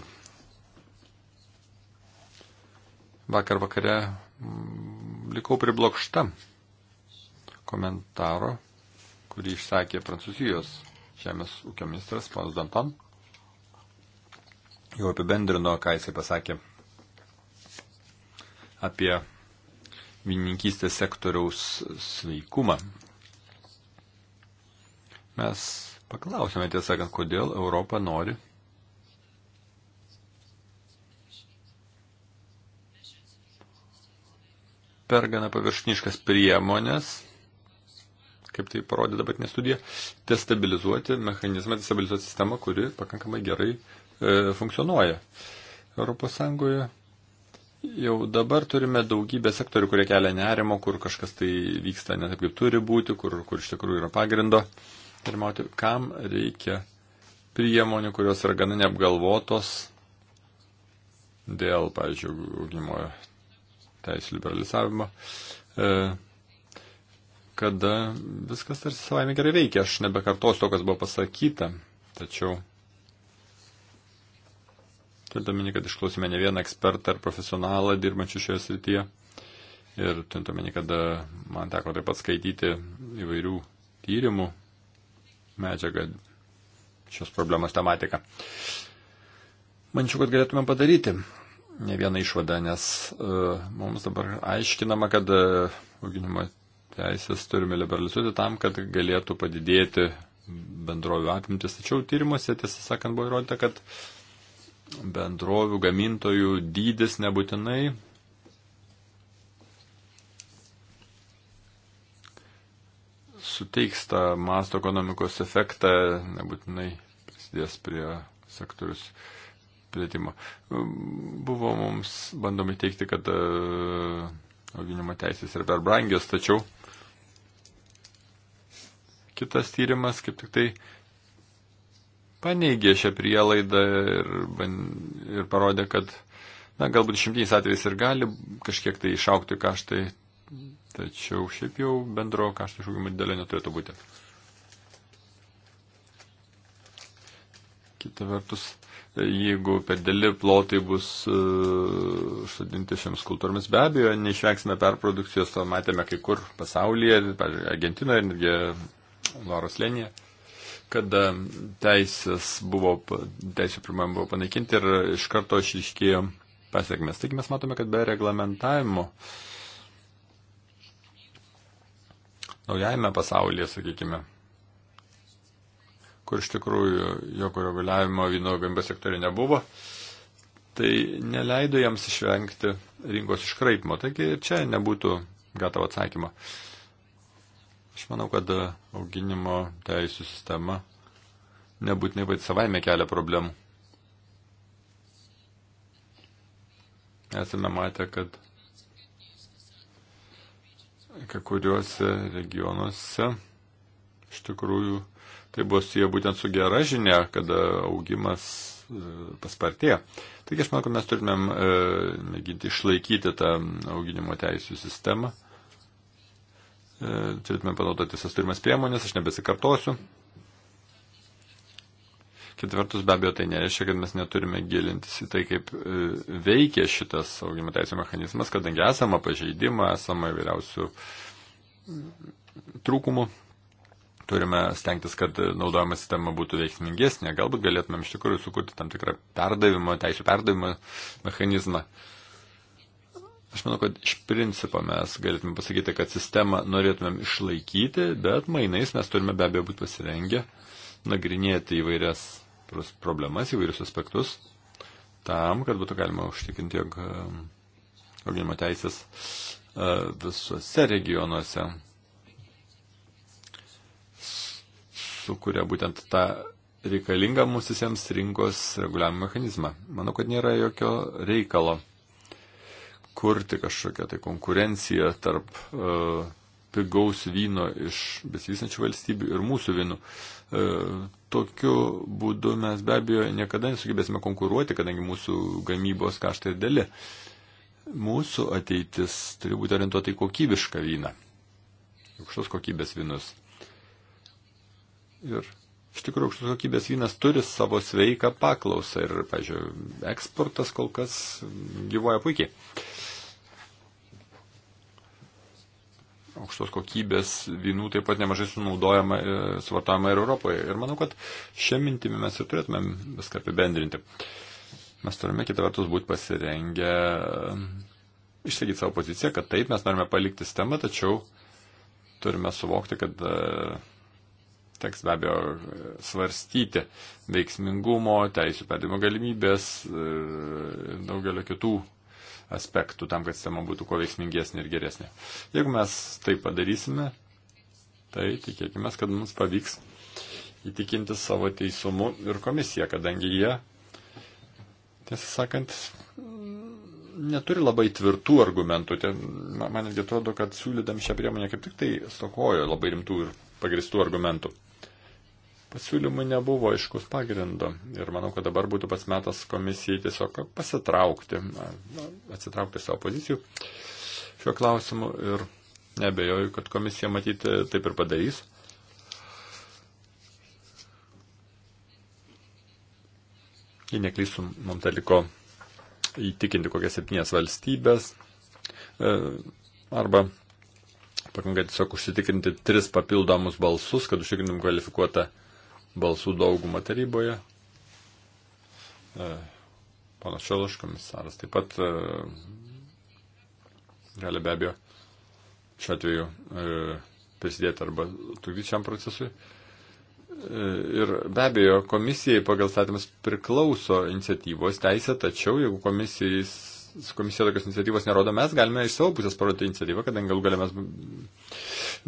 vakar vakare mm, likau priblokšta komentaro, kurį išsakė Prancūzijos žemės ūkio ministras, panas Dantan. Jau apibendrino, ką jisai pasakė apie vininkystės sektoriaus sveikumą. Mes paklausėme tiesą, kodėl Europa nori per gana paviršiniškas priemonės, kaip tai parodė dabartinė studija, destabilizuoti mechanizmą, destabilizuoti sistemą, kuri pakankamai gerai e, funkcionuoja. Europos Sąjungoje jau dabar turime daugybę sektorių, kurie kelia nerimo, kur kažkas tai vyksta ne taip, kaip turi būti, kur, kur iš tikrųjų yra pagrindo. Ir matyti, kam reikia priemonių, kurios yra gana neapgalvotos dėl, pavyzdžiui, augimo teisų liberalizavimą, e, kada viskas tarsi savaime gerai veikia. Aš nebekartosiu to, kas buvo pasakyta, tačiau turintami, kad išklausime ne vieną ekspertą ar profesionalą dirbančių šioje srityje. Ir turintami, kad e, man teko taip pat skaityti įvairių tyrimų medžiagą šios problemos tematiką. Mančiau, kad galėtume padaryti ne vieną išvadą, nes e, mums dabar aiškinama, kad e, auginimo teisės turime liberalizuoti tam, kad galėtų padidėti bendrovių apimtis. Tačiau tyrimuose, tiesą sakant, buvo įrodyta, kad bendrovių gamintojų dydis nebūtinai suteiks tą masto ekonomikos efektą, nebūtinai prisidės prie sektorius plėtimo. Buvo mums bandomi teikti, kad e, auginimo teisės yra per brangios, tačiau kitas tyrimas kaip tik tai paneigė šią prielaidą ir, ir parodė, kad, na, galbūt šimtiniais atvejais ir gali kažkiek tai išaukti kaštai, tačiau šiaip jau bendro kaštų išaugimo didelio neturėtų būti. Kita vertus, jeigu per dėli plotai bus e, užsadinti šiems kultūromis, be abejo, neišvengsime perprodukcijos, to matėme kai kur pasaulyje, Argentinoje, netgi Loros Lenėje, kad e, teisės buvo, teisų primam buvo panaikinti ir iš karto išryškėjo pasiekmes. Taigi mes matome, kad be reglamentavimo naujajame pasaulyje, sakykime, kur iš tikrųjų jokio reguliavimo vyno gamybos sektoriai nebuvo, tai neleido jiems išvengti rinkos iškraipimo. Taigi čia nebūtų gatavo atsakymo. Aš manau, kad auginimo teisų sistema nebūtinai pat savaime kelia problemų. Esame matę, kad kai kuriuose regionuose iš tikrųjų tai bus jie būtent su gera žinia, kada augimas e, paspartėja. Taigi aš manau, kad mes turėtumėm e, mėginti išlaikyti tą auginimo teisų sistemą. E, turėtumėm panaudoti visas turimas priemonės, aš nebesikartosiu. Kita vertus, be abejo, tai nereiškia, kad mes neturime gilintis į tai, kaip veikia šitas saugimo teisų mechanizmas, kadangi esama pažeidimą, esama įvairiausių trūkumų turime stengtis, kad naudojama sistema būtų veiksmingesnė. Galbūt galėtumėm iš tikrųjų sukurti tam tikrą perdavimo, teisų perdavimo mechanizmą. Aš manau, kad iš principo mes galėtume pasakyti, kad sistemą norėtumėm išlaikyti, bet mainais mes turime be abejo būti pasirengę nagrinėti įvairias problemas, įvairius aspektus, tam, kad būtų galima užtikrinti, jog um, auginimo teisės uh, visuose regionuose sukuria būtent tą reikalingą mūsų visiems rinkos reguliavimo mechanizmą. Manau, kad nėra jokio reikalo kurti kažkokią tai konkurenciją tarp uh, pigaus vyno iš besivysančių valstybių ir mūsų vynų. Uh, e, tokiu būdu mes be abejo niekada nesugebėsime konkuruoti, kadangi mūsų gamybos kaštai dėlė. Mūsų ateitis turi būti orientuota į kokybišką vyną, aukštos kokybės vynus. Ir iš tikrųjų aukštos kokybės vynas turi savo sveiką paklausą ir, pažiūrėjau, eksportas kol kas gyvoja puikiai. Aukštos kokybės vynų taip pat nemažai sunaudojama, e, suvartojama ir Europoje. Ir manau, kad šią mintimį mes ir turėtumėm viską apibendrinti. Mes turime kitą vertus būti pasirengę e, išsakyti savo poziciją, kad taip mes norime palikti sistemą, tačiau turime suvokti, kad uh, teks be abejo e, svarstyti veiksmingumo, teisų perdimo galimybės e, ir daugelio kitų aspektų tam, kad sistema būtų kuo veiksmingesnė ir geresnė. Jeigu mes tai padarysime, tai tikėkime, kad mums pavyks įtikinti savo teisumu ir komisiją, kadangi jie, tiesą sakant, neturi labai tvirtų argumentų. Ten, man netgi atrodo, kad siūlydami šią priemonę kaip tik tai stokojo labai rimtų ir pagristų argumentų pasiūlymui nebuvo aiškus pagrindo. Ir manau, kad dabar būtų pats metas komisijai tiesiog pasitraukti, atsitraukti savo pozicijų šiuo klausimu. Ir nebejoju, kad komisija matyti e, taip ir padarys. Jei neklystum, mums tai liko įtikinti kokias septynės valstybės e, arba pakankamai tiesiog užsitikrinti tris papildomus balsus, kad užtikrintum kvalifikuotą balsų daugumą taryboje. E, Panas Šiološ komisaras taip pat e, gali be abejo šiuo atveju e, prisidėti arba trukdyti šiam procesui. Ir be abejo, komisijai pagal statymus priklauso iniciatyvos teisė, tačiau jeigu komisijais komisija tokios iniciatyvos nerodo, mes galime iš savo pusės parodyti iniciatyvą, kadangi galų galę mes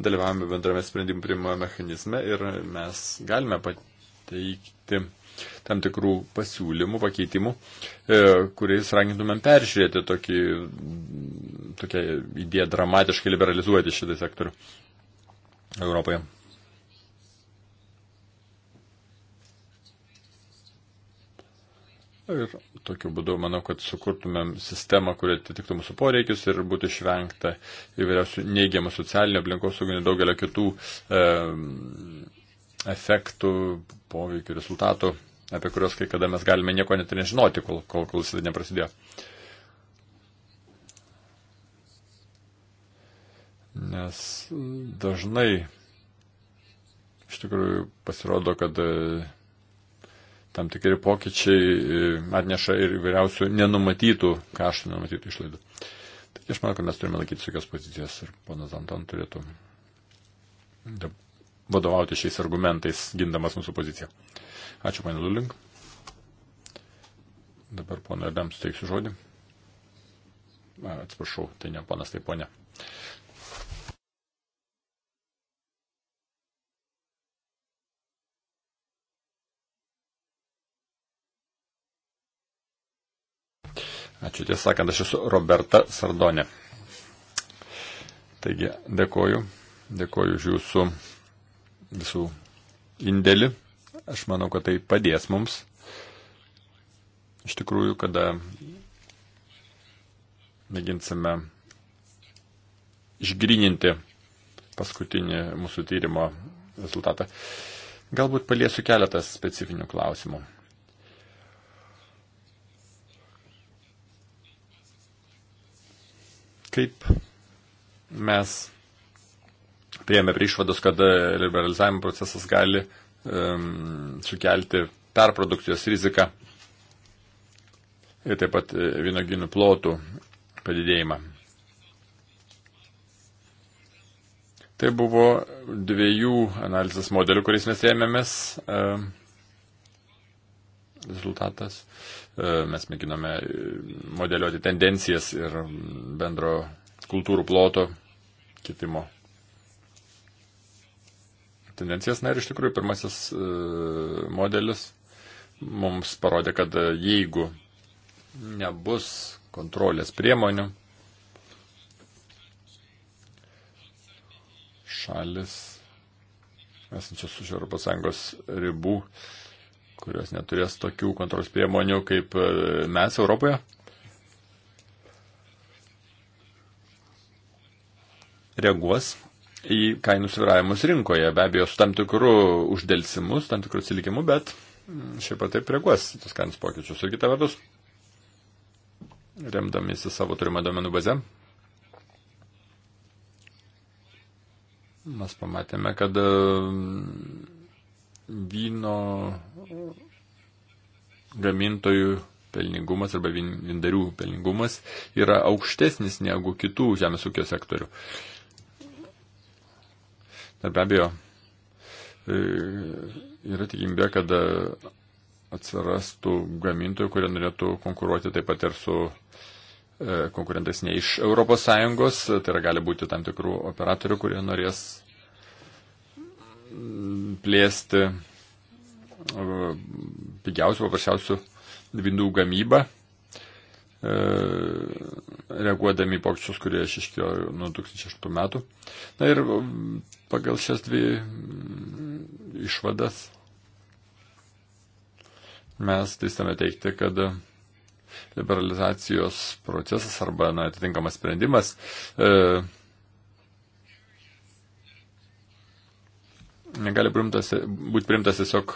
dalyvavome bendrame sprendimų priimimo mechanizme ir mes galime pateikti tam tikrų pasiūlymų, pakeitimų, e, kuriais ragintumėm peržiūrėti tokį, tokią idėją dramatiškai liberalizuoti šitą sektorių Europoje. Ir tokiu būdu, manau, kad sukurtumėm sistemą, kuri atitiktų mūsų poreikius ir būtų išvengta įvairiausių neigiamų socialinių aplinkos sauginių daugelio kitų e, efektų, poveikių, rezultatų, apie kuriuos kai kada mes galime nieko net ir nežinoti, kol, kol, kol jis neprasidėjo. Nes dažnai iš tikrųjų pasirodo, kad e, tam tikri pokyčiai e, atneša ir įvairiausių nenumatytų kaštų, nenumatytų išlaidų. Taigi aš manau, kad mes turime laikytis tokios pozicijos ir ponas Anton turėtų vadovauti šiais argumentais, gindamas mūsų poziciją. Ačiū, man Lulink. Dabar pono Adams teiksiu žodį. A, atsiprašau, tai ne ponas, tai ponė. Ačiū, tiesą sakant, aš esu Roberta Sardonė. Taigi, dėkoju, dėkoju už jūsų visų indėlį. Aš manau, kad tai padės mums. Iš tikrųjų, kada mėginsime išgrininti paskutinį mūsų tyrimo rezultatą, galbūt paliesiu keletą specifinių klausimų. kaip mes prieėmė prie išvados, kad e, liberalizavimo procesas gali um, sukelti perprodukcijos riziką ir taip pat e, vynoginų plotų padidėjimą. Tai buvo dviejų analizės modelių, kuriais mes ėmėmės. Um, rezultatas. Uh, E, mes mėginome e, modeliuoti tendencijas ir bendro kultūrų ploto kitimo tendencijas. Na ir iš tikrųjų pirmasis e, modelis mums parodė, kad jeigu nebus kontrolės priemonių, šalis esančios už ES ribų kurios neturės tokių kontrols priemonių kaip e, mes Europoje? Reaguos į kainų sviravimus rinkoje, be abejo, su tam tikru uždėlsimu, su tam tikru atsilikimu, bet mm, šiaip ar taip reaguos į tos kainos pokyčius. Ir kita vertus, remdamiesi savo turimą domenų bazę, mes pamatėme, kad e, vyno gamintojų pelningumas arba vindarių pelningumas yra aukštesnis negu kitų žemės ūkio sektorių. Dar be abejo, e, yra tikimybė, kad e, atsirastų gamintojų, kurie norėtų konkuruoti taip pat ir su e, konkurentais ne iš ES, tai yra gali būti tam tikrų operatorių, kurie norės plėsti e, pigiausių, paprasčiausių vindų gamybą, e, reaguodami į pokyčius, kurie išiškėjo nuo 2008 metų. Na ir pagal šias dvi išvadas mes teistame teikti, kad liberalizacijos procesas arba na, atitinkamas sprendimas e, negali primtas, būti primtas tiesiog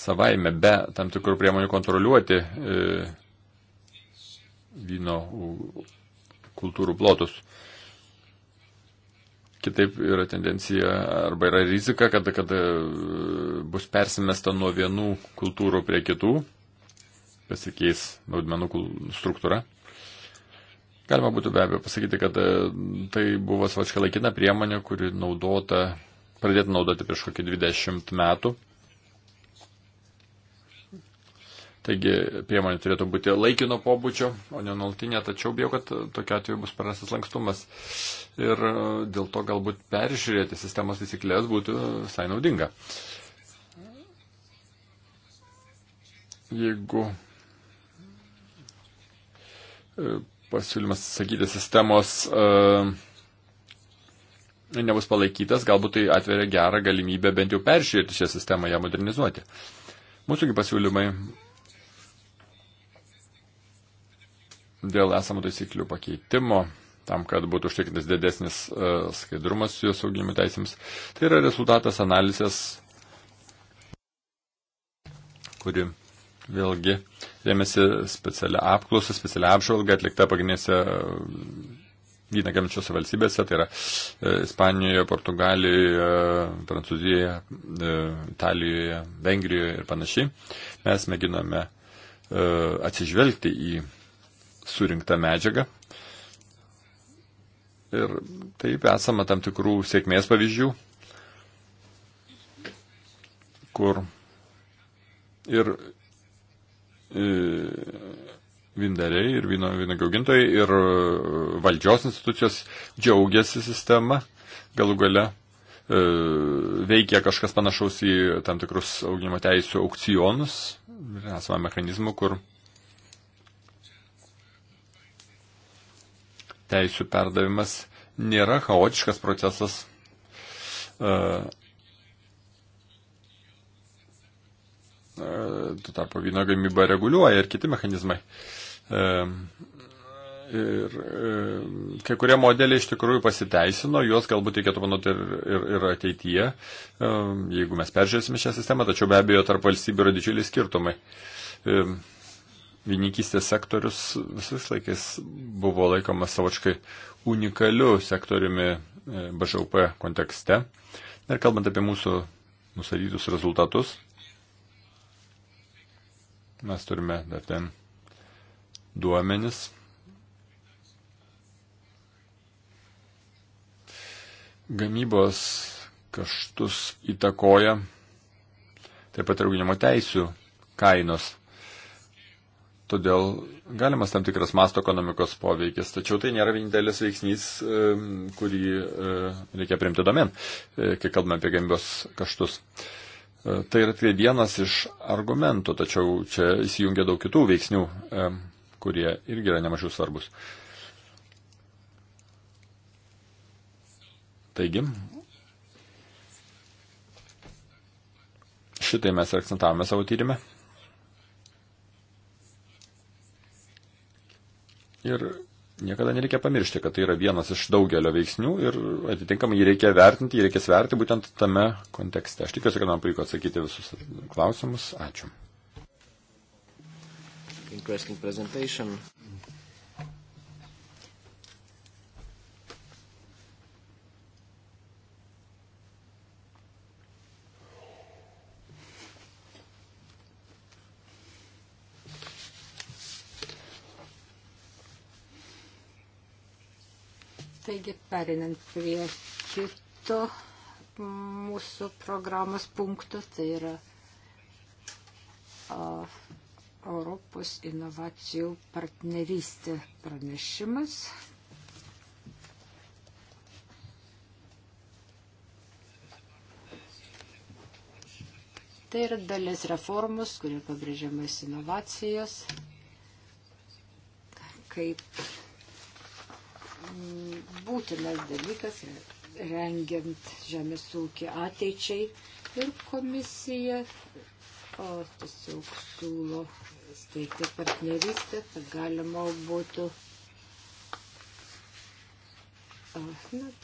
savaime be tam tikrų priemonių kontroliuoti e, vyno kultūrų plotus. Kitaip yra tendencija arba yra rizika, kad, kad e, bus persimesta nuo vienų kultūrų prie kitų, pasikeis naudmenų struktūra. Galima būtų be abejo pasakyti, kad e, tai buvo svačka laikina priemonė, kuri naudota, pradėta naudoti prieš kokį 20 metų. Taigi priemonė turėtų būti laikino pobūdžio, o ne nuolatinė, tačiau bijau, kad tokia atveju bus prarastas lankstumas. Ir e, dėl to galbūt peržiūrėti sistemos taisyklės būtų visai naudinga. Jeigu e, pasiūlymas sakyti sistemos uh, nebus palaikytas, galbūt tai atveria gerą galimybę bent jau peržiūrėti šią sistemą, ją modernizuoti. Mūsųgi pasiūlymai dėl esamų taisyklių pakeitimo, tam, kad būtų užtikrintas didesnis uh, skaidrumas jų saugimo teisėms, tai yra rezultatas analizės, kuri vėlgi rėmėsi specialią apklausą, specialią apžvalgą atlikta pagrindinėse e, vyną gaminčiose valstybėse, tai yra e, Ispanijoje, Portugalijoje, Prancūzijoje, e, Italijoje, Vengrijoje ir panašiai. Mes mėginome atsižvelgti į surinktą medžiagą. Ir taip esama tam tikrų sėkmės pavyzdžių, kur ir vindariai ir vyno, vynagių augintojai ir e, valdžios institucijos džiaugiasi sistema galų gale e, veikia kažkas panašaus į tam tikrus auginimo teisų aukcionus, esame mechanizmų, kur teisų perdavimas nėra chaotiškas procesas, e, E, tuo tarpu vyno gamybą reguliuoja ir kiti mechanizmai. E, ir e, kai kurie modeliai iš tikrųjų pasiteisino, juos galbūt reikėtų manoti ir, ir, ir ateityje, jeigu mes peržiūrėsime šią sistemą, tačiau be abejo tarp valstybių yra didžiuliai skirtumai. Vynykystės sektorius visais laikais buvo laikomas savočkai unikaliu sektoriumi BŽP kontekste. Ir kalbant apie mūsų nusarytus rezultatus, Mes turime dar ten duomenis. Gamybos kaštus įtakoja taip pat ir auginimo teisių kainos. Todėl galimas tam tikras masto ekonomikos poveikis, tačiau tai nėra vienintelis veiksnys, kurį reikia primti domen, e, kai kalbame apie gamybos kaštus. E, tai yra tik vienas iš argumentų, tačiau čia įsijungia daug kitų veiksnių, e, kurie irgi yra nemažiau svarbus. Taigi, šitai mes ir akcentavome savo tyrimę. Ir niekada nereikia pamiršti, kad tai yra vienas iš daugelio veiksnių ir atitinkamai jį reikia vertinti, jį reikia sverti būtent tame kontekste. Aš tikiuosi, kad man pavyko atsakyti visus klausimus. Ačiū. Taigi, perinant prie kito mūsų programos punkto, tai yra a, Europos inovacijų partnerystė pranešimas. Tai yra dalis reformos, kurie pabrėžiamas inovacijos, kaip būtinas dalykas rengiant žemės ūkį ateičiai ir komisija o, tiesiog siūlo steigti partnerystę, kad galima būtų na,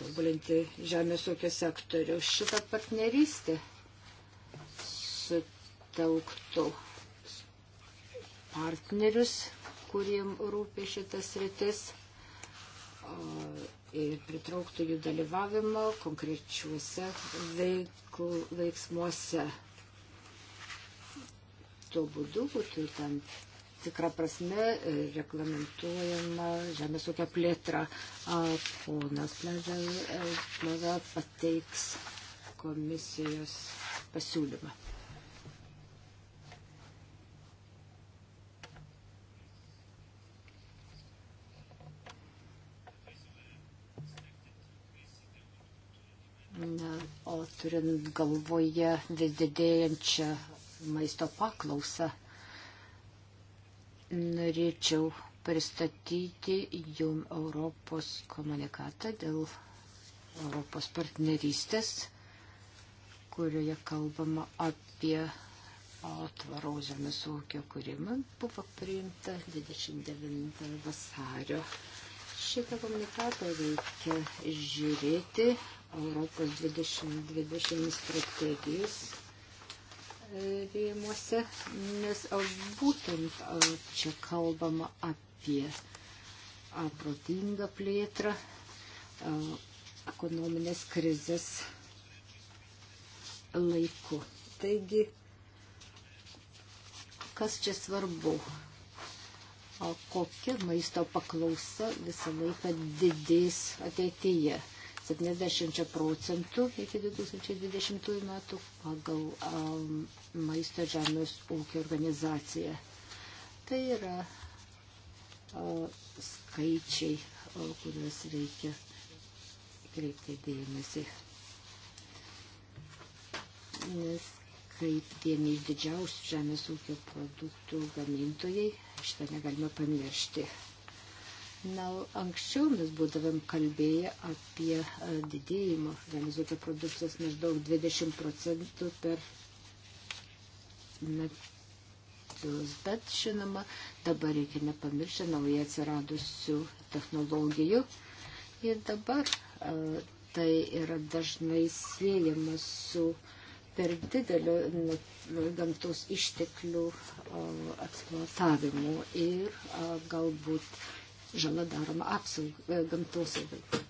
tobulinti žemės ūkio sektorių. Šitą partnerystę sutelktų partnerius, kuriem rūpi šitas rytis ir pritrauktų jų dalyvavimo konkrečiuose veiksmuose. Tuo būdu būtų tam tikrą prasme e, reglamentuojama žemės ūkio plėtra. Ponas Pleza e, pateiks komisijos pasiūlymą. o turint galvoje vis didėjančią maisto paklausą, norėčiau pristatyti jum Europos komunikatą dėl Europos partnerystės, kurioje kalbama apie tvaraus žemės ūkio kūrimą. Buvo priimta 29 vasario. Šitą komunikatą reikia žiūrėti Europos 2020 strategijos e, rėmuose, nes būtent čia kalbama apie protingą plėtrą, ekonominės krizės laiku. Taigi, kas čia svarbu? O kokia maisto paklausa visą laiką didės ateityje? 70 procentų iki 2020 metų pagal um, maisto žemės ūkio organizaciją. Tai yra uh, skaičiai, uh, kuriuos reikia kreipti dėmesį. Nes kaip vieni iš didžiausių žemės ūkio produktų gamintojai, šitą negalime pamiršti. Na, anksčiau mes būdavėm kalbėję apie e, didėjimą organizuotą produkcijos maždaug 20 procentų per metus. Bet, žinoma, dabar reikia nepamiršti naujai atsiradusių technologijų. Ir dabar e, tai yra dažnai siejama su per dideliu gamtos išteklių e, eksploatavimu ir galbūt žala daroma apsaugai, e, gamtosaugai.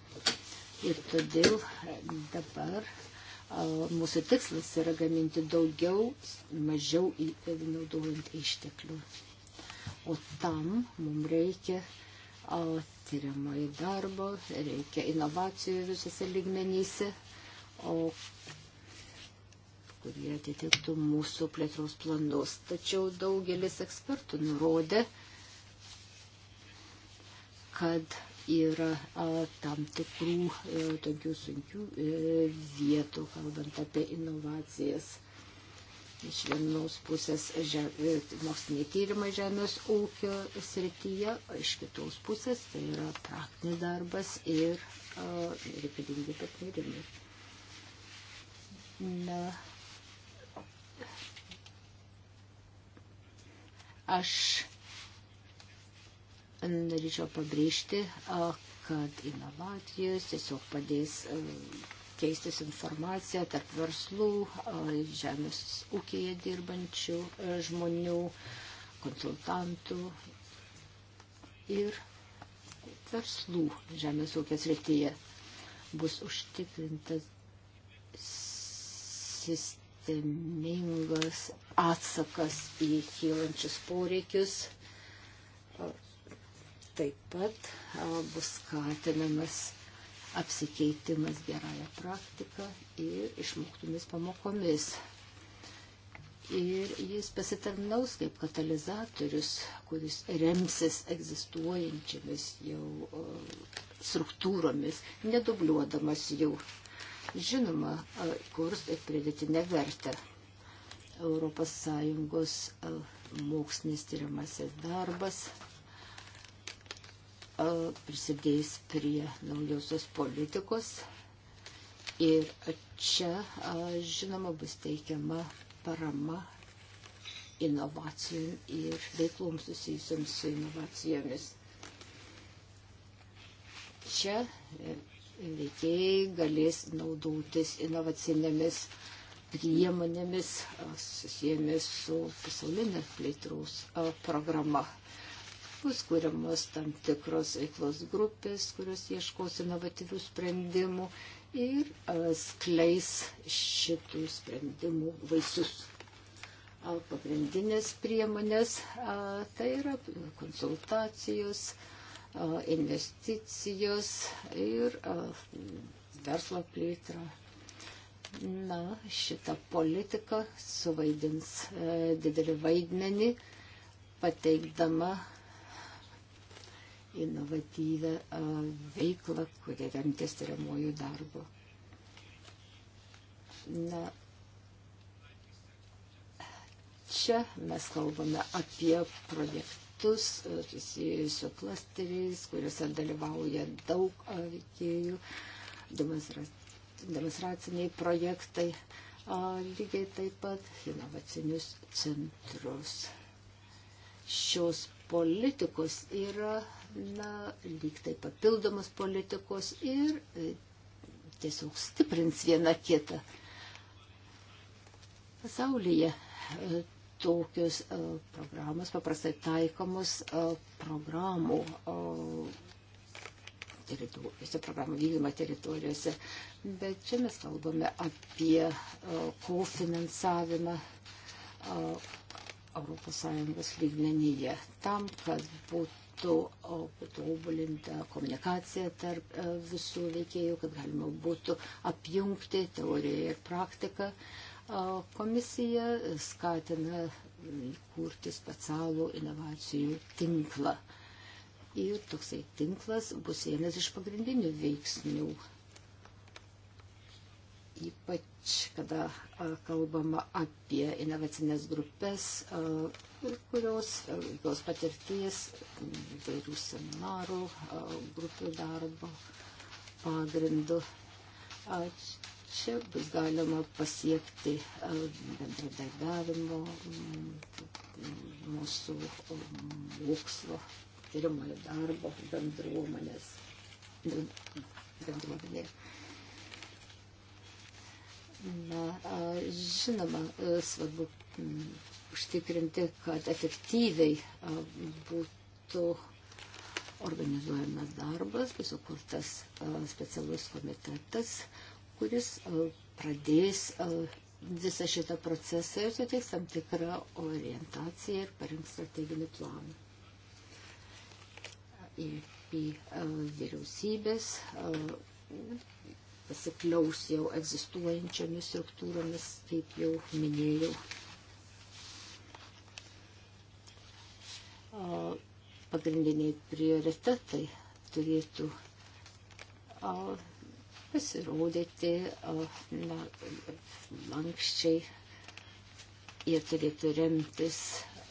Ir todėl e, dabar e, mūsų tikslas yra gaminti daugiau, mažiau naudojant išteklių. O tam mums reikia tyriamoji darbo, reikia inovacijų visose lygmenyse, o kurie atitiktų mūsų plėtros planus. Tačiau daugelis ekspertų nurodė, kad yra tam tikrų e, tokių sunkių e, vietų, kalbant apie inovacijas. Iš vienos pusės žem, e, moksliniai tyrimai žemės ūkio srityje, iš kitos pusės tai yra praktinis darbas ir reikalingi patyrimai. Na, aš norėčiau pabrėžti, kad inovacijos tiesiog padės keistis informacija tarp verslų, žemės ūkėje dirbančių žmonių, konsultantų ir verslų žemės ūkės rytyje bus užtikrintas sistemingas atsakas į kylančius poreikius Taip pat bus skatinamas apsikeitimas gerąją praktiką ir išmoktomis pamokomis. Ir jis pasitarnaus kaip katalizatorius, kuris remsis egzistuojančiamis jau struktūromis, nedubliuodamas jų. Žinoma, kurs ir pridėtinę vertę. ES mokslinis tyriamasis darbas prisidėjus prie naujosios politikos. Ir čia, žinoma, bus teikiama parama inovacijom ir veikloms susijusiams su inovacijomis. Čia e, veikėjai galės naudotis inovacinėmis priemonėmis susijęmis su pasaulinė plėtros programa. Bus kūriamos tam tikros veiklos grupės, kurios ieškos inovatyvių sprendimų ir e, skleis šitų sprendimų vaisius. Pagrindinės priemonės tai yra konsultacijos, investicijos ir verslo plėtra. Na, šita politika suvaidins e, didelį vaidmenį, pateikdama inovatyvę veiklą, kurie remtis tyriamojų darbo. Na, čia mes kalbame apie projektus susijusius su klasteriais, kuriuose dalyvauja daug veikėjų, demonstraciniai projektai, lygiai taip pat inovacinius centrus šios politikos yra na, lyg tai papildomos politikos ir e, tiesiog stiprins vieną kitą. Pasaulyje e, tokios e, programos paprastai taikomos programų teritorijose, programų vykdymo teritorijose. Bet čia mes kalbame apie kofinansavimą ES lygmenyje tam, kad būtų būtų patobulinta komunikacija tarp e, visų veikėjų, kad galima būtų apjungti teoriją ir praktiką. Komisija skatina įkurti specialų inovacijų tinklą. Ir toksai tinklas bus vienas iš pagrindinių veiksnių ypač kada e, kalbama apie inovacinės grupės, e, ir kurios veiklos patirties, vairių seminarų, grupių darbo pagrindų. Čia bus galima pasiekti bendradarbiavimo mūsų mokslo tyrimojo darbo bendruomenės bendruomenėje. Na, žinoma, svarbu užtikrinti, kad efektyviai būtų organizuojamas darbas, bus sukurtas specialus komitetas, kuris pradės visą šitą procesą ir suteiks tam tikrą orientaciją ir parinks strateginį planą. Ir į vyriausybės pasikliaus jau egzistuojančiomis struktūromis, kaip jau minėjau. pagrindiniai prioritetai turėtų pasirodyti na, lankščiai. Jie turėtų remtis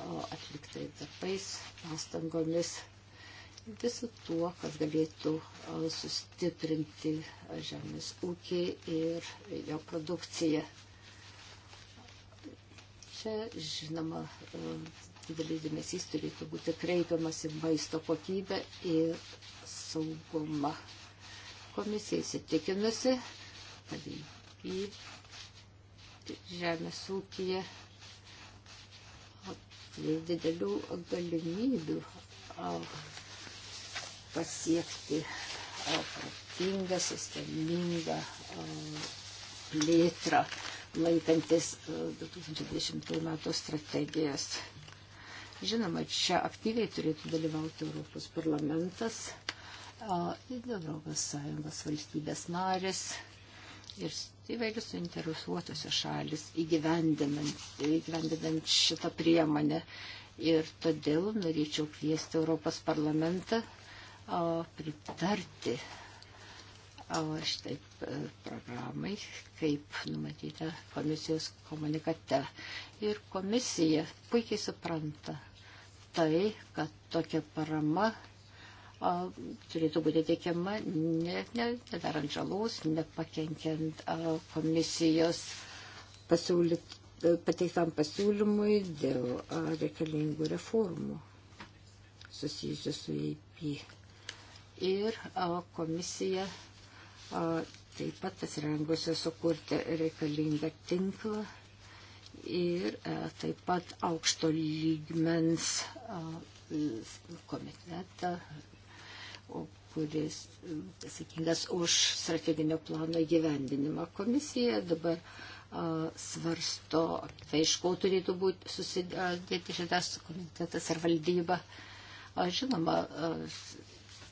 atliktais darbais, pastangomis, visų tuo, kas galėtų sustiprinti žemės ūkį ir jo produkciją. Čia, žinoma, didelis dėmesys turėtų būti kreipiamas į maisto kokybę ir saugumą. Komisija įsitikinusi, kad į žemės ūkiją didelių galimybių pasiekti protingą, sistemingą plėtrą laikantis 2020 m. strategijos. Žinoma, čia aktyviai turėtų dalyvauti Europos parlamentas ir Europos Sąjungos valstybės narės ir įvairius suinteresuotosios šalis įgyvendinant, įgyvendinant šitą priemonę. Ir todėl norėčiau kviesti Europos parlamentą pritarti šitaip e, programai, kaip numatyta komisijos komunikate. Ir komisija puikiai supranta tai, kad tokia parama a, turėtų būti teikiama nedarant ne, ne žalos, nepakenkiant a, komisijos pasiūlyt, e, pateiktam pasiūlymui dėl a, reikalingų reformų susijusių su EIP. Ir a, komisija taip pat pasirengusi sukurti reikalingą tinklą ir e, taip pat aukšto lygmens komitetą, kuris atsakingas už strateginio plano įgyvendinimą. Komisija dabar svarsto, tai iš ko turėtų būti susidėti šitas komitetas ar valdyba. Žinoma,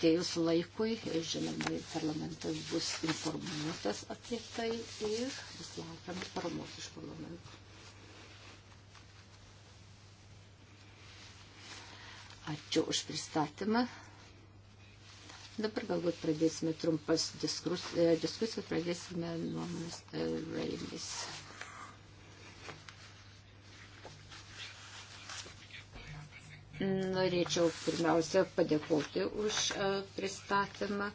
atėjus laikui, žinoma, parlamentas bus informuotas apie tai ir bus laukiama paramos iš parlamento. Ačiū už pristatymą. Dabar galbūt pradėsime trumpas e, diskusijas, pradėsime nuomonės e, reimės. Uh, Norėčiau pirmiausia padėkoti už e, pristatymą.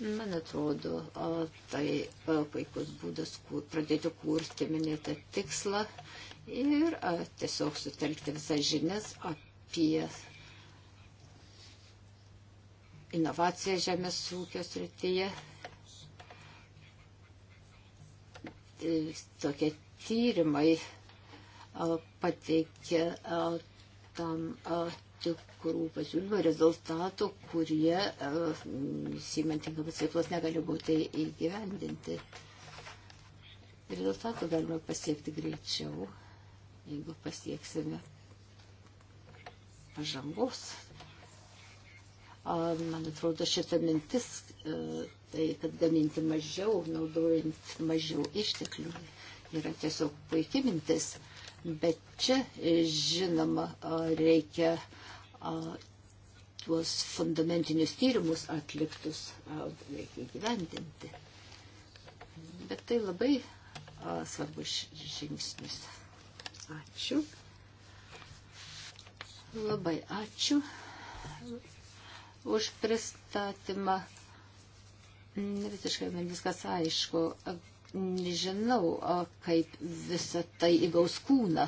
Man atrodo, e, tai e, puikus būdas kur, pradėti kurti minėtą tikslą ir tiesiog sutelkti visas žinias apie inovaciją žemės ūkio srityje. Tokie tyrimai pateikia tam a, tikrų pasiūlymų rezultatų, kurie įsimant tinkamas veiklos negali būti įgyvendinti. Rezultatų galima pasiekti greičiau, jeigu pasieksime pažangos. Man atrodo, šita mintis, tai kad gaminti mažiau, naudojant mažiau išteklių, yra tiesiog puikia mintis. Bet čia, e, žinoma, reikia tuos fundamentinius tyrimus atliktus reikia gyvendinti. Bet tai labai svarbus žingsnis. Ačiū. Labai ačiū už pristatymą. Visiškai man viskas aišku nežinau, kaip visa tai įgaus kūną.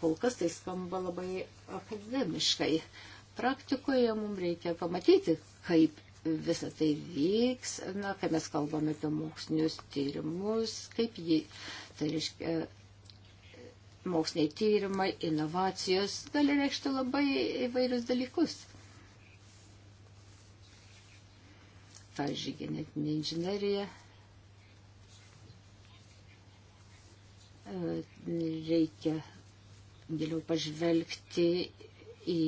Kol kas tai skamba labai akademiškai. Praktikoje mums reikia pamatyti, kaip visą tai vyks, na, kai mes kalbame apie mokslinius tyrimus, kaip jį, tai reiškia, moksliniai tyrimai, inovacijos gali reikšti labai įvairius dalykus. Pavyzdžiui, genetinė inžinerija, reikia giliau pažvelgti į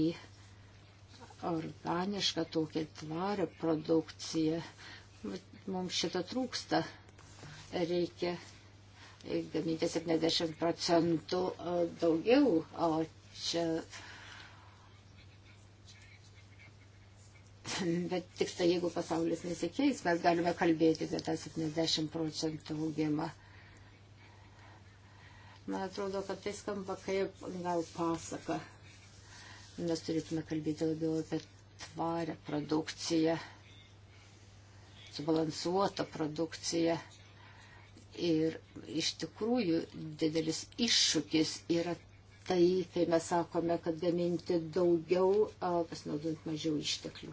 organišką tokią tvarę produkciją. Mums šitą trūksta. Reikia gaminti 70 procentų daugiau, o čia Bet tik tai, jeigu pasaulis nesikeis, mes galime kalbėti apie tą 70 procentų augimą. Man atrodo, kad tai skamba kaip gal pasaka. Mes turėtume kalbėti labiau apie tvarę produkciją, subalansuotą produkciją. Ir iš tikrųjų didelis iššūkis yra tai, kai mes sakome, kad gaminti daugiau, pasinaudojant mažiau išteklių.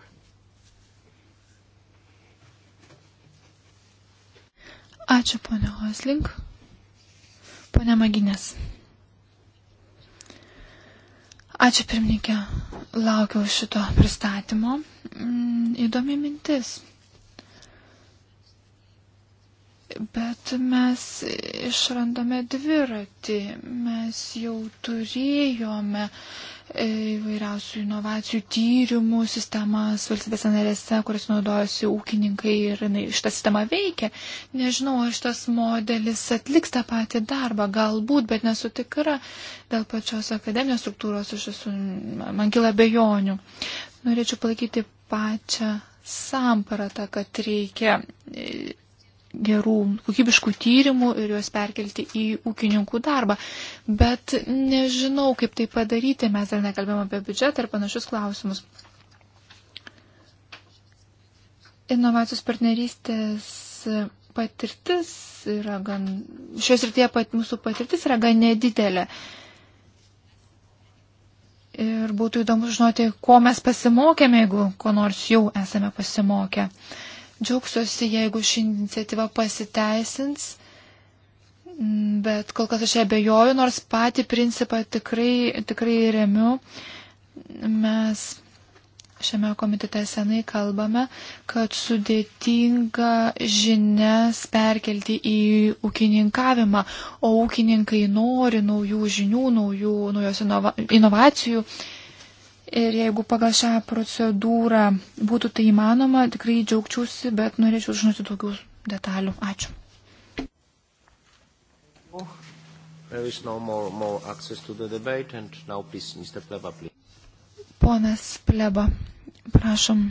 Ačiū, ponia Hoslink. Pone Maginės. Ačiū pirmininkė, laukiau šito pristatymo. Mm, įdomi mintis. Bet mes išrandame dviratį, mes jau turėjome E, įvairiausių inovacijų tyrimų sistemas valstybėse narėse, kuris naudojasi ūkininkai ir šitą sistemą veikia. Nežinau, ar šitas modelis atliks tą patį darbą, galbūt, bet nesu tikra dėl pačios akademinės struktūros, aš esu, man kila bejonių. Norėčiau palaikyti pačią sampratą, kad reikia e, gerų kokybiškų tyrimų ir juos perkelti į ūkininkų darbą. Bet nežinau, kaip tai padaryti, mes dar nekalbėjom apie biudžetą ir panašius klausimus. Inovacijos partnerystės patirtis yra gan, šios rytyje pat, mūsų patirtis yra gan nedidelė. Ir būtų įdomu žinoti, ko mes pasimokėme, jeigu ko nors jau esame pasimokę. Uh, Džiaugsiuosi, jeigu ši iniciatyva pasiteisins, bet kol kas aš abejoju, nors patį principą tikrai, tikrai remiu. Mes šiame komitete senai kalbame, kad sudėtinga žinias perkelti į ūkininkavimą, o ūkininkai nori naujų žinių, naujų, naujos inova, inovacijų. Inova Ir jeigu pagal šią procedūrą būtų tai įmanoma, tikrai džiaugčiausi, bet norėčiau žinoti daugiau detalių. Ačiū. No more, more and now, please, Pleba, please. Ponas Pleba, prašom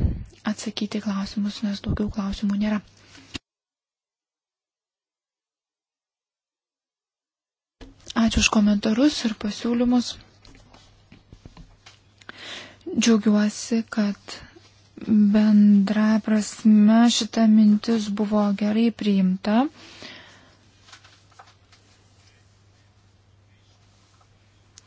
atsakyti klausimus, nes daugiau klausimų nėra. Ačiū už komentarus ir pasiūlymus. Džiaugiuosi, kad bendra prasme šita mintis buvo gerai priimta.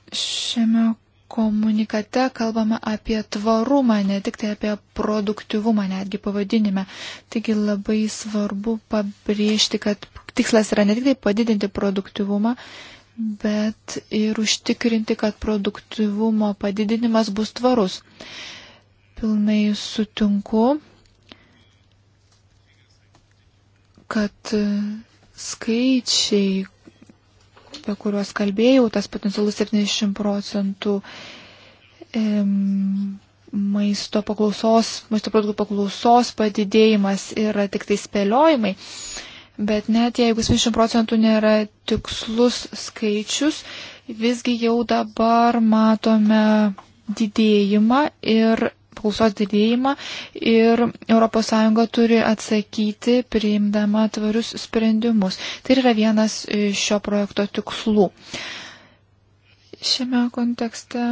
Šiame komunikate kalbame apie tvarumą, ne tik tai apie produktivumą, netgi pavadinime. Taigi labai svarbu pabrėžti, kad tikslas yra ne tik tai padidinti produktivumą, bet ir užtikrinti, kad produktivumo padidinimas bus tvarus. Pilnai sutinku, kad e, skaičiai, apie kuriuos kalbėjau, tas potencialus 70 procentų maisto paklausos, maisto produktų paklausos padidėjimas yra tik tai spėliojimai. Bet net jeigu 70 procentų nėra tikslus skaičius, visgi jau dabar matome didėjimą ir paklausos didėjimą ir ES turi atsakyti priimdama tvarius sprendimus. Tai yra vienas šio projekto tikslų. Šiame kontekste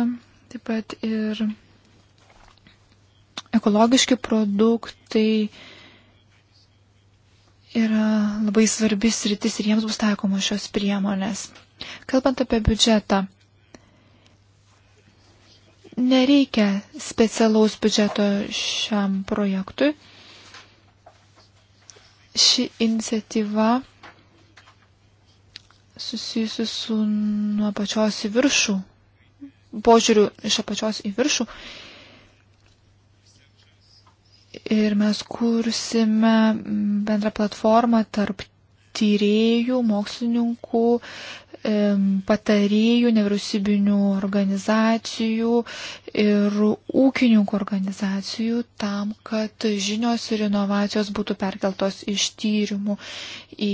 taip pat ir ekologiški produktai, yra labai svarbis rytis ir jiems bus taikomos šios priemonės. Kalbant apie biudžetą, nereikia specialaus biudžeto šiam projektui. Ši iniciatyva susijusi su nuo pačios į viršų, požiūriu iš apačios į viršų Ir mes kursime bendrą platformą tarp tyriejų, mokslininkų, patarėjų, nevyriausybinių organizacijų ir ūkininkų organizacijų tam, kad žinios ir inovacijos būtų perkeltos iš tyrimų į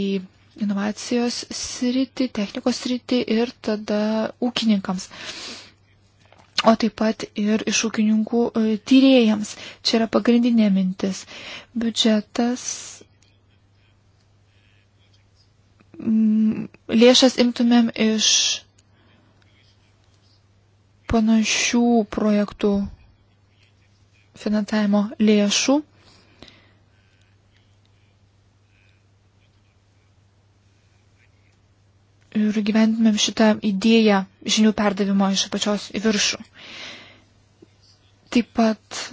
inovacijos sritį, technikos sritį ir tada ūkininkams o taip pat ir iš ūkininkų e, tyrėjams. Čia yra pagrindinė mintis. Biudžetas mm, lėšas imtumėm iš panašių projektų finansavimo lėšų. ir gyventumėm šitą idėją žinių perdavimo iš apačios į viršų. Taip pat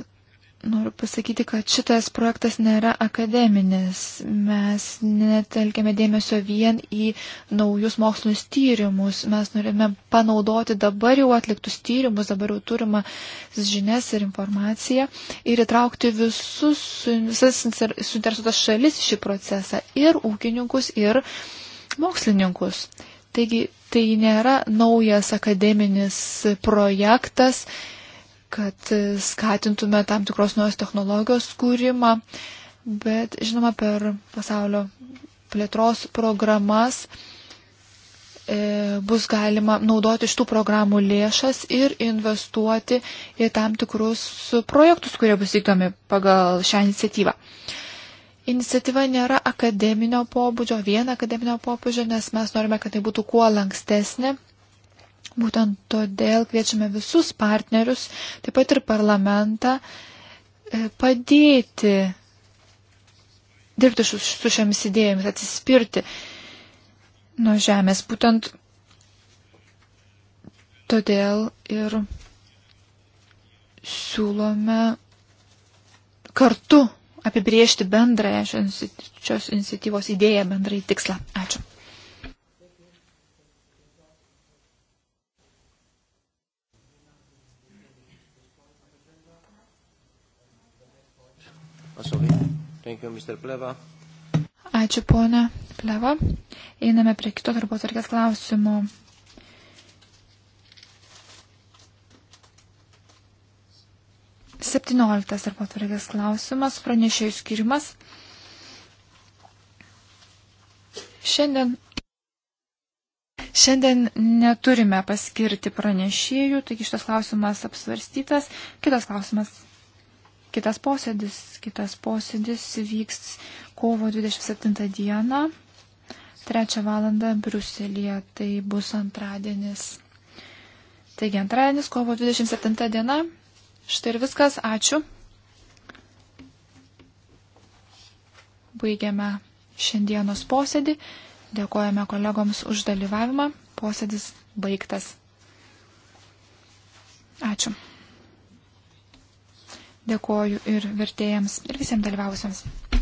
noriu pasakyti, kad šitas projektas nėra akademinis. Mes netelkėme dėmesio vien į naujus mokslinius tyrimus. Mes norime panaudoti dabar jau atliktus tyrimus, dabar jau turimą žinias ir informaciją ir įtraukti visus, visas suinteresuotas šalis šį procesą ir ūkininkus, ir mokslininkus. Taigi tai nėra naujas akademinis projektas, kad skatintume tam tikros naujos technologijos kūrimą, bet žinoma per pasaulio plėtros programas e, bus galima naudoti šitų programų lėšas ir investuoti į tam tikrus projektus, kurie bus vykdomi pagal šią iniciatyvą iniciatyva nėra akademinio pobūdžio, vien akademinio pobūdžio, nes mes norime, kad tai būtų kuo lankstesnė. Būtent todėl kviečiame visus partnerius, taip pat ir parlamentą, e, padėti dirbti su šiomis idėjomis, atsispirti nuo žemės. Būtent todėl ir siūlome kartu apibriežti bendrąją šios iniciatyvos idėją, bendrąjį tikslą. Ačiū. Ah, Ačiū, ponė Pleva. Einame prie kito darbo tvarkės klausimo. 17 darbo tvarkės klausimas, pranešėjų skirimas. Šiandien, šiandien neturime paskirti pranešėjų, taigi šitas klausimas apsvarstytas. Kitas klausimas, kitas posėdis, kitas posėdis vyks kovo 27 dieną, 3 val. Briuselėje, tai bus antradienis. Taigi antradienis, kovo 27 diena, Štai ir viskas. Ačiū. Baigiame šiandienos posėdį. Dėkojame kolegoms už dalyvavimą. Posėdis baigtas. Ačiū. Dėkoju ir vertėjams, ir visiems dalyvavusiems.